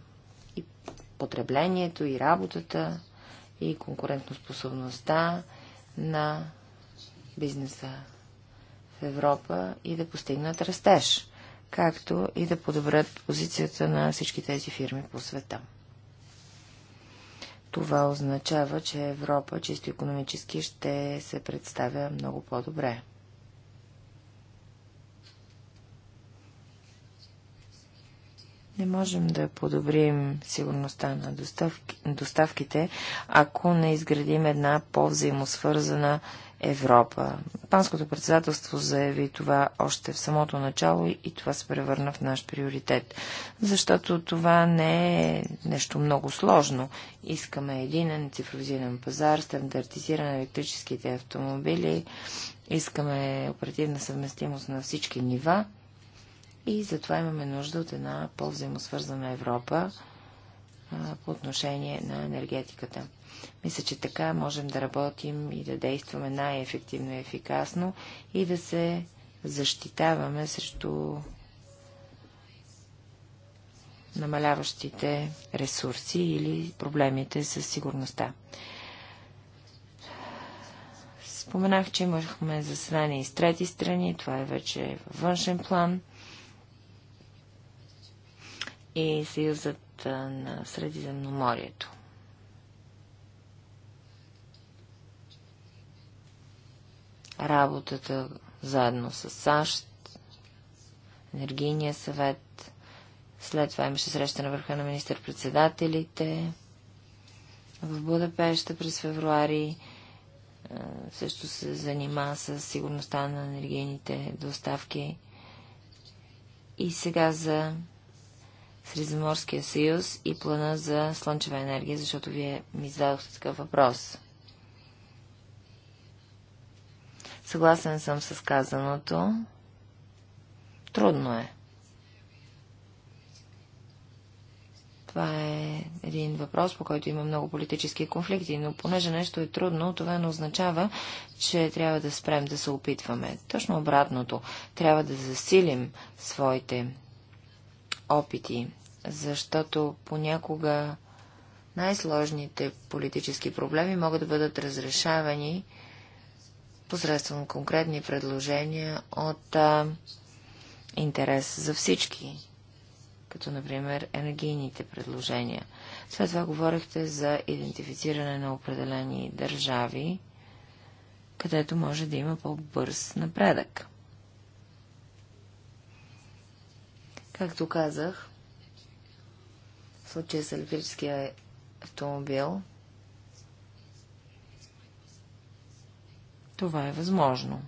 и потреблението, и работата, и конкурентоспособността на бизнеса в Европа и да постигнат растеж, както и да подобрят позицията на всички тези фирми по света. Това означава, че Европа чисто економически ще се представя много по-добре. Не можем да подобрим сигурността на доставки, доставките, ако не изградим една по-взаимосвързана Европа. Панското председателство заяви това още в самото начало и това се превърна в наш приоритет. Защото това не е нещо много сложно. Искаме един цифровизиран пазар, стандартизиране на електрическите автомобили, искаме оперативна съвместимост на всички нива и затова имаме нужда от една по-взаимосвързана Европа а, по отношение на енергетиката. Мисля, че така можем да работим и да действаме най-ефективно и ефикасно и да се защитаваме срещу намаляващите ресурси или проблемите с сигурността. Споменах, че имахме заседание и с трети страни, това е вече външен план – и Съюзът на Средиземноморието. Работата заедно с САЩ, Енергийния съвет, след това имаше среща на върха на министър-председателите в Будапеща през февруари също се занима с сигурността на енергийните доставки. И сега за Средиземорския съюз и плана за слънчева енергия, защото вие ми зададохте такъв въпрос. Съгласен съм с казаното. Трудно е. Това е един въпрос, по който има много политически конфликти, но понеже нещо е трудно, това не означава, че трябва да спрем да се опитваме. Точно обратното, трябва да засилим своите опити, защото понякога най-сложните политически проблеми могат да бъдат разрешавани посредством конкретни предложения от а, интерес за всички, като например енергийните предложения. След това говорихте за идентифициране на определени държави, където може да има по-бърз напредък. Както казах, в случая с електрическия автомобил, това е възможно.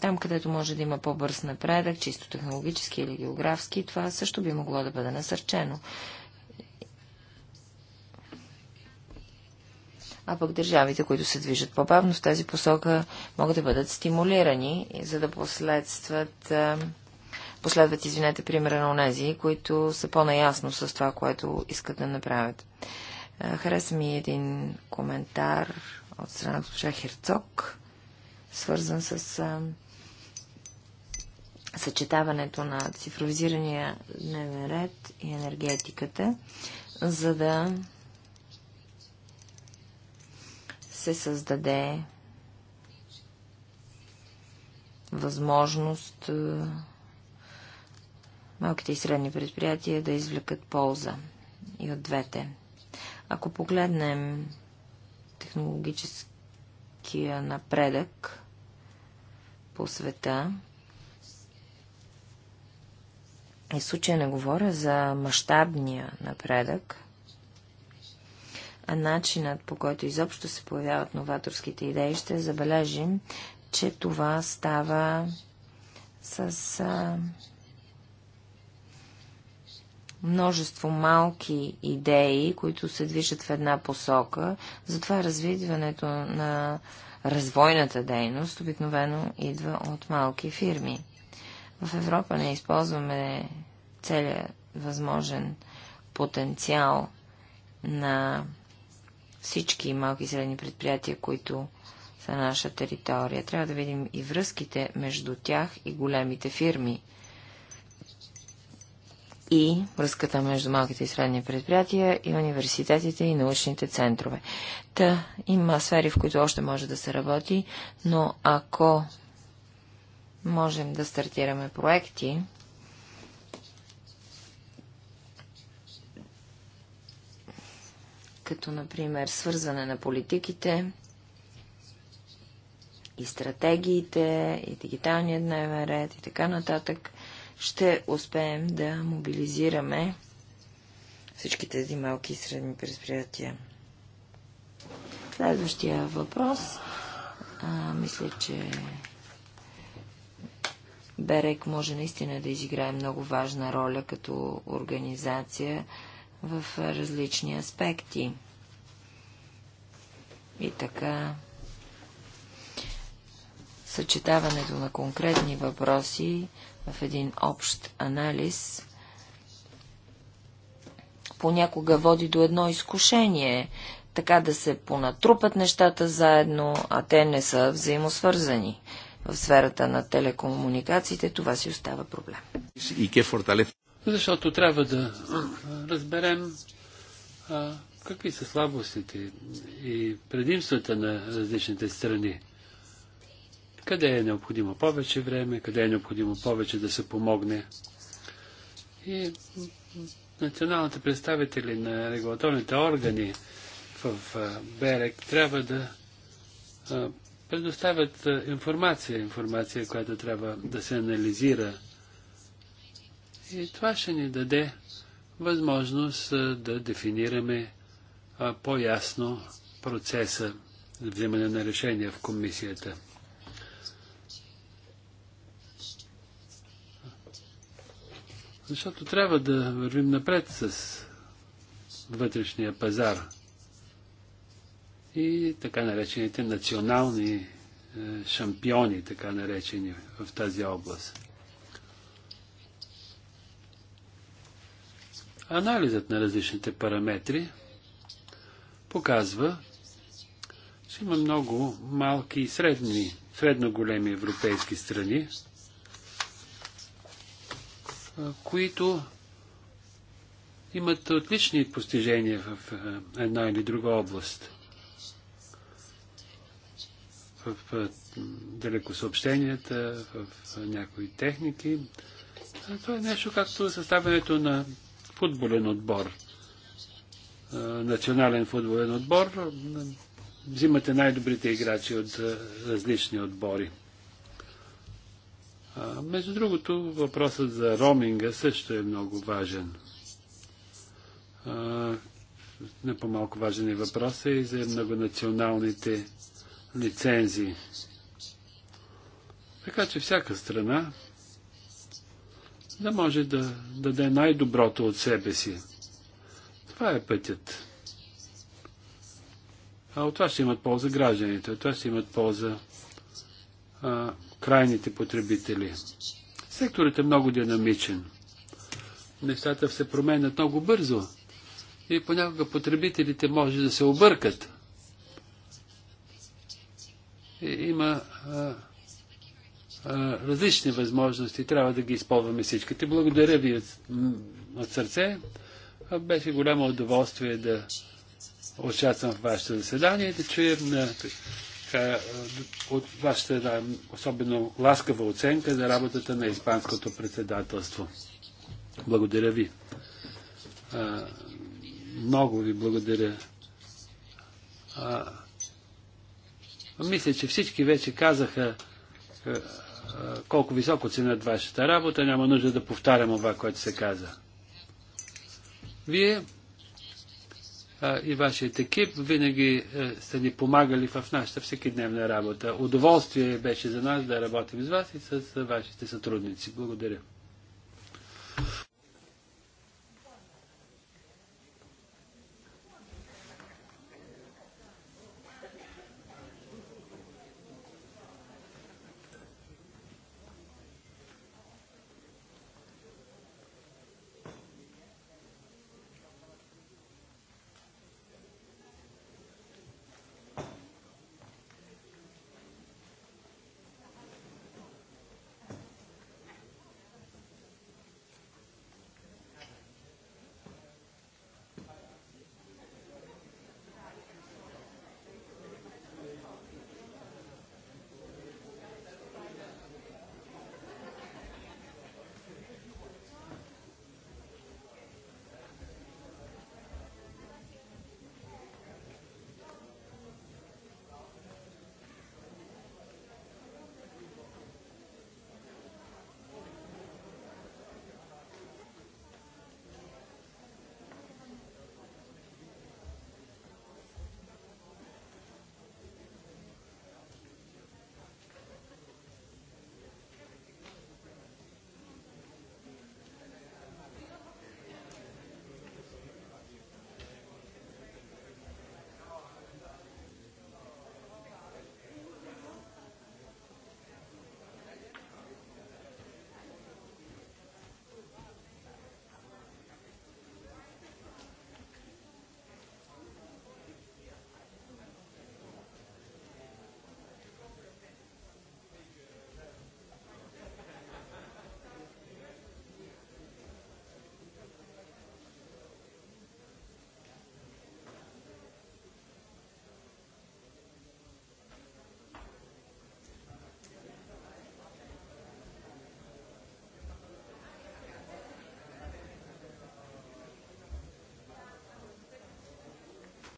Там, където може да има по-бърз напредък, чисто технологически или географски, това също би могло да бъде насърчено. а пък държавите, които се движат по-бавно в тази посока, могат да бъдат стимулирани, за да последстват, последват, извинете, примера на онези, които са по-наясно с това, което искат да направят. Хареса ми един коментар от страна на госпожа Херцог, свързан с съчетаването на цифровизирания дневен ред и енергетиката, за да се създаде възможност е, малките и средни предприятия да извлекат полза и от двете. Ако погледнем технологическия напредък по света, и случая не говоря за мащабния напредък, начинът по който изобщо се появяват новаторските идеи, ще забележим, че това става с а, множество малки идеи, които се движат в една посока. Затова развитването на развойната дейност обикновено идва от малки фирми. В Европа не използваме целият възможен потенциал на всички малки и средни предприятия, които са на наша територия. Трябва да видим и връзките между тях и големите фирми. И връзката между малките и средни предприятия и университетите и научните центрове. Та има сфери, в които още може да се работи, но ако можем да стартираме проекти, като например свързване на политиките и стратегиите, и дигиталният дневен ред и така нататък, ще успеем да мобилизираме всички тези малки и средни предприятия. Следващия въпрос. А, мисля, че Берек може наистина да изиграе много важна роля като организация в различни аспекти. И така, съчетаването на конкретни въпроси в един общ анализ понякога води до едно изкушение, така да се понатрупат нещата заедно, а те не са взаимосвързани. В сферата на телекомуникациите това си остава проблем. И защото трябва да разберем а, какви са слабостите и предимствата на различните страни. Къде е необходимо повече време, къде е необходимо повече да се помогне. И националните представители на регулаторните органи в БЕРЕК трябва да предоставят информация, информация, която трябва да се анализира и това ще ни даде възможност да дефинираме по-ясно процеса за вземане на решения в комисията. Защото трябва да вървим напред с вътрешния пазар и така наречените национални е, шампиони, така наречени в тази област. Анализът на различните параметри показва, че има много малки и средни, средно големи европейски страни, които имат отлични постижения в една или друга област. В далекосъобщенията, в някои техники. Това е нещо както съставянето на футболен отбор, национален футболен отбор, взимате най-добрите играчи от различни отбори. Между другото, въпросът за роминга също е много важен. Не по-малко важен е въпросът и за многонационалните лицензии. Така че всяка страна да може да даде най-доброто от себе си. Това е пътят. А от това ще имат полза гражданите, от това ще имат полза а, крайните потребители. Секторът е много динамичен. Нещата се променят много бързо и понякога потребителите може да се объркат. И има а, различни възможности. Трябва да ги използваме всичките. Благодаря ви от, от сърце. Беше голямо удоволствие да участвам в вашето заседание и да чуем на, ка, от вашата да, особено ласкава оценка за работата на Испанското председателство. Благодаря ви. А, много ви благодаря. А, мисля, че всички вече казаха колко високо ценят е вашата работа. Няма нужда да повтарям това, което се каза. Вие а, и вашият екип винаги а, сте ни помагали в нашата всекидневна работа. Удоволствие беше за нас да работим с вас и с вашите сътрудници. Благодаря.